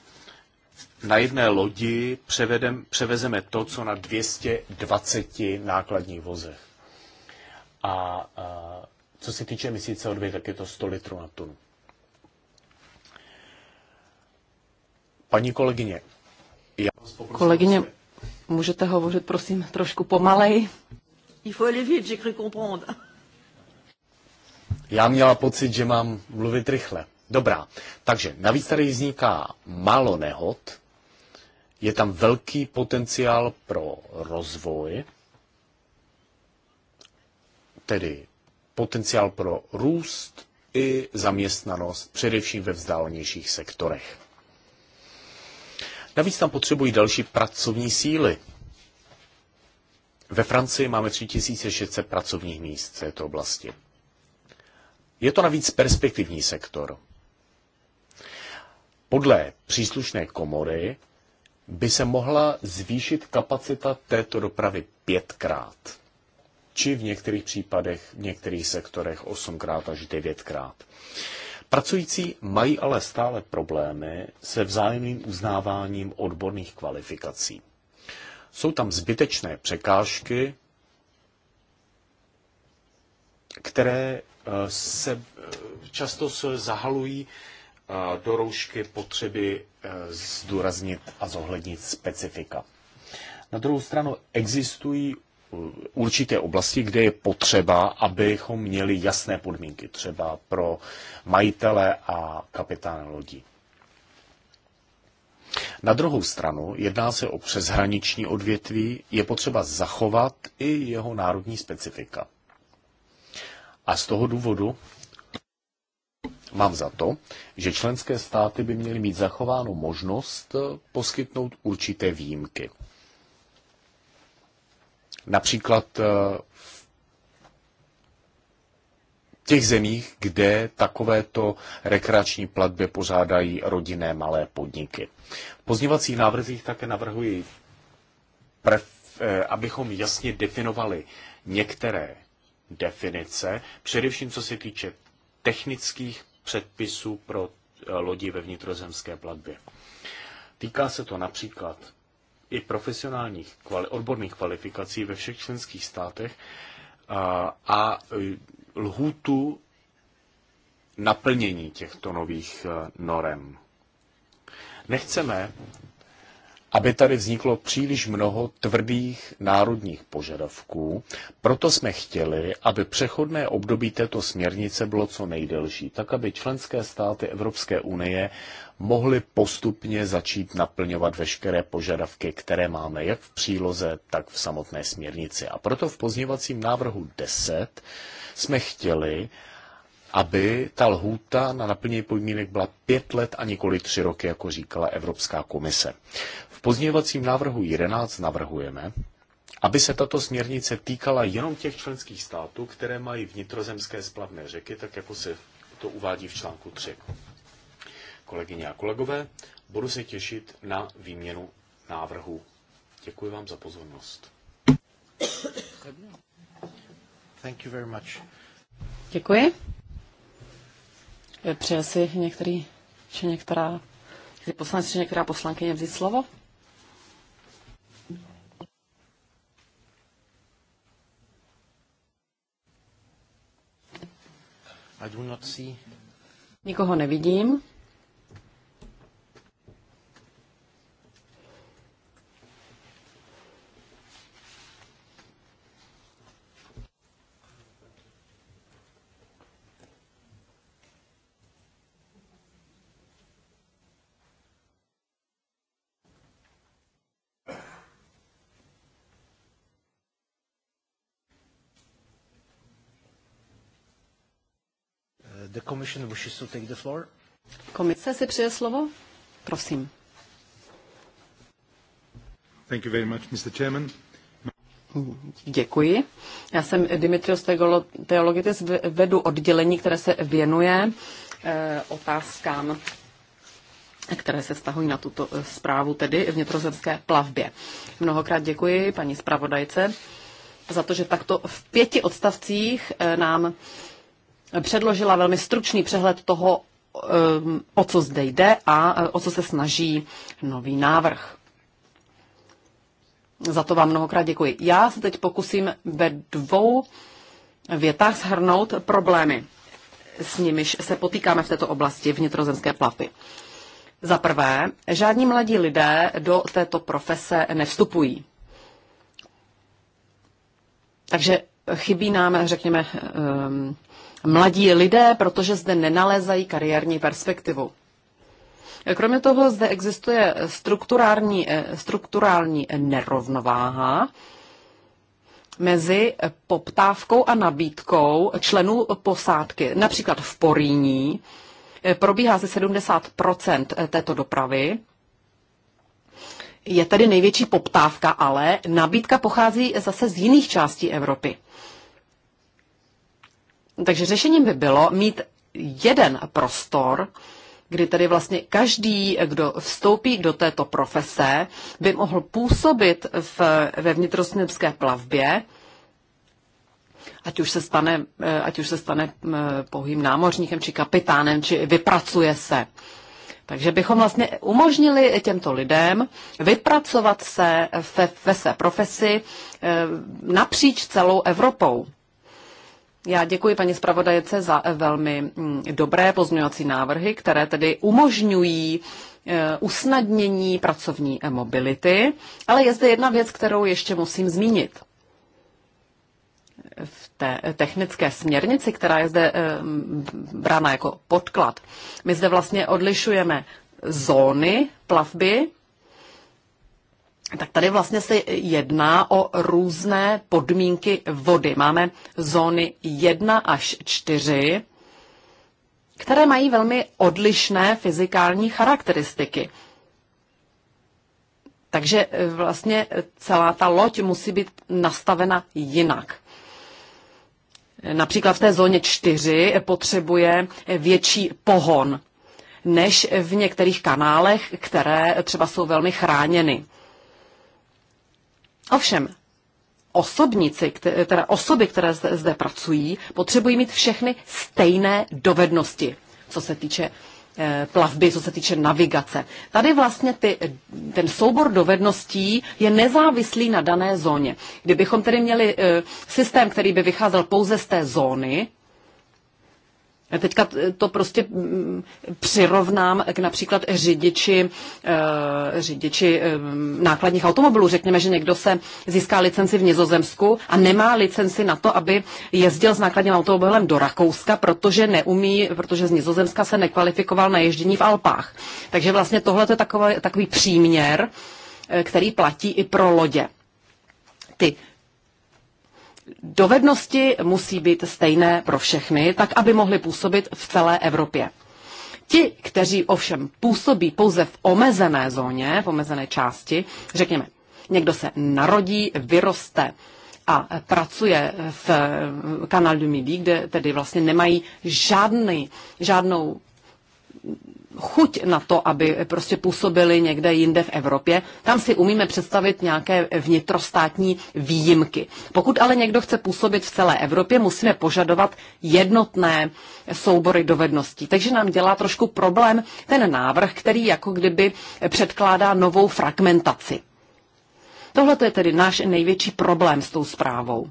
na jedné lodi převedem, převezeme to, co na 220 nákladních vozech. A co se týče emisí CO2, tak je to 100 litrů na tunu. Paní kolegyně, já vás poprosím, Kolegyně, můžete hovořit, prosím, trošku pomalej? Il faut aller vite, j'ai cru comprendre. Já měla pocit, že mám mluvit rychle. Dobrá, takže navíc tady vzniká málo nehod, je tam velký potenciál pro rozvoj tedy potenciál pro růst i zaměstnanost, především ve vzdálenějších sektorech. Navíc tam potřebují další pracovní síly. Ve Francii máme 3600 pracovních míst v této oblasti. Je to navíc perspektivní sektor. Podle příslušné komory by se mohla zvýšit kapacita této dopravy pětkrát či v některých případech, v některých sektorech 8 až 9 Pracující mají ale stále problémy se vzájemným uznáváním odborných kvalifikací. Jsou tam zbytečné překážky, které eh, se eh, často se zahalují eh, do roušky potřeby zdůraznit a zohlednit specifika. Na druhou stranu existují určité oblasti, kde je potřeba, abychom měli jasné podmínky, třeba pro majitele a kapitány lodí. Na druhou stranu jedná se o přeshraniční odvětví, je potřeba zachovat i jeho národní specifika. A z toho důvodu mám za to, že členské státy by měly mít zachovánu možnost poskytnout určité výjimky například eh, v těch zemích, kde takovéto rekreační platby pořádají rodinné malé podniky. V pozněvacích návrzích také navrhuji, eh, abychom jasně definovali některé definice, především co se týče technických předpisů pro eh, lodi ve vnitrozemské platbě. Týká se to například i profesionálních kvali- odborných kvalifikací ve všech členských státech a, a e, lhůtu naplnění těchto nových e, norem. Nechceme, aby tady vzniklo příliš mnoho tvrdých národních požadavků. Proto jsme chtěli, aby přechodné období této směrnice bylo co nejdelší, tak aby členské státy Evropské unie mohly postupně začít naplňovat veškeré požadavky, které máme jak v příloze, tak v samotné směrnici. A proto v pozněvacím návrhu 10 jsme chtěli, aby ta lhůta na naplnění podmínek byla pět let a nikoli tři roky, jako říkala Evropská komise pozměňovacím návrhu 11 navrhujeme, aby se tato směrnice týkala jenom těch členských států, které mají vnitrozemské splavné řeky, tak jako se to uvádí v článku 3. Kolegyně a kolegové, budu se těšit na výměnu návrhu. Děkuji vám za pozornost. Thank you very much. Děkuji. Přeje si některý či některá poslanec či některá poslankyně vzít slovo? Nikoho nevidím. The commission wishes to take the floor. Komise si přeje slovo? Prosím. Thank you very much, Mr. Chairman. Děkuji. Já jsem Dimitrios Teologitis, vedu oddělení, které se věnuje eh, otázkám, které se stahují na tuto eh, zprávu, tedy vnitrozemské plavbě. Mnohokrát děkuji paní zpravodajce za to, že takto v pěti odstavcích eh, nám předložila velmi stručný přehled toho, um, o co zde jde a e, o co se snaží nový návrh. Za to vám mnohokrát děkuji. Já se teď pokusím ve dvou větách shrnout problémy, s nimiž se potýkáme v této oblasti vnitrozemské plavby. Za prvé, žádní mladí lidé do této profese nevstupují. Takže chybí nám, řekněme, um, mladí lidé, protože zde nenalézají kariérní perspektivu. Kromě toho zde existuje strukturální, eh, strukturální nerovnováha mezi poptávkou a nabídkou členů posádky. Například v Poríní eh, probíhá ze 70 eh, této dopravy. Je tedy největší poptávka, ale nabídka pochází zase z jiných částí Evropy. Takže řešením by bylo mít jeden prostor, kdy tedy vlastně každý, kdo vstoupí do této profese, by mohl působit v, ve vnitrosněmské plavbě, ať už, se stane, eh, ať už se stane eh, pouhým námořníkem či kapitánem, či vypracuje se. Takže bychom vlastně umožnili těmto lidem vypracovat se ve, ve své profesi eh, napříč celou Evropou. Já děkuji paní zpravodajce za eh, velmi mm, dobré pozměňovací návrhy, které tedy umožňují eh, usnadnění pracovní eh, mobility. Ale je zde jedna věc, kterou ještě musím zmínit. V té technické směrnici, která je zde brána jako podklad, my zde vlastně odlišujeme zóny plavby tak tady vlastně se jedná o různé podmínky vody. Máme zóny 1 až 4, které mají velmi odlišné fyzikální charakteristiky. Takže e, vlastně celá ta loď musí být nastavena jinak. Například v té zóně 4 potřebuje větší pohon než v některých kanálech, které třeba jsou velmi chráněny. Ovšem, osobnici, teda osoby, které zde, zde pracují, potřebují mít všechny stejné dovednosti, co se týče eh, plavby, co se týče navigace. Tady vlastně ty, ten soubor dovedností je nezávislý na dané zóně. Kdybychom tedy měli eh, systém, který by vycházel pouze z té zóny, Teďka to prostě mm, přirovnám k například řidiči, eh, řidiči eh, nákladních automobilů. Řekněme, že někdo se získá licenci v Nizozemsku a nemá licenci na to, aby jezdil s nákladním automobilem do Rakouska, protože neumí, protože z Nizozemska se nekvalifikoval na ježdění v Alpách. Takže vlastně tohle je takový, takový příměr, eh, který platí i pro lodě. Ty dovednosti musí být stejné pro všechny, tak aby mohli působit v celé Evropě. Ti, kteří ovšem působí pouze v omezené zóně, v omezené části, řekněme, někdo se narodí, vyroste a pracuje v eh, Canal du Midi, kde tedy vlastně nemají žádný, žádnou chuť na to, aby prostě působili někde jinde v Evropě, tam si umíme představit nějaké vnitrostátní výjimky. Pokud ale někdo chce působit v celé Evropě, musíme požadovat jednotné soubory dovedností. Takže nám dělá trošku problém ten návrh, který jako kdyby předkládá novou fragmentaci. Tohle je tedy náš největší problém s tou zprávou.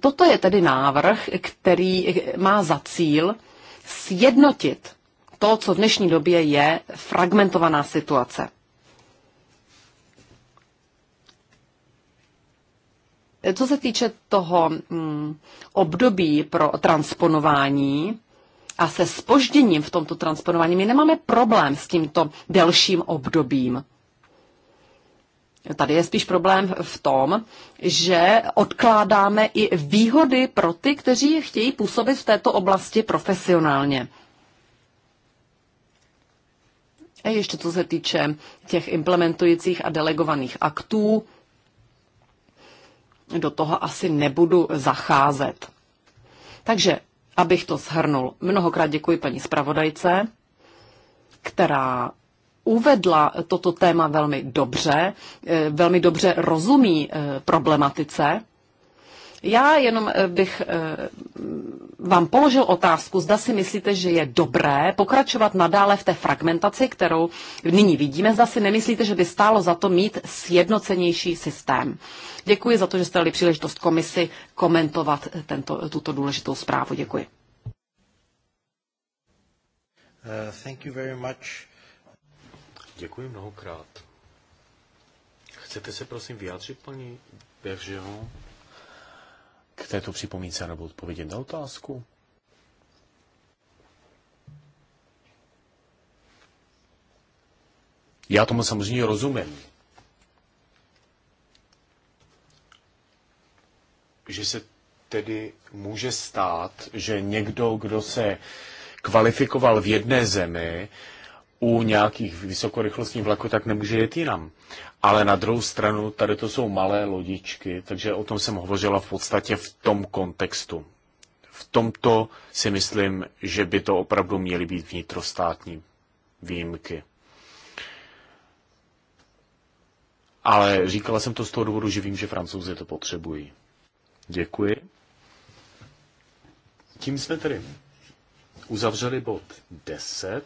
Toto je tedy návrh, který má za cíl sjednotit to, co v dnešní době je fragmentovaná situace. Co se týče toho mm, období pro transponování a se spožděním v tomto transponování, my nemáme problém s tímto delším obdobím. Tady je spíš problém v tom, že odkládáme i výhody pro ty, kteří chtějí působit v této oblasti profesionálně. A ještě co se týče těch implementujících a delegovaných aktů, do toho asi nebudu zacházet. Takže, abych to shrnul, mnohokrát děkuji paní zpravodajce, která uvedla toto téma velmi dobře, eh, velmi dobře rozumí eh, problematice. Já jenom eh, bych vám položil otázku, zda si myslíte, že je dobré pokračovat nadále v té fragmentaci, kterou nyní vidíme, zda si nemyslíte, že by stálo za to mít sjednocenější systém. Děkuji za to, že jste dali příležitost komisi komentovat tento, tuto důležitou zprávu. Děkuji. Uh, thank you very much. Děkuji mnohokrát. Chcete se prosím vyjádřit, paní Beržeho? k této připomínce nebo odpovědět na otázku? Já tomu samozřejmě rozumím. Že se tedy může stát, že někdo, kdo se kvalifikoval v jedné zemi, u nějakých vysokorychlostních vlaků, tak nemůže jet jinam. Ale na druhou stranu, tady to jsou malé lodičky, takže o tom jsem hovořila v podstatě v tom kontextu. V tomto si myslím, že by to opravdu měly být vnitrostátní výjimky. Ale říkala jsem to z toho důvodu, že vím, že francouzi to potřebují. Děkuji. Tím jsme tedy uzavřeli bod 10.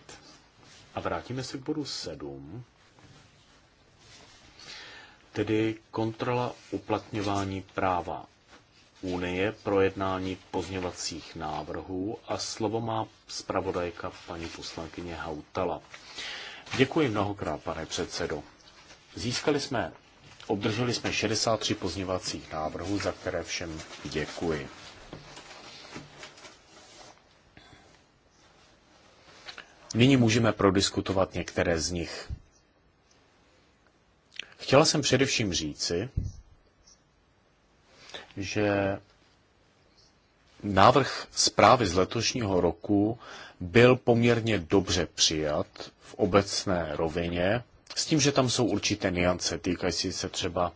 A vrátíme se k bodu 7, tedy kontrola uplatňování práva Unie pro jednání pozněvacích návrhů a slovo má zpravodajka paní poslankyně Hautala. Děkuji mnohokrát, pane předsedo. Získali jsme, obdrželi jsme 63 pozněvacích návrhů, za které všem děkuji. Nyní můžeme prodiskutovat některé z nich. Chtěla jsem především říci, že návrh zprávy z letošního roku byl poměrně dobře přijat v obecné rovině, s tím, že tam jsou určité niance týkající se třeba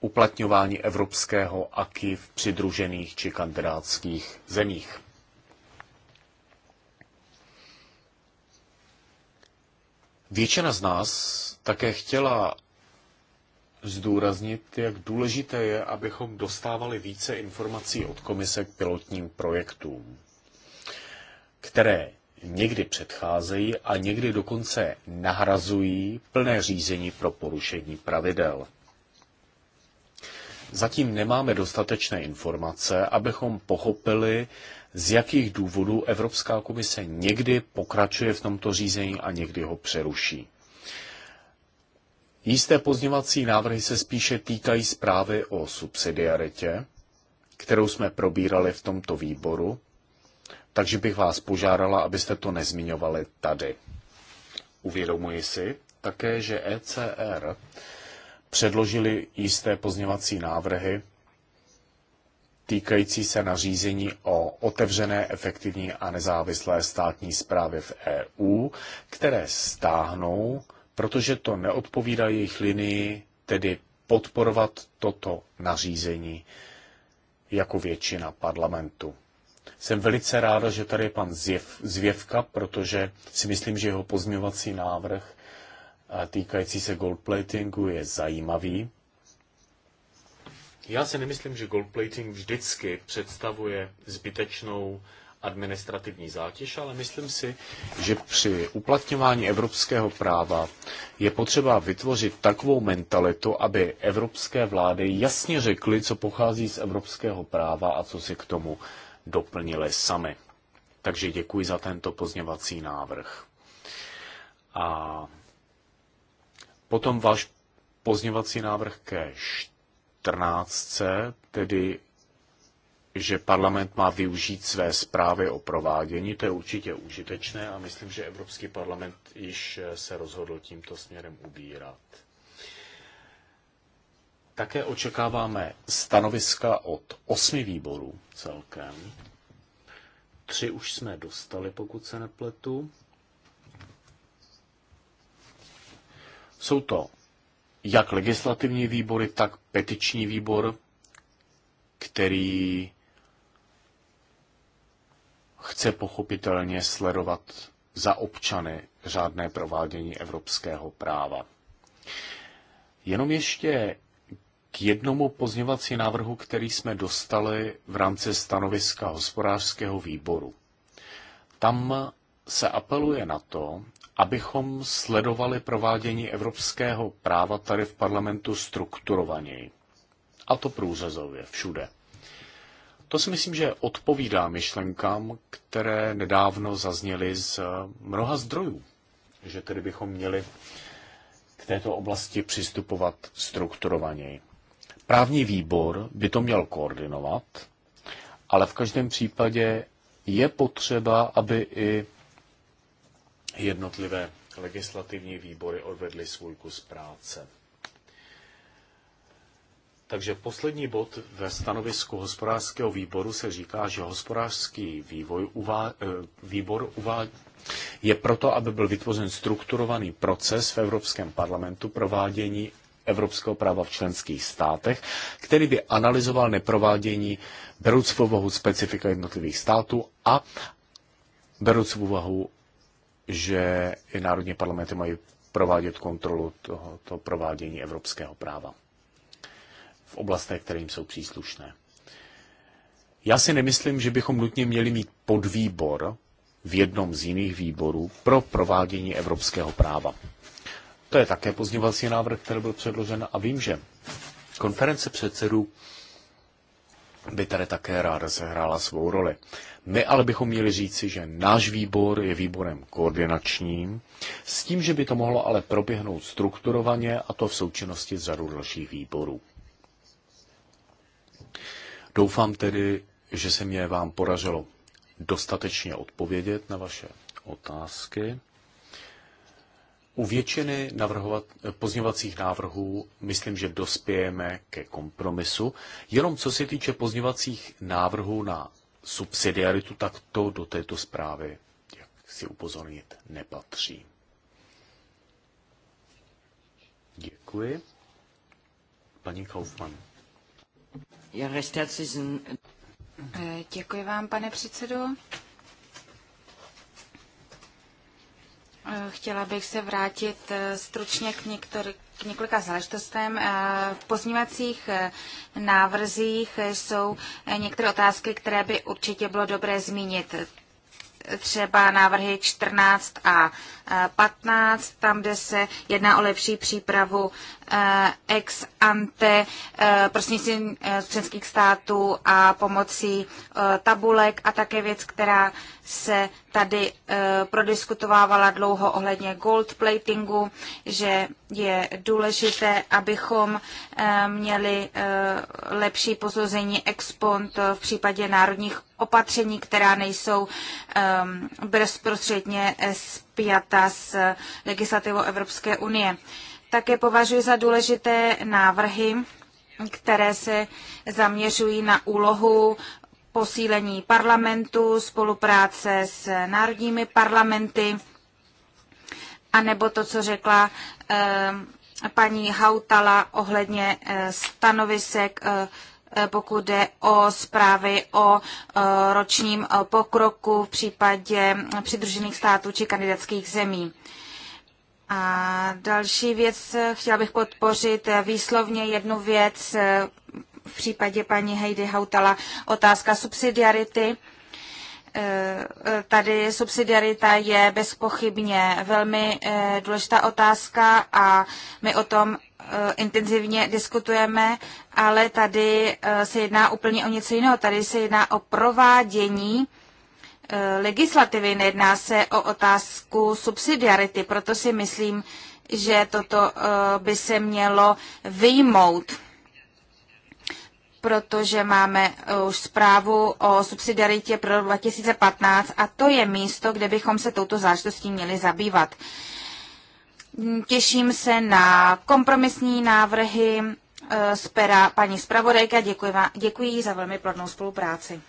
uplatňování evropského aky v přidružených či kandidátských zemích. Většina z nás také chtěla zdůraznit, jak důležité je, abychom dostávali více informací od komise k pilotním projektům, které někdy předcházejí a někdy dokonce nahrazují plné řízení pro porušení pravidel. Zatím nemáme dostatečné informace, abychom pochopili, z jakých důvodů Evropská komise někdy pokračuje v tomto řízení a někdy ho přeruší. Jisté pozněvací návrhy se spíše týkají zprávy o subsidiaritě, kterou jsme probírali v tomto výboru, takže bych vás požádala, abyste to nezmiňovali tady. Uvědomuji si také, že ECR předložili jisté pozněvací návrhy, týkající se nařízení o otevřené, efektivní a nezávislé státní zprávě v EU, které stáhnou, protože to neodpovídá jejich linii, tedy podporovat toto nařízení jako většina parlamentu. Jsem velice ráda, že tady je pan Zjev, Zvěvka, protože si myslím, že jeho pozměvací návrh týkající se goldplatingu je zajímavý. Já si nemyslím, že goldplating vždycky představuje zbytečnou administrativní zátěž, ale myslím si, že při uplatňování evropského práva je potřeba vytvořit takovou mentalitu, aby evropské vlády jasně řekly, co pochází z evropského práva a co si k tomu doplnili sami. Takže děkuji za tento pozněvací návrh. A potom váš pozněvací návrh ke 14, tedy že parlament má využít své zprávy o provádění, to je určitě užitečné a myslím, že Evropský parlament již eh, se rozhodl tímto směrem ubírat. Také očekáváme stanoviska od osmi výborů celkem. Tři už jsme dostali, pokud se nepletu. Jsou to jak legislativní výbory, tak petiční výbor, který chce pochopitelně sledovat za občany řádné provádění evropského práva. Jenom ještě k jednomu pozněvací návrhu, který jsme dostali v rámci stanoviska hospodářského výboru. Tam se apeluje na to, abychom sledovali provádění evropského práva tady v parlamentu strukturovaněji. A to průřezově, všude. To si myslím, že odpovídá myšlenkám, které nedávno zazněly z mnoha zdrojů. Že tedy bychom měli k této oblasti přistupovat strukturovaněji. Právní výbor by to měl koordinovat, ale v každém případě je potřeba, aby i jednotlivé legislativní výbory odvedly svůj kus práce. Takže poslední bod ve stanovisku hospodářského výboru se říká, že hospodářský vývoj uvá, eh, výbor uvá, je proto, aby byl vytvořen strukturovaný proces v Evropském parlamentu provádění evropského práva v členských státech, který by analyzoval neprovádění, beruc v úvahu specifika jednotlivých států a beruc v úvahu že i národní parlamenty mají provádět kontrolu tohoto provádění evropského práva v oblastech, které jim jsou příslušné. Já si nemyslím, že bychom nutně měli mít podvýbor v jednom z jiných výborů pro provádění evropského práva. To je také pozněvací návrh, který byl předložen a vím, že konference předsedů by tady také ráda sehrála svou roli. My ale bychom měli říci, že náš výbor je výborem koordinačním, s tím, že by to mohlo ale proběhnout strukturovaně a to v součinnosti s řadou dalších výborů. Doufám tedy, že se mě vám podařilo dostatečně odpovědět na vaše otázky. U většiny navrhovat, eh, pozněvacích návrhů myslím, že dospějeme ke kompromisu. Jenom co se týče pozněvacích návrhů na subsidiaritu, tak to do této zprávy, jak si upozornit, nepatří. Děkuji. Paní Kaufmann. Eh, děkuji vám, pane předsedo. Chtěla bych se vrátit eh, stručně k, některý, k několika záležitostem. Eh, v pozměňovacích eh, návrzích jsou některé otázky, které by určitě bylo dobré zmínit. Třeba návrhy 14 a 15, eh, tam, kde se jedná o lepší přípravu eh, ex ante eh, prostřednictvím členských států a pomocí tabulek a také věc, která se tady prodiskutovávala dlouho ohledně gold platingu, že je důležité, abychom měli lepší posouzení expont v případě národních opatření, která nejsou bezprostředně z spjata s legislativou Evropské unie. Také považuji za důležité návrhy, které se zaměřují na úlohu posílení parlamentu, spolupráce s národními parlamenty, anebo to, co řekla eh, paní Hautala ohledně eh, stanovisek eh, Eh, pokud jde o zprávy o eh, ročním eh, pokroku v případě přidružených států či kandidátských zemí. A další věc, chtěla bych podpořit výslovně jednu věc v případě paní Heidi Hautala, otázka subsidiarity. Tady subsidiarita je bezpochybně velmi důležitá otázka a my o tom Eh, intenzivně diskutujeme, ale tady eh, se jedná úplně o něco jiného. Tady se jedná o provádění eh, legislativy, nejedná se o otázku subsidiarity, proto si myslím, že toto by se mělo vyjmout protože máme už zprávu o subsidiaritě pro 2015 a to je místo, kde bychom se touto záležitostí měli zabývat. Mm, těším se na kompromisní návrhy eh, z pera paní zpravodajka. děkuji, vám, děkuji za velmi plodnou spolupráci.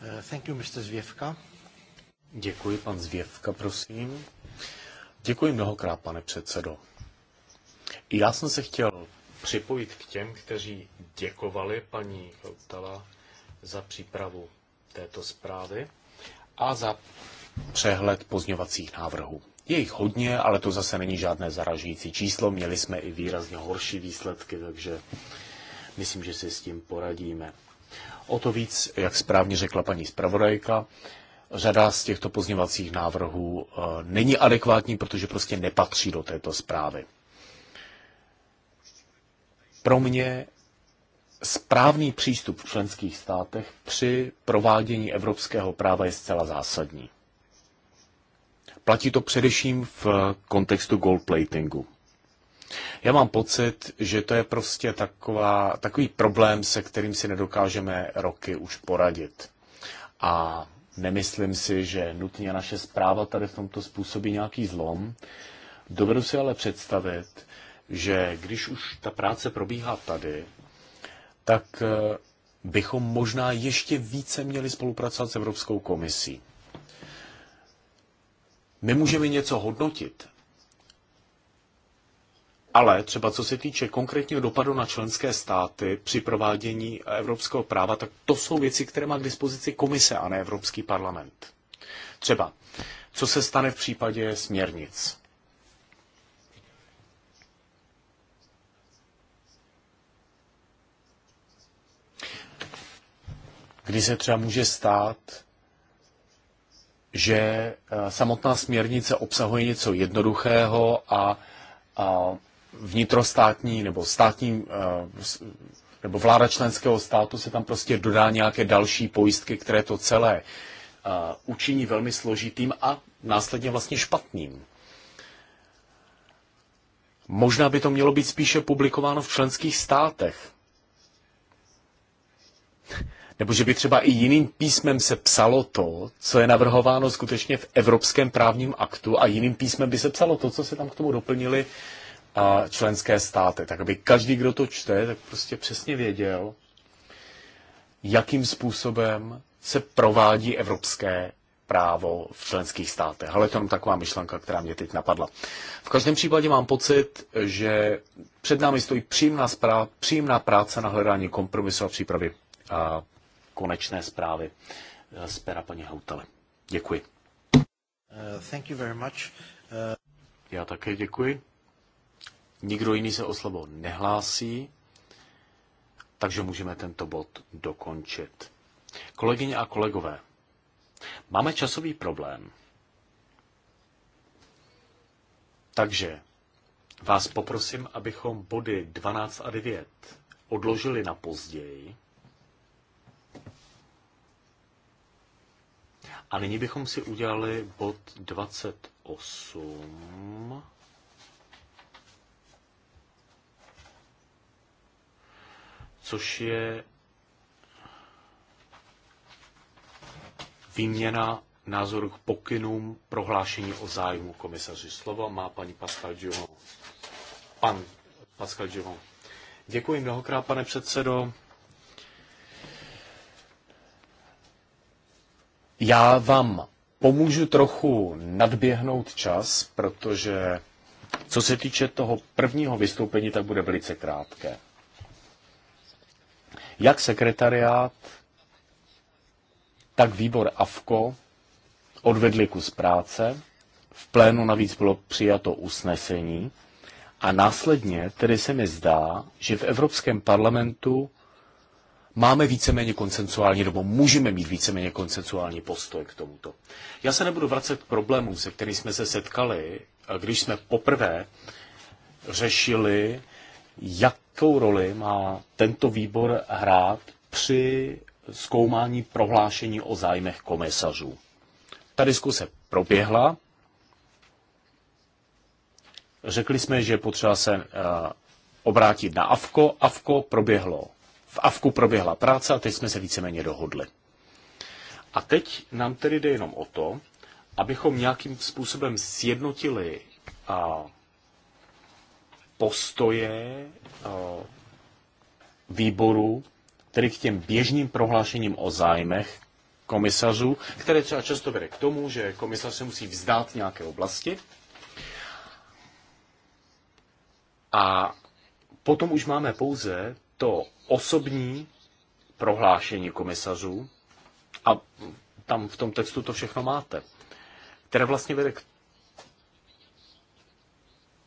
Eh, thank you, Mr. Zvěvka. Děkuji, pan Zvěvka, prosím. Děkuji mnohokrát, pane předsedo. I já jsem se chtěl připojit k těm, kteří děkovali paní Loutala za přípravu této zprávy a za přehled pozňovacích návrhů. Je jich hodně, ale to zase není žádné zaražující číslo. Měli jsme i výrazně horší výsledky, takže myslím, že si s tím poradíme. O to víc, jak správně řekla paní zpravodajka, řada z těchto pozněvacích návrhů eh, není adekvátní, protože prostě nepatří do této zprávy. Pro mě správný přístup v členských státech při provádění evropského práva je zcela zásadní. Platí to především v kontextu goldplatingu. Já mám pocit, že to je prostě taková, takový problém, se kterým si nedokážeme roky už poradit. A nemyslím si, že nutně naše zpráva tady v tomto způsobí nějaký zlom. Dovedu si ale představit, že když už ta práce probíhá tady, tak eh, bychom možná ještě více měli spolupracovat s Evropskou komisí nemůžeme můžeme něco hodnotit, ale třeba co se týče konkrétního dopadu na členské státy při provádění evropského práva, tak to jsou věci, které má k dispozici komise a ne Evropský parlament. Třeba, co se stane v případě směrnic? Kdy se třeba může stát, že eh, samotná směrnice obsahuje něco jednoduchého a, vnitrostátní nebo státní eh, nebo vláda členského státu se tam prostě dodá nějaké další pojistky, které to celé eh, učiní velmi složitým a následně vlastně špatným. Možná by to mělo být spíše publikováno v členských státech nebo že by třeba i jiným písmem se psalo to, co je navrhováno skutečně v evropském právním aktu a jiným písmem by se psalo to, co se tam k tomu doplnili a členské státy. Tak aby každý, kdo to čte, tak prostě přesně věděl, jakým způsobem se provádí evropské právo v členských státech. Ale to je taková myšlenka, která mě teď napadla. V každém případě mám pocit, že před námi stojí příjemná, zpráv, příjemná práce na hledání kompromisu a přípravy konečné zprávy eh, z pera paní Hautale. Děkuji. Uh, thank you very much. Uh... Já také děkuji. Nikdo jiný se o slovo nehlásí, takže můžeme tento bod dokončit. Kolegyně a kolegové, máme časový problém. Takže vás poprosím, abychom body 12 a 9 odložili na později A nyní bychom si udělali bod 28. Což je výměna názoru k pokynům prohlášení o zájmu komisaři. Slovo má paní Pascal Durand. Pan Pascal Durand. Děkuji mnohokrát, pane předsedo. Já vám pomůžu trochu nadběhnout čas, protože co se týče toho prvního vystoupení, tak bude velice krátké. Jak sekretariát, tak výbor AFKO odvedli kus práce. V plénu navíc bylo přijato usnesení. A následně tedy se mi zdá, že v Evropském parlamentu máme víceméně koncensuální, nebo můžeme mít víceméně koncensuální postoj k tomuto. Já se nebudu vracet k problémům, se kterými jsme se setkali, když jsme poprvé řešili, jakou roli má tento výbor hrát při zkoumání prohlášení o zájmech komisařů. Ta diskuse proběhla. Řekli jsme, že potřeba se eh, obrátit na AFKO. AFKO proběhlo v AVKu proběhla práce a teď jsme se víceméně dohodli. A teď nám tedy jde jenom o to, abychom nějakým způsobem sjednotili a, postoje a, výboru, tedy k těm běžným prohlášením o zájmech komisařů, které třeba často vede k tomu, že komisař se musí vzdát nějaké oblasti. A potom už máme pouze to osobní prohlášení komisařů a tam v tom textu to všechno máte, které vlastně vede k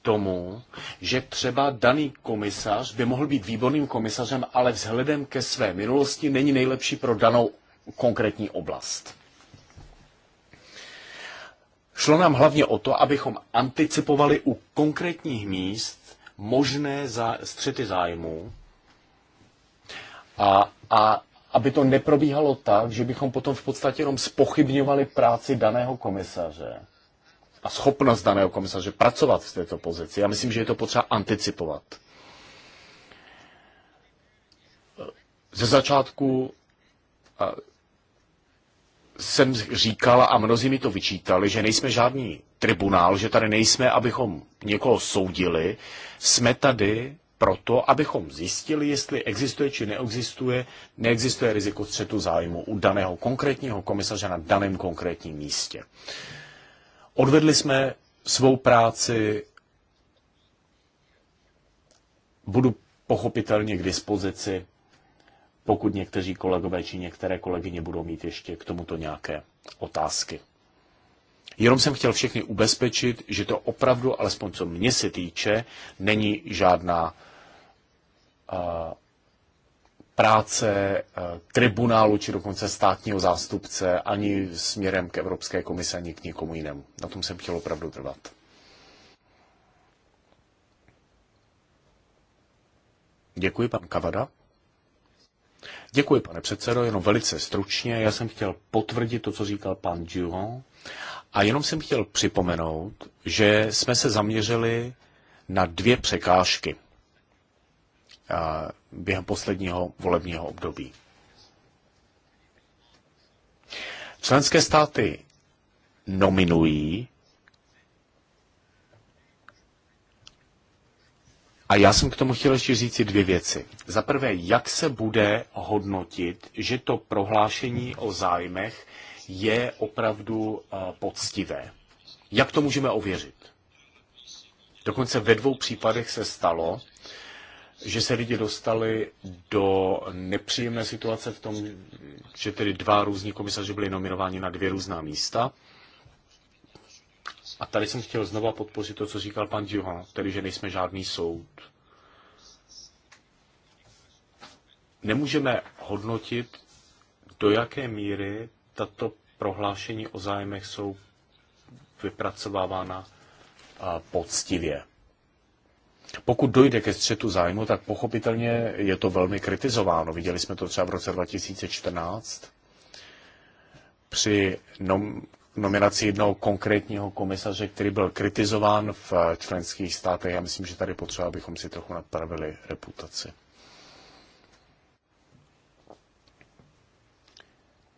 tomu, že třeba daný komisař by mohl být výborným komisařem, ale vzhledem ke své minulosti není nejlepší pro danou konkrétní oblast. Šlo nám hlavně o to, abychom anticipovali u konkrétních míst možné střety zájmů a, a aby to neprobíhalo tak, že bychom potom v podstatě jenom spochybňovali práci daného komisaře a schopnost daného komisaře pracovat v této pozici. Já myslím, že je to potřeba anticipovat. Ze začátku jsem říkala a mnozí mi to vyčítali, že nejsme žádný tribunál, že tady nejsme, abychom někoho soudili. Jsme tady, proto, abychom zjistili, jestli existuje či neexistuje, neexistuje riziko střetu zájmu u daného konkrétního komisaře na daném konkrétním místě. Odvedli jsme svou práci, budu pochopitelně k dispozici, pokud někteří kolegové či některé kolegyně budou mít ještě k tomuto nějaké otázky. Jenom jsem chtěl všechny ubezpečit, že to opravdu, alespoň co mě se týče, není žádná uh, práce uh, tribunálu či dokonce státního zástupce ani směrem k Evropské komisi, ani k nikomu jinému. Na tom jsem chtěl opravdu trvat. Děkuji, pan Kavada. Děkuji, pane předsedo, jenom velice stručně. Já jsem chtěl potvrdit to, co říkal pan Durand a jenom jsem chtěl připomenout, že jsme se zaměřili na dvě překážky během posledního volebního období. Členské státy nominují A já jsem k tomu chtěl ještě říct dvě věci. Za prvé, jak se bude hodnotit, že to prohlášení o zájmech je opravdu poctivé. Jak to můžeme ověřit? Dokonce ve dvou případech se stalo, že se lidi dostali do nepříjemné situace v tom, že tedy dva různí komisaři byli nominováni na dvě různá místa. A tady jsem chtěl znova podpořit to, co říkal pan Duhan, tedy že nejsme žádný soud. Nemůžeme hodnotit, do jaké míry tato prohlášení o zájmech jsou vypracovávána poctivě. Pokud dojde ke střetu zájmu, tak pochopitelně je to velmi kritizováno. Viděli jsme to třeba v roce 2014 při nom- nominaci jednoho konkrétního komisaře, který byl kritizován v eh, členských státech. Já myslím, že tady potřeba, abychom si trochu napravili reputaci.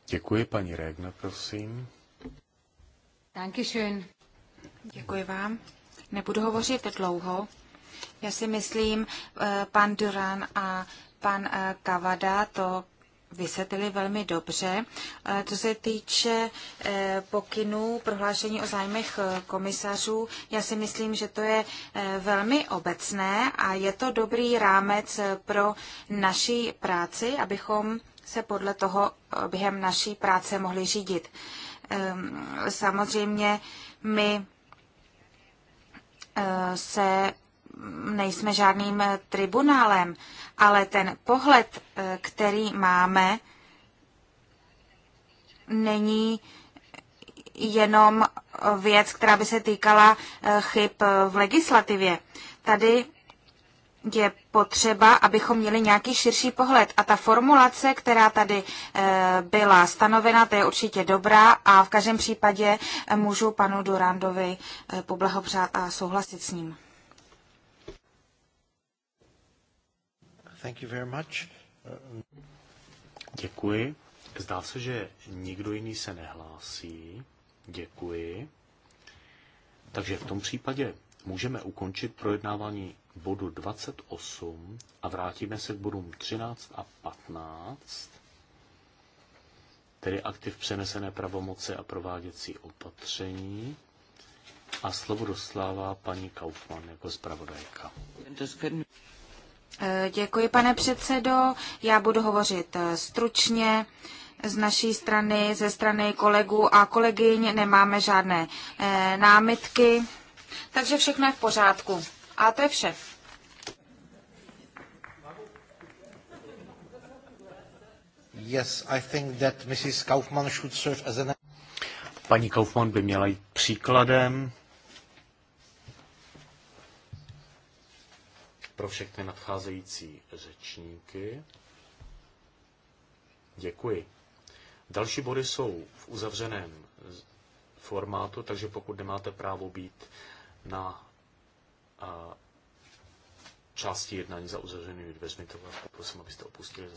Děkuji, paní Regna, prosím. Dankeschön. Děkuji vám. Nebudu hovořit dlouho. Já si myslím, eh, pan Duran a pan eh, Kavada to vysvětlili velmi dobře. Eh, co se týče pokynů prohlášení o zájmech komisařů, já si myslím, že to je velmi obecné a je to dobrý rámec pro naší práci, abychom se podle toho eh, během naší práce mohli řídit. Ehm, samozřejmě my eh, se nejsme žádným eh, tribunálem, ale ten pohled, který máme, není jenom věc, která by se týkala chyb v legislativě. Tady je potřeba, abychom měli nějaký širší pohled. A ta formulace, která tady eh, byla stanovena, to je určitě dobrá a v každém případě eh, můžu panu Durandovi eh, poblahopřát a souhlasit s ním. Thank you very much. Děkuji. Zdá se, že nikdo jiný se nehlásí. Děkuji. Takže v tom případě můžeme ukončit projednávání bodu 28 a vrátíme se k bodům 13 a 15, tedy aktiv přenesené pravomoci a prováděcí opatření. A slovo dostává paní Kaufmann jako zpravodajka. Eh, děkuji, pane předsedo. Já budu hovořit eh, stručně. Z naší strany, ze strany kolegů a kolegyň nemáme žádné eh, námitky, takže všechno je v pořádku. A to je vše. Yes, I think that Mrs. Kaufman should serve as an... Paní Kaufman by měla jít příkladem pro všechny nadcházející řečníky. Děkuji. Další body jsou v uzavřeném formátu, takže pokud nemáte právo být na a části jednání za uzavřenými dveřmi, to vás poprosím, abyste opustili